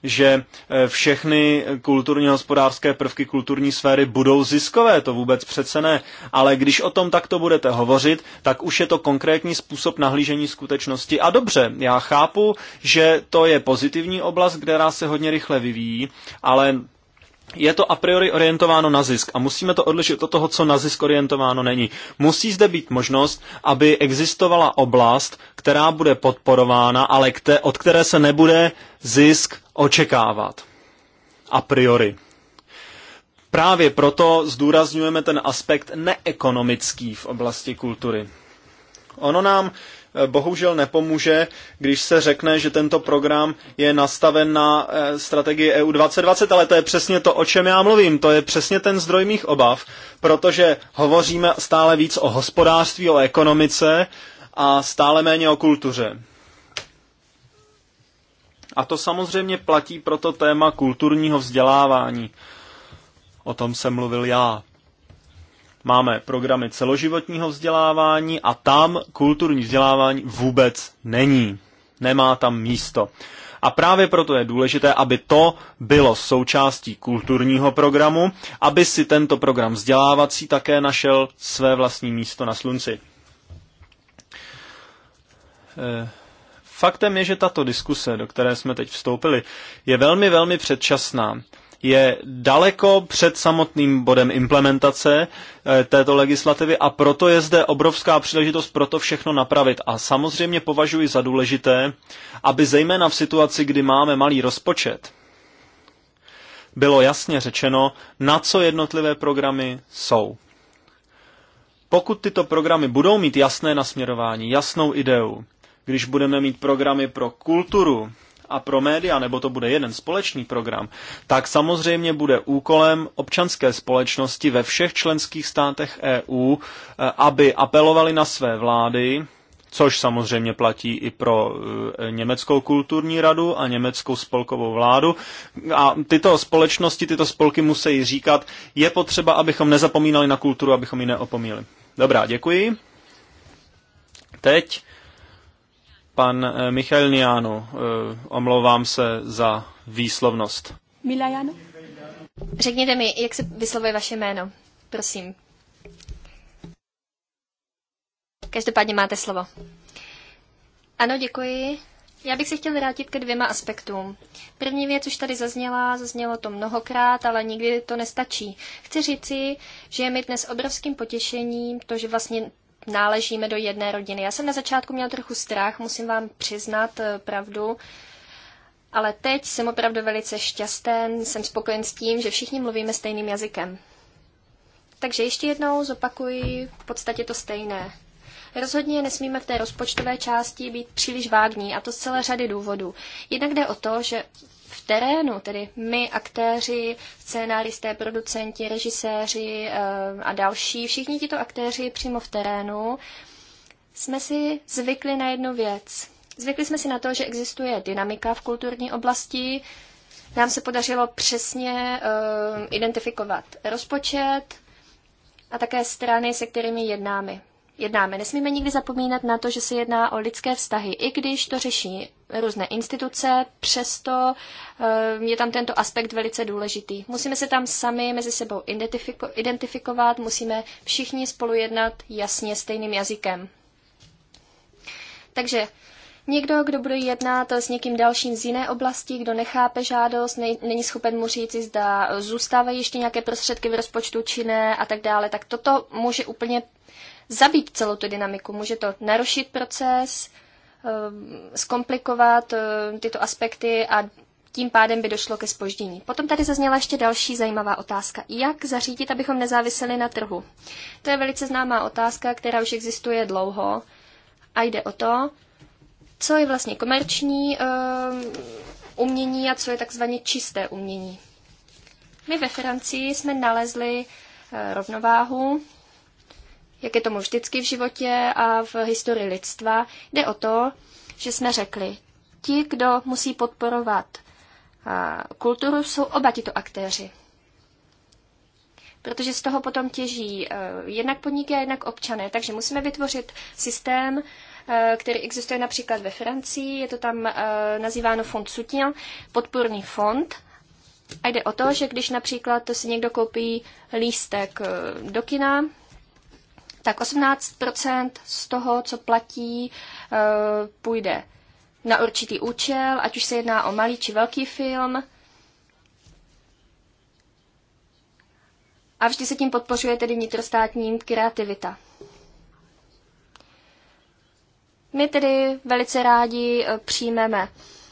že e, všechny kulturně hospodářské prvky kulturní sféry budou ziskové, to vůbec přece ne. Ale když o tom takto budete hovořit, tak už je to konkrétní způsob nahlížení skutečnosti. A dobře, já chápu, že to je pozitivní oblast, která se hodně rychle vyvíjí, ale je to a priori orientováno na zisk a musíme to odlišit od toho, co na zisk orientováno není. Musí zde být možnost, aby existovala oblast, která bude podporována, ale kte, od které se nebude zisk očekávat. A priori. Právě proto zdůrazňujeme ten aspekt neekonomický v oblasti kultury. Ono nám bohužel nepomůže, když se řekne, že tento program je nastaven na eh, strategii EU 2020, ale to je přesně to, o čem já mluvím. To je přesně ten zdroj mých obav, protože hovoříme stále víc o hospodářství, o ekonomice a stále méně o kultuře. A to samozřejmě platí pro to téma kulturního vzdělávání. O tom jsem mluvil já. Máme programy celoživotního vzdělávání a tam kulturní vzdělávání vůbec není. Nemá tam místo. A právě proto je důležité, aby to bylo součástí kulturního programu, aby si tento program vzdělávací také našel své vlastní místo na slunci. Eh, faktem je, že tato diskuse, do které jsme teď vstoupili, je velmi, velmi předčasná je daleko před samotným bodem implementace eh, této legislativy a proto je zde obrovská příležitost pro to všechno napravit. A samozřejmě považuji za důležité, aby zejména v situaci, kdy máme malý rozpočet, bylo jasně řečeno, na co jednotlivé programy jsou. Pokud tyto programy budou mít jasné nasměrování, jasnou ideu, když budeme mít programy pro kulturu, a pro média, nebo to bude jeden společný program, tak samozřejmě bude úkolem občanské společnosti ve všech členských státech EU, eh, aby apelovali na své vlády, což samozřejmě platí i pro eh, Německou kulturní radu a Německou spolkovou vládu. A tyto společnosti, tyto spolky musí říkat, je potřeba, abychom nezapomínali na kulturu, abychom ji neopomíli. Dobrá, děkuji. Teď Pan eh, Michal Niano, eh, omlouvám se za výslovnost. Milajano? Řekněte mi, jak se vyslovuje vaše jméno, prosím. Každopádně máte slovo. Ano, děkuji. Já bych se chtěl vrátit ke dvěma aspektům. První věc už tady zazněla, zaznělo to mnohokrát, ale nikdy to nestačí. Chci říci, že je mi dnes obrovským potěšením to, že vlastně náležíme do jedné rodiny. Já jsem na začátku měla trochu strach, musím vám přiznat eh, pravdu, ale teď jsem opravdu velice šťastný, jsem spokojen s tím, že všichni mluvíme stejným jazykem. Takže ještě jednou zopakuji v podstatě to stejné. Rozhodně nesmíme v té rozpočtové části být příliš vágní, a to z celé řady důvodů. Jednak jde o to, že terénu, tedy my, aktéři, scénáristé, producenti, režiséři eh, a další, všichni tito aktéři přímo v terénu, jsme si zvykli na jednu věc. Zvykli jsme si na to, že existuje dynamika v kulturní oblasti. Nám se podařilo přesně uh, identifikovat rozpočet a také strany, se kterými jednáme jednáme. Nesmíme nikdy zapomínat na to, že se jedná o lidské vztahy. I když to řeší různé instituce, přesto eh, je tam tento aspekt velice důležitý. Musíme se tam sami mezi sebou identifiko- identifikovat, musíme všichni spolu jednat jasně stejným jazykem. Takže Někdo, kdo bude jednat s někým dalším z jiné oblasti, kdo nechápe žádost, nej, není schopen mu říct, zda zůstávají ještě nějaké prostředky v rozpočtu či ne a tak dále, tak toto může úplně zabít celou tu dynamiku. Může to narušit proces, ehm, zkomplikovat ehm, tyto aspekty a tím pádem by došlo ke spoždění. Potom tady zazněla ještě další zajímavá otázka. Jak zařídit, abychom nezáviseli na trhu? To je velice známá otázka, která už existuje dlouho a jde o to, co je vlastně komerční ehm, umění a co je takzvaně čisté umění. My ve Francii jsme nalezli uh, rovnováhu jak je tomu vždycky v životě a v historii lidstva, jde o to, že jsme řekli, ti, kdo musí podporovat kulturu, jsou oba tito aktéři. Protože z toho potom těží e, jednak podniky a jednak občané. Takže musíme vytvořit systém, e, který existuje například ve Francii, je to tam e, nazýváno fond soutien, podporný fond. A jde o to, že když například to si někdo koupí lístek do kina, tak 18 z toho, co platí, eh, půjde na určitý účel, ať už se jedná o malý či velký film. A vždy se tím podpořuje tedy vnitrostátní kreativita. My tedy velice rádi eh, přijmeme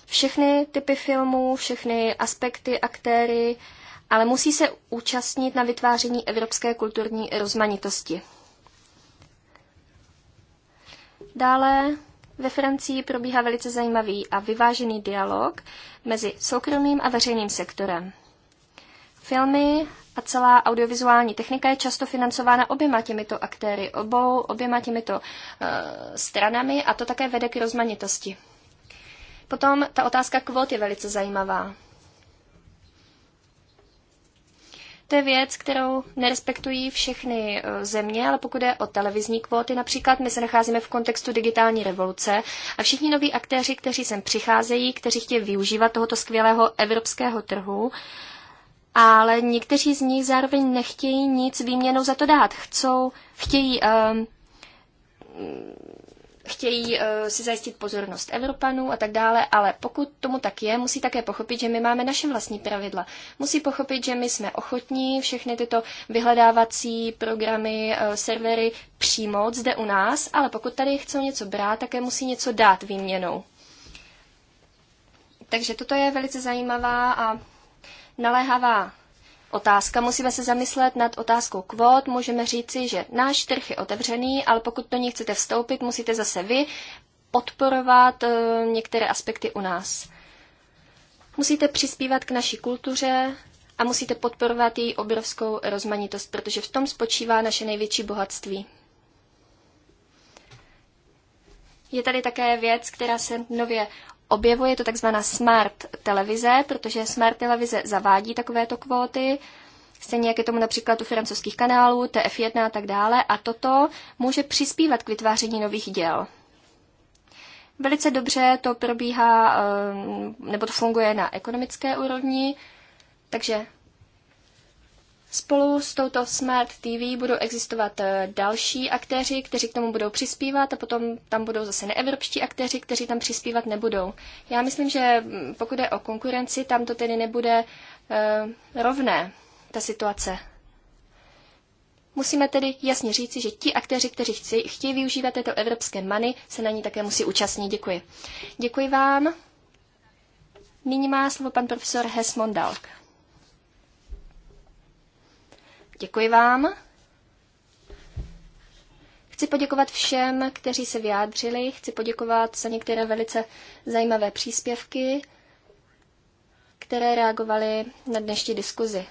všechny typy filmů, všechny aspekty, aktéry, ale musí se účastnit na vytváření evropské kulturní rozmanitosti. Dále ve Francii probíhá velice zajímavý a vyvážený dialog mezi soukromým a veřejným sektorem. Filmy a celá audiovizuální technika je často financována oběma těmito aktéry, obou oběma těmito uh, stranami a to také vede k rozmanitosti. Potom ta otázka kvót je velice zajímavá. To je věc, kterou nerespektují všechny e, země, ale pokud je o televizní kvóty, například my se nacházíme v kontextu digitální revoluce a všichni noví aktéři, kteří sem přicházejí, kteří chtějí využívat tohoto skvělého evropského trhu, ale někteří z nich zároveň nechtějí nic výměnou za to dát. Chcou, chtějí um, chtějí eh, si zajistit pozornost Evropanů a tak dále, ale pokud tomu tak je, musí také pochopit, že my máme naše vlastní pravidla. Musí pochopit, že my jsme ochotní všechny tyto vyhledávací programy, eh, servery přijmout zde u nás, ale pokud tady chcou něco brát, také musí něco dát výměnou. Takže toto je velice zajímavá a naléhavá otázka. Musíme se zamyslet nad otázkou kvót. Můžeme říci, že náš trh je otevřený, ale pokud do něj chcete vstoupit, musíte zase vy podporovat eh, některé aspekty u nás. Musíte přispívat k naší kultuře a musíte podporovat její obrovskou rozmanitost, protože v tom spočívá naše největší bohatství. Je tady také věc, která se nově objevuje, je to takzvaná smart televize, protože smart televize zavádí takovéto kvóty, stejně jak je tomu například u francouzských kanálů, TF1 a tak dále, a toto může přispívat k vytváření nových děl. Velice dobře to probíhá, eh, nebo to funguje na ekonomické úrovni, takže Spolu s touto Smart TV budou existovat eh, další aktéři, kteří k tomu budou přispívat a potom tam budou zase neevropští aktéři, kteří tam přispívat nebudou. Já myslím, že mm, pokud je o konkurenci, tam to tedy nebude eh, rovné, ta situace. Musíme tedy jasně říci, že ti aktéři, kteří chci, chtějí využívat této evropské many, se na ní také musí účastnit. Děkuji. Děkuji vám. Nyní má slovo pan profesor Hesmondalk. Dalk. Děkuji vám. Chci poděkovat všem, kteří se vyjádřili, chci poděkovat za některé velice zajímavé příspěvky, které reagovaly na dnešní diskuzi.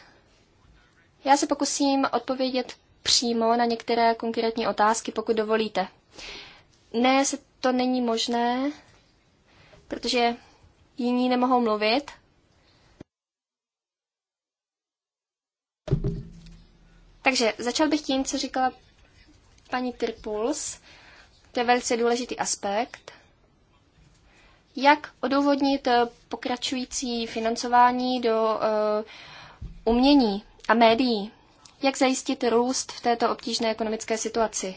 Já se pokusím odpovědět přímo na některé konkrétní otázky, pokud dovolíte. Ne, to není možné, protože jiní nemohou mluvit, Takže začal bych tím, co říkala paní Tirpuls. To je velice důležitý aspekt. Jak odůvodnit eh, pokračující financování do uh, umění a médií? Jak zajistit růst v této obtížné ekonomické situaci?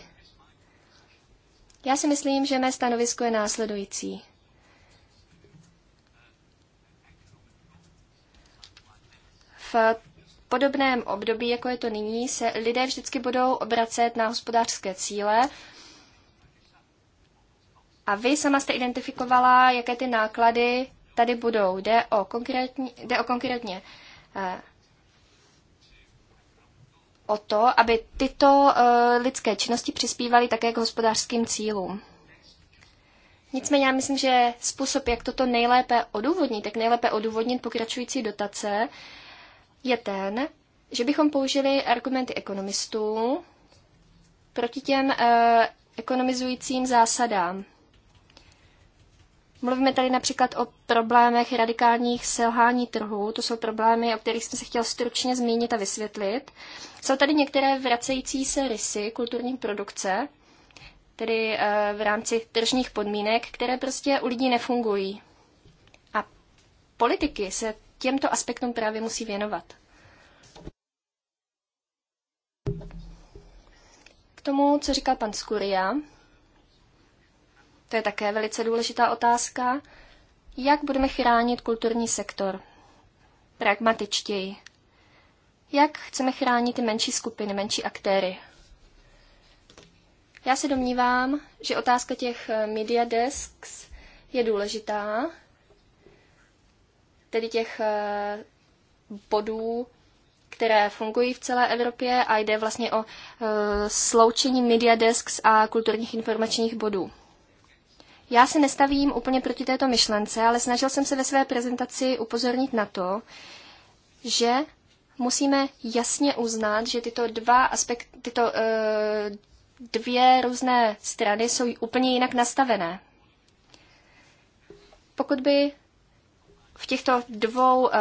Já si myslím, že mé stanovisko je následující. V podobném období, jako je to nyní, se lidé vždycky budou obracet na hospodářské cíle. A vy sama jste identifikovala, jaké ty náklady tady budou. Jde o, konkrétní, jde o konkrétně eh, o to, aby tyto eh, lidské činnosti přispívaly také k hospodářským cílům. Nicméně já myslím, že způsob, jak toto nejlépe odůvodnit, tak nejlépe odůvodnit pokračující dotace, eh, je ten, že bychom použili argumenty ekonomistů proti těm e, ekonomizujícím zásadám. Mluvíme tady například o problémech radikálních selhání trhu, to jsou problémy, o kterých jsem se chtěl stručně zmínit a vysvětlit. Jsou tady některé vracející se rysy kulturní produkce, tedy eh, v rámci tržních podmínek, které prostě u lidí nefungují. A politiky se těmto aspektům právě musí věnovat. K tomu, co říkal pan Skuria, to je také velice důležitá otázka, jak budeme chránit kulturní sektor pragmatičtěji. Jak chceme chránit ty menší skupiny, menší aktéry? Já se domnívám, že otázka těch media desks je důležitá, tedy těch eh, bodů, které fungují v celé Evropě a jde vlastně o eh, sloučení media desks a kulturních informačních bodů. Já se nestavím úplně proti této myšlence, ale snažil jsem se ve své prezentaci upozornit na to, že musíme jasně uznat, že tyto dva aspekt, tyto e, dvě různé strany jsou úplně jinak nastavené. Pokud by v těchto dvou eh,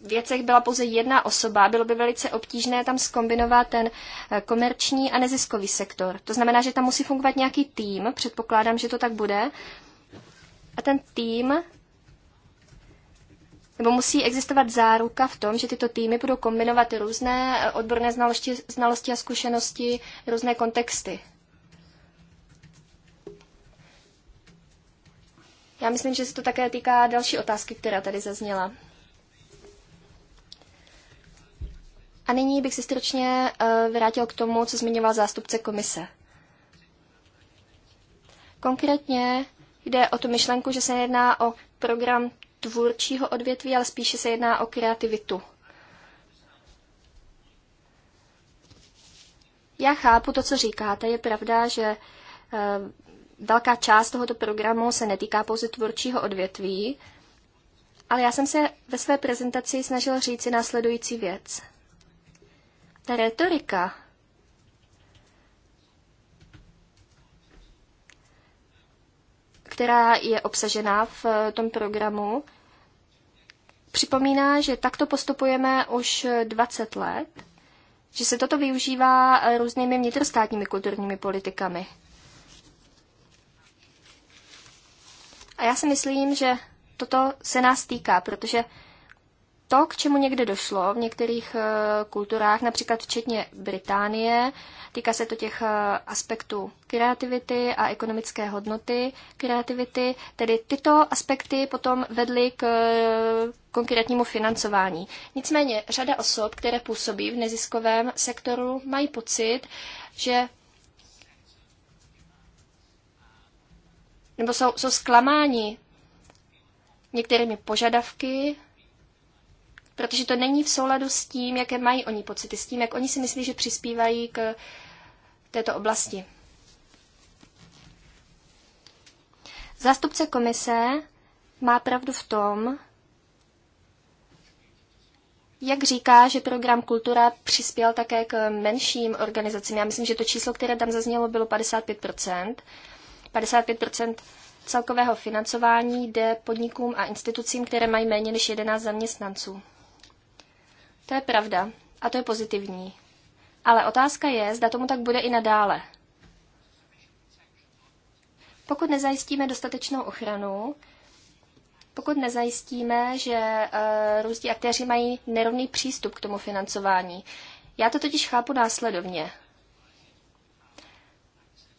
věcech byla pouze jedna osoba, bylo by velice obtížné tam skombinovat ten eh, komerční a neziskový sektor. To znamená, že tam musí fungovat nějaký tým, předpokládám, že to tak bude. A ten tým, nebo musí existovat záruka v tom, že tyto týmy budou kombinovat různé eh, odborné znalosti, znalosti a zkušenosti, různé kontexty. Já myslím, že se to také týká další otázky, která tady zazněla. A nyní bych se stručně eh, vrátil k tomu, co zmiňoval zástupce komise. Konkrétně jde o tu myšlenku, že se nejedná o program tvůrčího odvětví, ale spíše se jedná o kreativitu. Já chápu to, co říkáte. Je pravda, že eh, velká část tohoto programu se netýká pouze tvůrčího odvětví, ale já jsem se ve své prezentaci snažil si následující věc. Ta retorika která je obsažená v eh, tom programu, připomíná, že takto postupujeme už 20 let, že se toto využívá eh, různými vnitrostátními kulturními politikami. A já si myslím, že toto se nás týká, protože to, k čemu někde došlo v některých eh, kulturách, například včetně Británie, týká se to těch eh, aspektů kreativity a ekonomické hodnoty kreativity, tedy tyto aspekty potom vedly k eh, konkrétnímu financování. Nicméně řada osob, které působí v neziskovém sektoru, mají pocit, že nebo jsou, jsou zklamáni některými požadavky, protože to není v souladu s tím, jaké mají oni pocity, s tím, jak oni si myslí, že přispívají k této oblasti. Zástupce komise má pravdu v tom, jak říká, že program Kultura přispěl také k menším organizacím. Já myslím, že to číslo, které tam zaznělo, bylo 55 55 celkového financování jde podnikům a institucím, které mají méně než 11 zaměstnanců. To je pravda a to je pozitivní. Ale otázka je, zda tomu tak bude i nadále. Pokud nezajistíme dostatečnou ochranu, pokud nezajistíme, že uh, různí aktéři mají nerovný přístup k tomu financování. Já to totiž chápu následovně.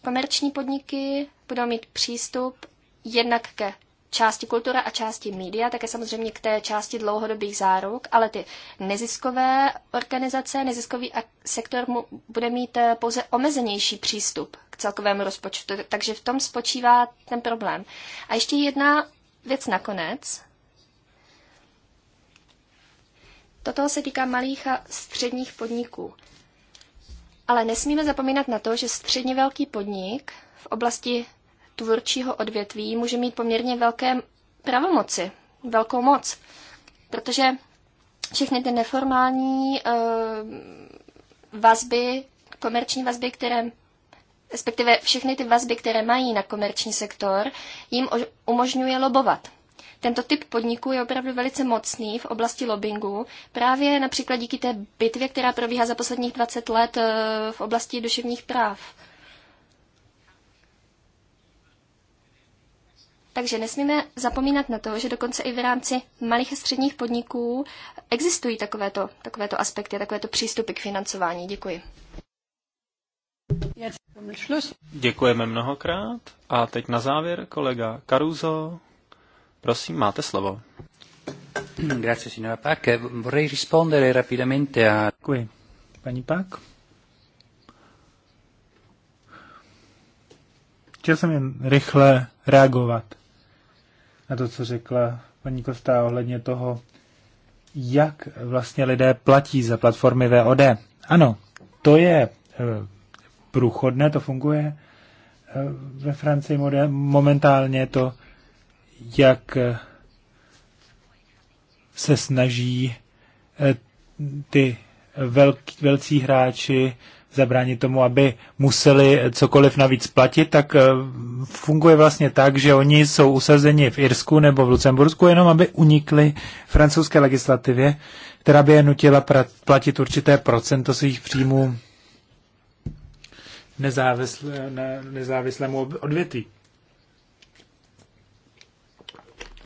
Komerční podniky budou mít přístup jednak ke části kultura a části média, také samozřejmě k té části dlouhodobých záruk, ale ty neziskové organizace, neziskový sektor mu bude mít eh, pouze omezenější přístup k celkovému rozpočtu, takže v tom spočívá ten problém. A ještě jedna věc nakonec. Toto se týká malých a středních podniků. Ale nesmíme zapomínat na to, že středně velký podnik v oblasti tvůrčího odvětví může mít poměrně velké pravomoci, velkou moc, protože všechny ty neformální uh, vazby, komerční vazby, které respektive všechny ty vazby, které mají na komerční sektor, jim umožňuje lobovat. Tento typ podniků je opravdu velice mocný v oblasti lobbingu, právě například díky té bitvě, která probíhá za posledních 20 let eh, v oblasti duševních práv. Takže nesmíme zapomínat na to, že dokonce i v rámci malých a středních podniků existují takovéto, takovéto aspekty, takovéto přístupy k financování. Děkuji. Děkujeme mnohokrát. A teď na závěr kolega Karuzo. Prosím, máte slovo. Grazie, signora Pak. Vorrei rispondere rapidamente a... Děkuji. Paní Pak? Chtěl jsem jen rychle reagovat na to, co řekla paní Kostá ohledně toho, jak vlastně lidé platí za platformy VOD. Ano, to je eh, průchodné, to funguje eh, ve Francii momentálně, to jak se snaží eh, ty velký, velcí hráči zabránit tomu, aby museli cokoliv navíc platit, tak eh, funguje vlastně tak, že oni jsou usazeni v Irsku nebo v Lucembursku, jenom aby unikli francouzské legislativě, která by je nutila platit určité procento svých příjmů nezávislému odvětví.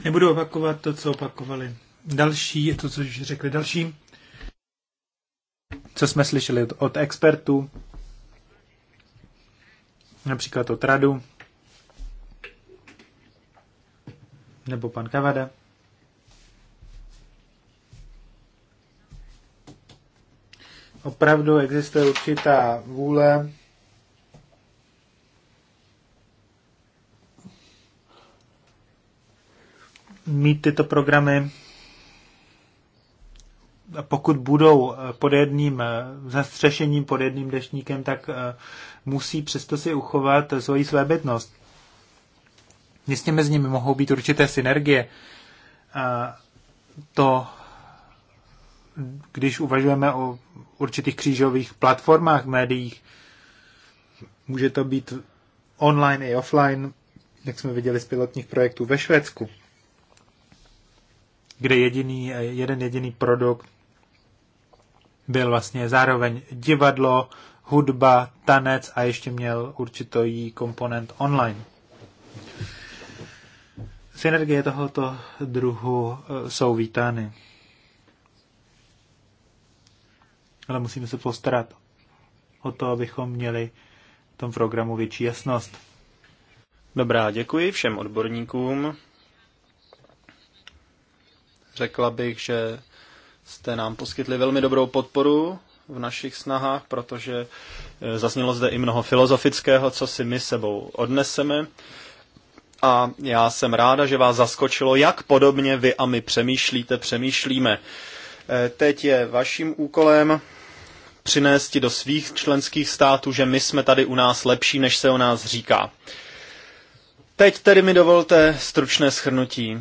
Nebudu opakovat to, co opakovali další, je to, co už řekli další, co jsme slyšeli od, od expertů, například od Radu, nebo pan Kavada. Opravdu existuje určitá vůle mít tyto programy. Pokud budou eh, pod jedním eh, zastřešením, pod jedním deštníkem, tak eh, musí přesto si uchovat svoji svébytnost. Jistě mezi nimi mohou být určité synergie. A to, když uvažujeme o určitých křížových platformách, médiích, může to být online i offline, jak jsme viděli z pilotních projektů ve Švédsku kde jediný, jeden jediný produkt byl vlastně zároveň divadlo, hudba, tanec a ještě měl určitý komponent online. Synergie tohoto druhu e, jsou vítány. Ale musíme se postarat o to, abychom měli v tom programu větší jasnost. Dobrá, děkuji všem odborníkům. Řekla bych, že jste nám poskytli velmi dobrou podporu v našich snahách, protože e, zaznělo zde i mnoho filozofického, co si my sebou odneseme. A já jsem ráda, že vás zaskočilo, jak podobně vy a my přemýšlíte, přemýšlíme. E, teď je vaším úkolem přinést do svých členských států, že my jsme tady u nás lepší, než se o nás říká. Teď tedy mi dovolte stručné schrnutí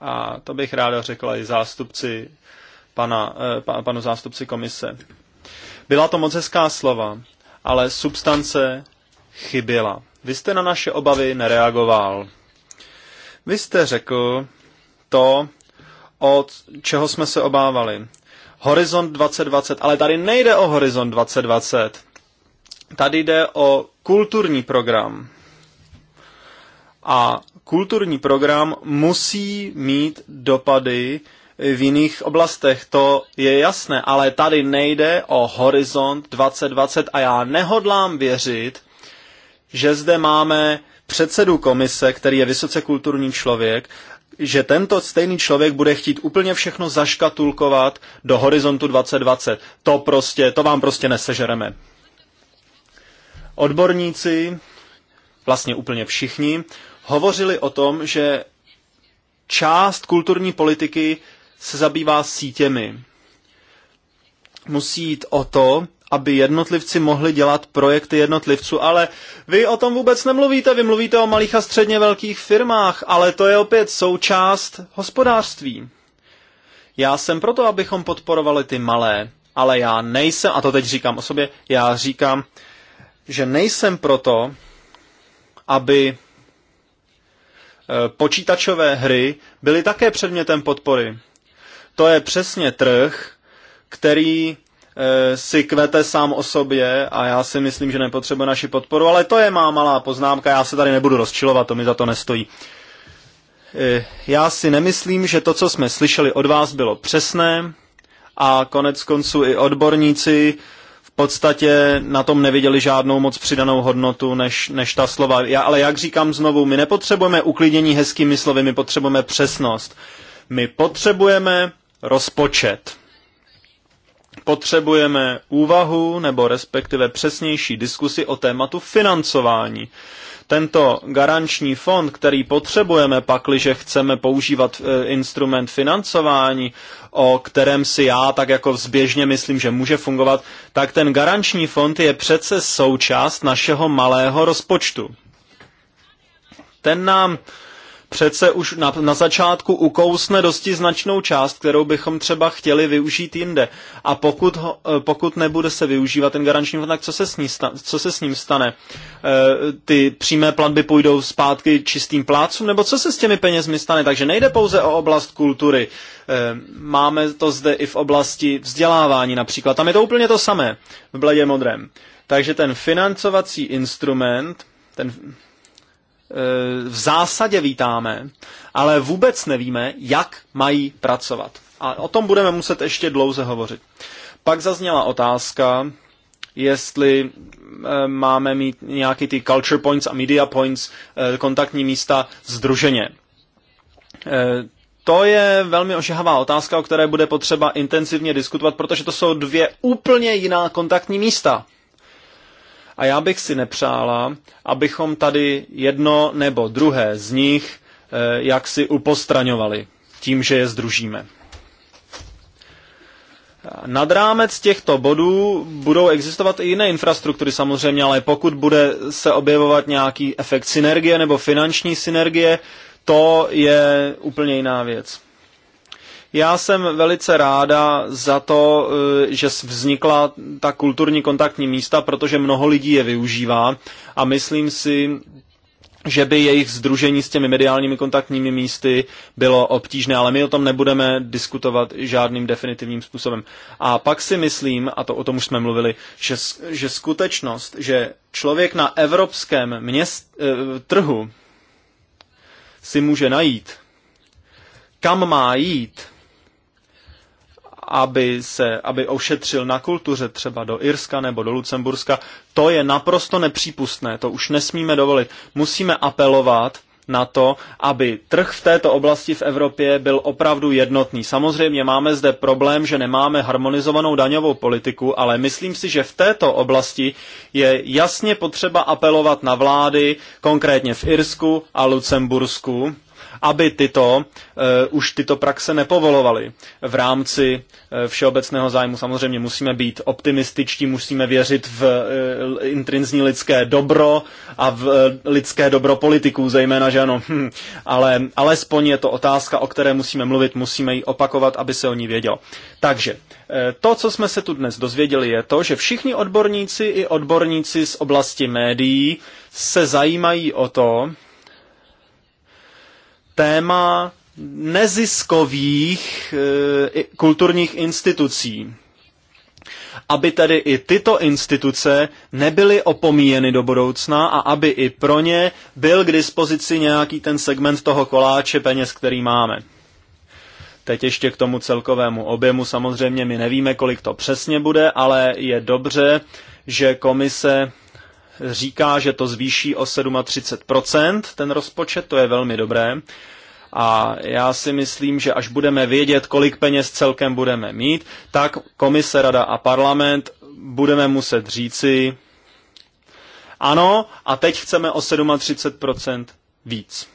a to bych ráda řekla i zástupci pana, eh, panu zástupci komise. Byla to moc hezká slova, ale substance chyběla. Vy jste na naše obavy nereagoval. Vy jste řekl to, od čeho jsme se obávali. Horizont 2020, ale tady nejde o Horizont 2020. Tady jde o kulturní program. A kulturní program musí mít dopady v jiných oblastech, to je jasné, ale tady nejde o horizont 2020 a já nehodlám věřit, že zde máme předsedu komise, který je vysoce kulturní člověk, že tento stejný člověk bude chtít úplně všechno zaškatulkovat do horizontu 2020. To prostě, to vám prostě nesežereme. Odborníci, vlastně úplně všichni, hovořili o tom, že část kulturní politiky se zabývá sítěmi. Musí jít o to, aby jednotlivci mohli dělat projekty jednotlivců, ale vy o tom vůbec nemluvíte, vy mluvíte o malých a středně velkých firmách, ale to je opět součást hospodářství. Já jsem proto, abychom podporovali ty malé, ale já nejsem, a to teď říkám o sobě, já říkám, že nejsem proto, aby Eh, počítačové hry byly také předmětem podpory. To je přesně trh, který eh, si kvete sám o sobě a já si myslím, že nepotřebuje naši podporu, ale to je má malá poznámka, já se tady nebudu rozčilovat, to mi za to nestojí. Eh, já si nemyslím, že to, co jsme slyšeli od vás, bylo přesné a konec konců i odborníci podstatě na tom neviděli žádnou moc přidanou hodnotu než, než ta slova. Já, ale jak říkám znovu, my nepotřebujeme uklidnění hezkými slovy, my potřebujeme přesnost. My potřebujeme rozpočet. Potřebujeme úvahu nebo respektive přesnější diskusy o tématu financování. Tento garanční fond, který potřebujeme pakliže chceme používat e, instrument financování, o kterém si já tak jako zběžně myslím, že může fungovat, tak ten garanční fond je přece součást našeho malého rozpočtu. Ten nám přece už na, na začátku ukousne dosti značnou část, kterou bychom třeba chtěli využít jinde. A pokud, ho, e, pokud nebude se využívat ten garanční fond, tak co se s, ní sta, co se s ním stane? E, ty přímé platby půjdou zpátky čistým plácům, nebo co se s těmi penězmi stane? Takže nejde pouze o oblast kultury. E, máme to zde i v oblasti vzdělávání například. Tam je to úplně to samé v bledě modrém. Takže ten financovací instrument, ten Eh, v zásadě vítáme, ale vůbec nevíme, jak mají pracovat. A o tom budeme muset ještě dlouze hovořit. Pak zazněla otázka, jestli eh, máme mít nějaký ty culture points a media points, eh, kontaktní místa združeně. To je velmi ošahavá otázka, o které bude potřeba intenzivně diskutovat, protože to jsou dvě úplně jiná kontaktní místa. A já bych si nepřála, abychom tady jedno nebo druhé z nich eh, jak si upostraňovali tím, že je združíme. Nad rámec těchto bodů budou existovat i jiné infrastruktury samozřejmě, ale pokud bude se objevovat nějaký efekt synergie nebo finanční synergie, to je úplně jiná věc. Já jsem velice ráda za to, eh, že vznikla ta kulturní kontaktní místa, protože mnoho lidí je využívá a myslím si, že by jejich združení s těmi mediálními kontaktními místy bylo obtížné, ale my o tom nebudeme diskutovat žádným definitivním způsobem. A pak si myslím, a to o tom už jsme mluvili, že, že skutečnost, že člověk na evropském měst, eh, trhu si může najít, kam má jít, aby, se, aby ošetřil na kultuře třeba do Irska nebo do Lucemburska, to je naprosto nepřípustné, to už nesmíme dovolit. Musíme apelovat na to, aby trh v této oblasti v Evropě byl opravdu jednotný. Samozřejmě máme zde problém, že nemáme harmonizovanou daňovou politiku, ale myslím si, že v této oblasti je jasně potřeba apelovat na vlády, konkrétně v Irsku a Lucembursku, aby tyto, uh, už tyto praxe nepovolovaly. V rámci uh, všeobecného zájmu samozřejmě musíme být optimističtí, musíme věřit v uh, eh, intrinzní lidské dobro a v uh, lidské dobro politiků, zejména, že ano. Hm. Ale alespoň je to otázka, o které musíme mluvit, musíme ji opakovat, aby se o ní vědělo. Takže uh, to, co jsme se tu dnes dozvěděli, je to, že všichni odborníci i odborníci z oblasti médií se zajímají o to, téma neziskových e, kulturních institucí. Aby tedy i tyto instituce nebyly opomíjeny do budoucna a aby i pro ně byl k dispozici nějaký ten segment toho koláče peněz, který máme. Teď ještě k tomu celkovému objemu. Samozřejmě my nevíme, kolik to přesně bude, ale je dobře, že komise říká, že to zvýší o 37% ten rozpočet, to je velmi dobré. A já si myslím, že až budeme vědět, kolik peněz celkem budeme mít, tak komise, rada a parlament budeme muset říci, ano, a teď chceme o 37% víc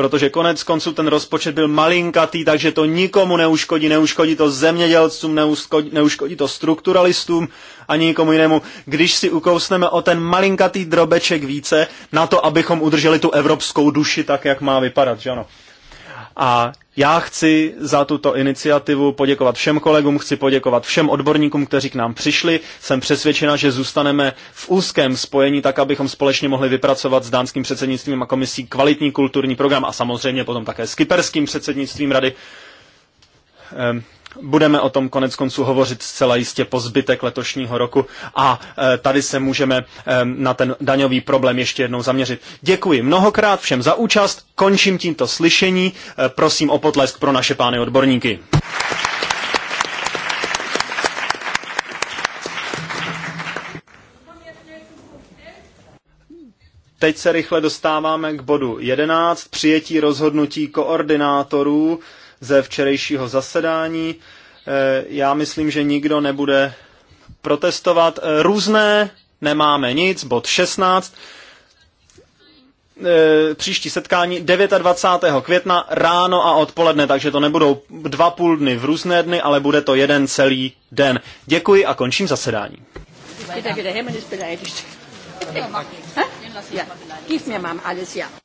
protože konec konců ten rozpočet byl malinkatý, takže to nikomu neuškodí, neuškodí to zemědělcům, neuškodí, neuškodí to strukturalistům ani nikomu jinému. Když si ukousneme o ten malinkatý drobeček více na to, abychom udrželi tu evropskou duši tak, jak má vypadat, že ano? A já chci za tuto iniciativu poděkovat všem kolegům, chci poděkovat všem odborníkům, kteří k nám přišli. Jsem přesvědčena, že zůstaneme v úzkém spojení, tak abychom společně mohli vypracovat s dánským předsednictvím a komisí kvalitní kulturní program a samozřejmě potom také s kyperským předsednictvím rady. Ehm Budeme o tom konec konců hovořit zcela jistě po zbytek letošního roku a e, tady se můžeme e, na ten daňový problém ještě jednou zaměřit. Děkuji mnohokrát všem za účast, končím tímto slyšení, e, prosím o potlesk pro naše pány odborníky. Teď se rychle dostáváme k bodu 11, přijetí rozhodnutí koordinátorů ze včerejšího zasedání. Eh, já myslím, že nikdo nebude protestovat. Eh, různé nemáme nic, bod 16. Eh, příští setkání 29. května ráno a odpoledne, takže to nebudou dva půl dny v různé dny, ale bude to jeden celý den. Děkuji a končím zasedání. Bitte, Ja, gib mir mal alles, ja.